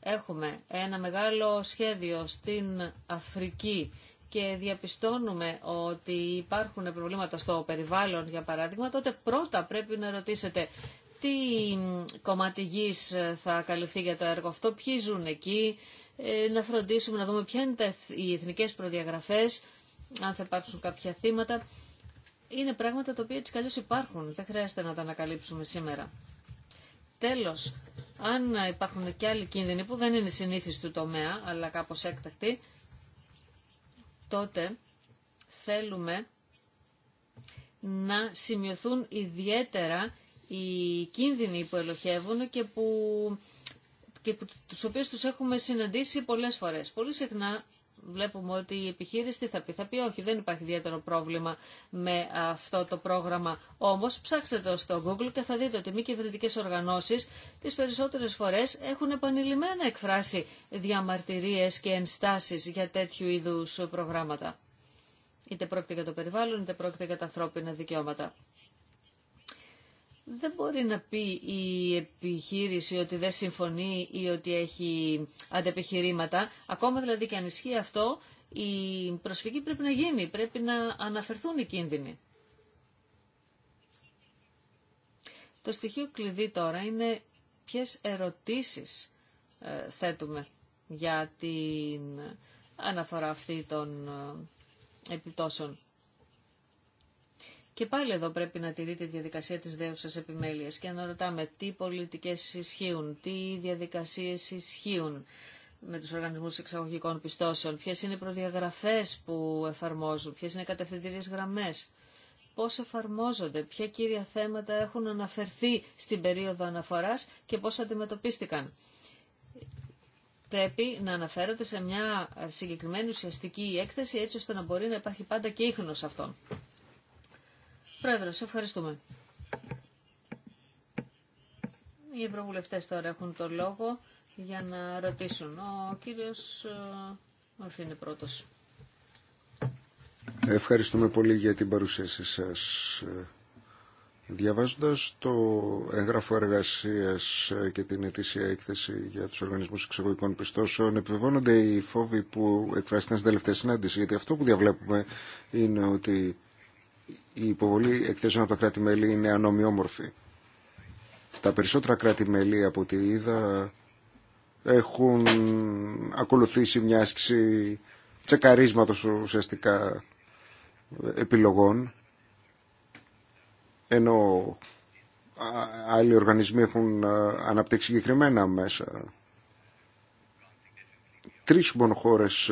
έχουμε ένα μεγάλο σχέδιο στην Αφρική και διαπιστώνουμε ότι υπάρχουν προβλήματα στο περιβάλλον, για παράδειγμα, τότε πρώτα πρέπει να ρωτήσετε τι κομμάτι γης θα καλυφθεί για το έργο αυτό, ποιοι ζουν εκεί, ε, να φροντίσουμε να δούμε ποια είναι οι εθνικές προδιαγραφές, αν θα υπάρξουν κάποια θύματα. Είναι πράγματα τα οποία έτσι καλώς υπάρχουν, δεν χρειάζεται να τα ανακαλύψουμε σήμερα. Τέλος, αν υπάρχουν και άλλοι κίνδυνοι που δεν είναι συνήθιστοι του τομέα, αλλά κάπως έκτακτοι, τότε θέλουμε να σημειωθούν ιδιαίτερα οι κίνδυνοι που ελοχεύουν και που και τους οποίους τους έχουμε συναντήσει πολλές φορές. Πολύ συχνά βλέπουμε ότι η επιχείρηση θα πει. Θα πει όχι, δεν υπάρχει ιδιαίτερο πρόβλημα με αυτό το πρόγραμμα. Όμως ψάξτε το στο Google και θα δείτε ότι μη κυβερνητικέ οργανώσεις τις περισσότερες φορές έχουν επανειλημμένα εκφράσει διαμαρτυρίες και ενστάσεις για τέτοιου είδου προγράμματα. Είτε πρόκειται για το περιβάλλον, είτε πρόκειται για τα ανθρώπινα δικαιώματα δεν μπορεί να πει η επιχείρηση ότι δεν συμφωνεί ή ότι έχει αντεπιχειρήματα. Ακόμα δηλαδή και αν ισχύει αυτό, η προσφυγή πρέπει να γίνει, πρέπει να αναφερθούν οι κίνδυνοι. Το στοιχείο κλειδί τώρα είναι ποιες ερωτήσεις ε, θέτουμε για την αναφορά αυτή των ε, επιπτώσεων. Και πάλι εδώ πρέπει να τηρείται η διαδικασία της δέουσας επιμέλειας και να ρωτάμε τι πολιτικές ισχύουν, τι διαδικασίες ισχύουν με τους οργανισμούς εξαγωγικών πιστώσεων, ποιες είναι οι προδιαγραφές που εφαρμόζουν, ποιες είναι οι κατευθυντήριες γραμμές, πώς εφαρμόζονται, ποια κύρια θέματα έχουν αναφερθεί στην περίοδο αναφοράς και πώς αντιμετωπίστηκαν. Πρέπει να αναφέρονται σε μια συγκεκριμένη ουσιαστική έκθεση έτσι ώστε να μπορεί να υπάρχει πάντα και ίχνος αυτών. Πρόεδρος, ευχαριστούμε. Οι ευρωβουλευτές τώρα έχουν το λόγο για να ρωτήσουν. Ο κύριος ε, Μορφή είναι πρώτος. Ευχαριστούμε πολύ για την παρουσίαση σας. Ε, διαβάζοντας το έγγραφο εργασίας ε, και την ετήσια έκθεση για τους οργανισμούς εξαγωγικών πιστώσεων, επιβεβαιώνονται οι φόβοι που εκφράστηκαν στην τελευταία συνάντηση, γιατί αυτό που διαβλέπουμε είναι ότι η υποβολή εκθέσεων από τα κράτη-μέλη είναι ανομοιόμορφη. Τα περισσότερα κράτη-μέλη από τη είδα έχουν ακολουθήσει μια άσκηση τσεκαρίσματος ουσιαστικά επιλογών ενώ άλλοι οργανισμοί έχουν αναπτύξει συγκεκριμένα μέσα. Τρεις μόνο χώρες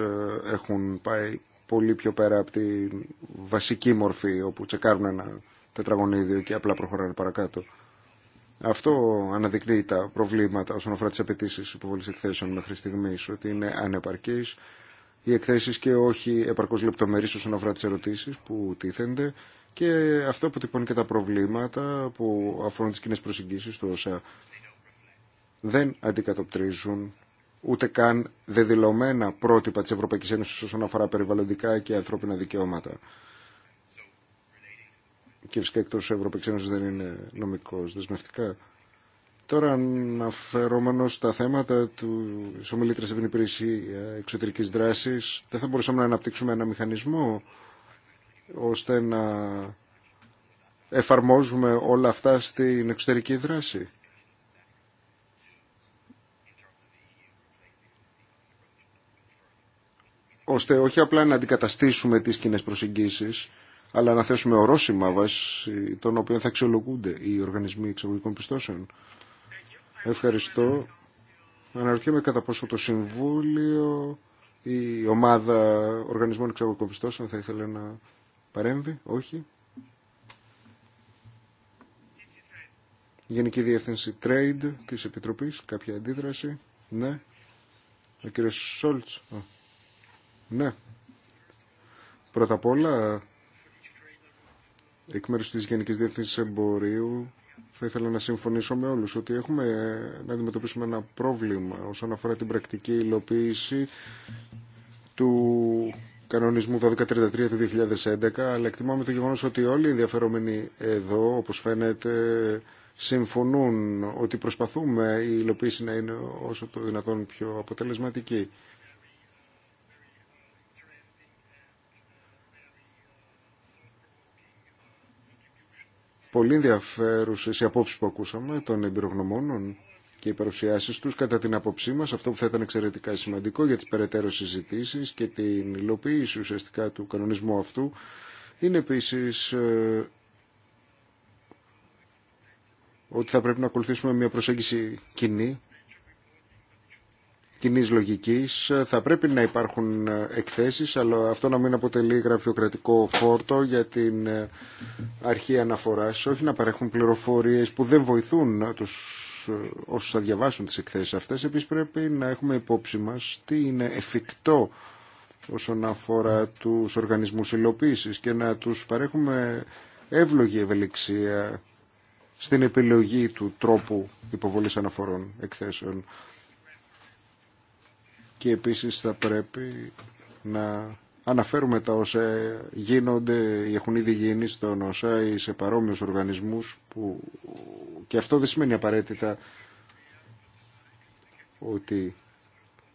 έχουν πάει πολύ πιο πέρα από τη βασική μορφή όπου τσεκάρουν ένα τετραγωνίδιο και απλά προχωράνε παρακάτω. Αυτό αναδεικνύει τα προβλήματα όσον αφορά τι απαιτήσει υποβολή εκθέσεων μέχρι στιγμή, ότι είναι ανεπαρκή οι εκθέσει και όχι επαρκώ λεπτομερεί όσον αφορά τι ερωτήσει που τίθενται και αυτό αποτυπώνει και τα προβλήματα που αφορούν τι κοινέ προσεγγίσει του ΩΣΑ. δεν αντικατοπτρίζουν ούτε καν δεδηλωμένα πρότυπα της Ευρωπαϊκής Ένωσης όσον αφορά περιβαλλοντικά και ανθρώπινα δικαιώματα. Και φυσικά εκτός Ευρωπαϊκής Ένωσης δεν είναι νομικός δεσμευτικά. Τώρα αναφερόμενο στα θέματα του ομιλήτρες στην υπηρεσία εξωτερικής δράσης, δεν θα μπορούσαμε να αναπτύξουμε ένα μηχανισμό ώστε να εφαρμόζουμε όλα αυτά στην εξωτερική δράση. ώστε όχι απλά να αντικαταστήσουμε τις κοινέ προσεγγίσεις, αλλά να θέσουμε ορόσημα βάσει των οποίων θα αξιολογούνται οι οργανισμοί εξαγωγικών πιστώσεων. Ευχαριστώ. Αναρωτιέμαι κατά πόσο το Συμβούλιο, η ομάδα οργανισμών εξαγωγικών πιστώσεων θα ήθελε να παρέμβει, όχι. Γενική Διεύθυνση Trade της Επιτροπής, κάποια αντίδραση, ναι. Ο κύριος Σόλτς. Ναι. Πρώτα απ' όλα, εκ μέρους της Γενικής Διεύθυνσης Εμπορίου, θα ήθελα να συμφωνήσω με όλους ότι έχουμε να αντιμετωπίσουμε ένα πρόβλημα όσον αφορά την πρακτική υλοποίηση του κανονισμού 1233 του 2011, αλλά εκτιμάμε το γεγονός ότι όλοι οι ενδιαφερόμενοι εδώ, όπως φαίνεται, συμφωνούν ότι προσπαθούμε η υλοποίηση να είναι όσο το δυνατόν πιο αποτελεσματική. πολύ ενδιαφέρουσε οι απόψεις που ακούσαμε των εμπειρογνωμόνων και οι παρουσιάσει τους. Κατά την απόψή μα, αυτό που θα ήταν εξαιρετικά σημαντικό για τις περαιτέρω συζητήσεις και την υλοποίηση ουσιαστικά του κανονισμού αυτού είναι επίσης ε, ότι θα πρέπει να ακολουθήσουμε μια προσέγγιση κοινή κοινή λογική. Θα πρέπει να υπάρχουν εκθέσει, αλλά αυτό να μην αποτελεί γραφειοκρατικό φόρτο για την αρχή αναφορά. Όχι να παρέχουν πληροφορίε που δεν βοηθούν του όσου θα διαβάσουν τι εκθέσει αυτέ. Επίση, πρέπει να έχουμε υπόψη μα τι είναι εφικτό όσον αφορά τους οργανισμούς υλοποίηση και να τους παρέχουμε εύλογη ευελιξία στην επιλογή του τρόπου υποβολής αναφορών εκθέσεων και επίσης θα πρέπει να αναφέρουμε τα όσα γίνονται ή έχουν ήδη γίνει στον ΩΣΑ ή σε παρόμοιους οργανισμούς που και αυτό δεν σημαίνει απαραίτητα ότι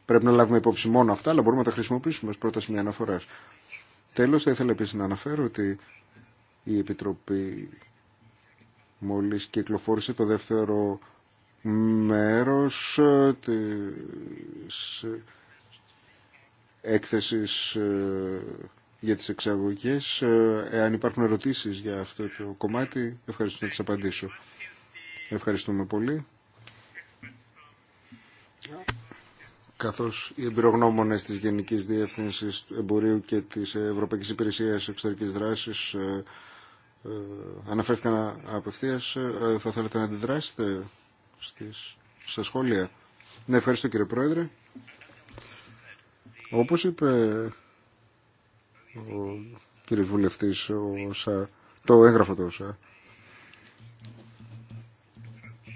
πρέπει να λάβουμε υπόψη μόνο αυτά, αλλά μπορούμε να τα χρησιμοποιήσουμε ως πρόταση μια αναφοράς. Τέλος, θα ήθελα επίσης να αναφέρω ότι η Επιτροπή μόλις κυκλοφόρησε το δεύτερο μέρος ε, της έκθεσης ε, για τις εξαγωγές. Ε, εάν υπάρχουν ερωτήσεις για αυτό το κομμάτι, ευχαριστώ να τις απαντήσω. Ευχαριστούμε πολύ. Καθώς οι εμπειρογνώμονες της Γενικής Διεύθυνσης Εμπορίου και της Ευρωπαϊκής Υπηρεσίας Εξωτερικής Δράσης ε, αναφέρθηκαν απευθείας, θα θέλετε να αντιδράσετε στις, στα σχόλια. Ναι, ευχαριστώ κύριε Πρόεδρε. Όπως είπε ο κύριος βουλευτής ο ΣΑ, το έγγραφο του ΣΑ,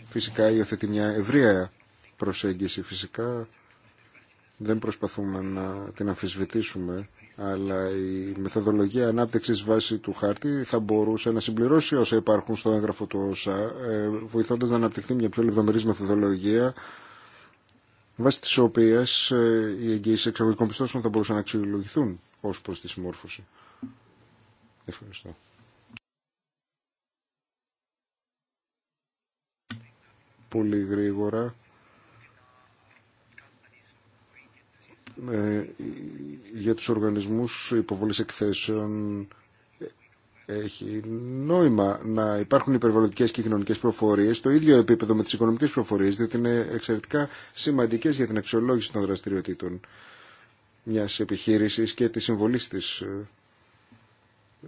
φυσικά υιοθετεί μια ευρεία προσέγγιση φυσικά δεν προσπαθούμε να την αμφισβητήσουμε αλλά η μεθοδολογία ανάπτυξης βάση του χάρτη θα μπορούσε να συμπληρώσει όσα υπάρχουν στο έγγραφο του ΩΣΑ ε, βοηθώντας να αναπτυχθεί μια πιο λεπτομερής μεθοδολογία βάσει της οποίας ε, οι εγγύησει εξαγωγικών πιστώσεων θα μπορούσαν να αξιολογηθούν ω προ τη συμμόρφωση. Ευχαριστώ. Πολύ γρήγορα. Ε, για τους οργανισμούς υποβολής εκθέσεων έχει νόημα να υπάρχουν υπερβολικές και κοινωνικές προφορίες στο ίδιο επίπεδο με τις οικονομικές προφορίες, διότι είναι εξαιρετικά σημαντικές για την αξιολόγηση των δραστηριοτήτων μιας επιχείρησης και τη συμβολή τη. Ε,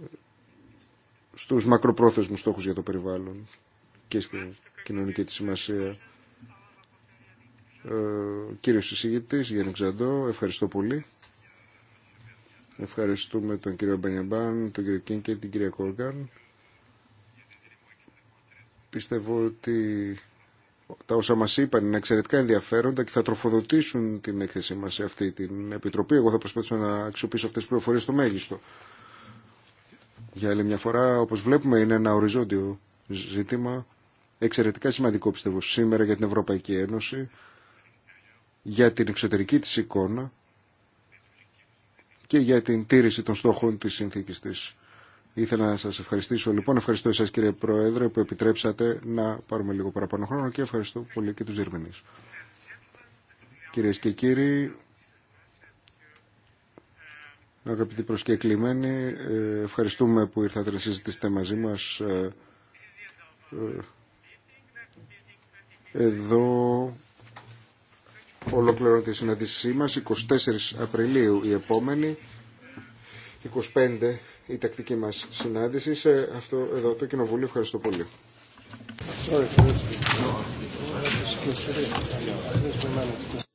στους μακροπρόθεσμους στόχους για το περιβάλλον και στην κοινωνική της σημασία. Ε, κύριος Γιάννη Ξαντώ, ευχαριστώ πολύ. Ευχαριστούμε τον κύριο Μπενιαμπάν, τον κύριο Κίν και την κυρία Κόργαν. Πιστεύω ότι τα όσα μας είπαν είναι εξαιρετικά ενδιαφέροντα και θα τροφοδοτήσουν την έκθεσή μας σε αυτή την Επιτροπή. Εγώ θα προσπαθήσω να αξιοποιήσω αυτές τις πληροφορίες στο μέγιστο. Για άλλη μια φορά, όπως βλέπουμε, είναι ένα οριζόντιο ζήτημα εξαιρετικά σημαντικό, πιστεύω, σήμερα για την Ευρωπαϊκή Ένωση, για την εξωτερική της εικόνα και για την τήρηση των στόχων της συνθήκης της. Ήθελα να σας ευχαριστήσω. Λοιπόν, ευχαριστώ εσάς κύριε Πρόεδρε που επιτρέψατε να πάρουμε λίγο παραπάνω χρόνο και ευχαριστώ πολύ και τους Διερμηνείς. Κυρίες και κύριοι, αγαπητοί προσκεκλημένοι, ε, ευχαριστούμε που ήρθατε να συζητήσετε μαζί μας ε, ε, εδώ Ολοκληρώνεται η συνάντησή μας 24 Απριλίου η επόμενη 25 η τακτική μας συνάντηση σε αυτό εδώ το κοινοβούλιο. Ευχαριστώ πολύ. Sorry,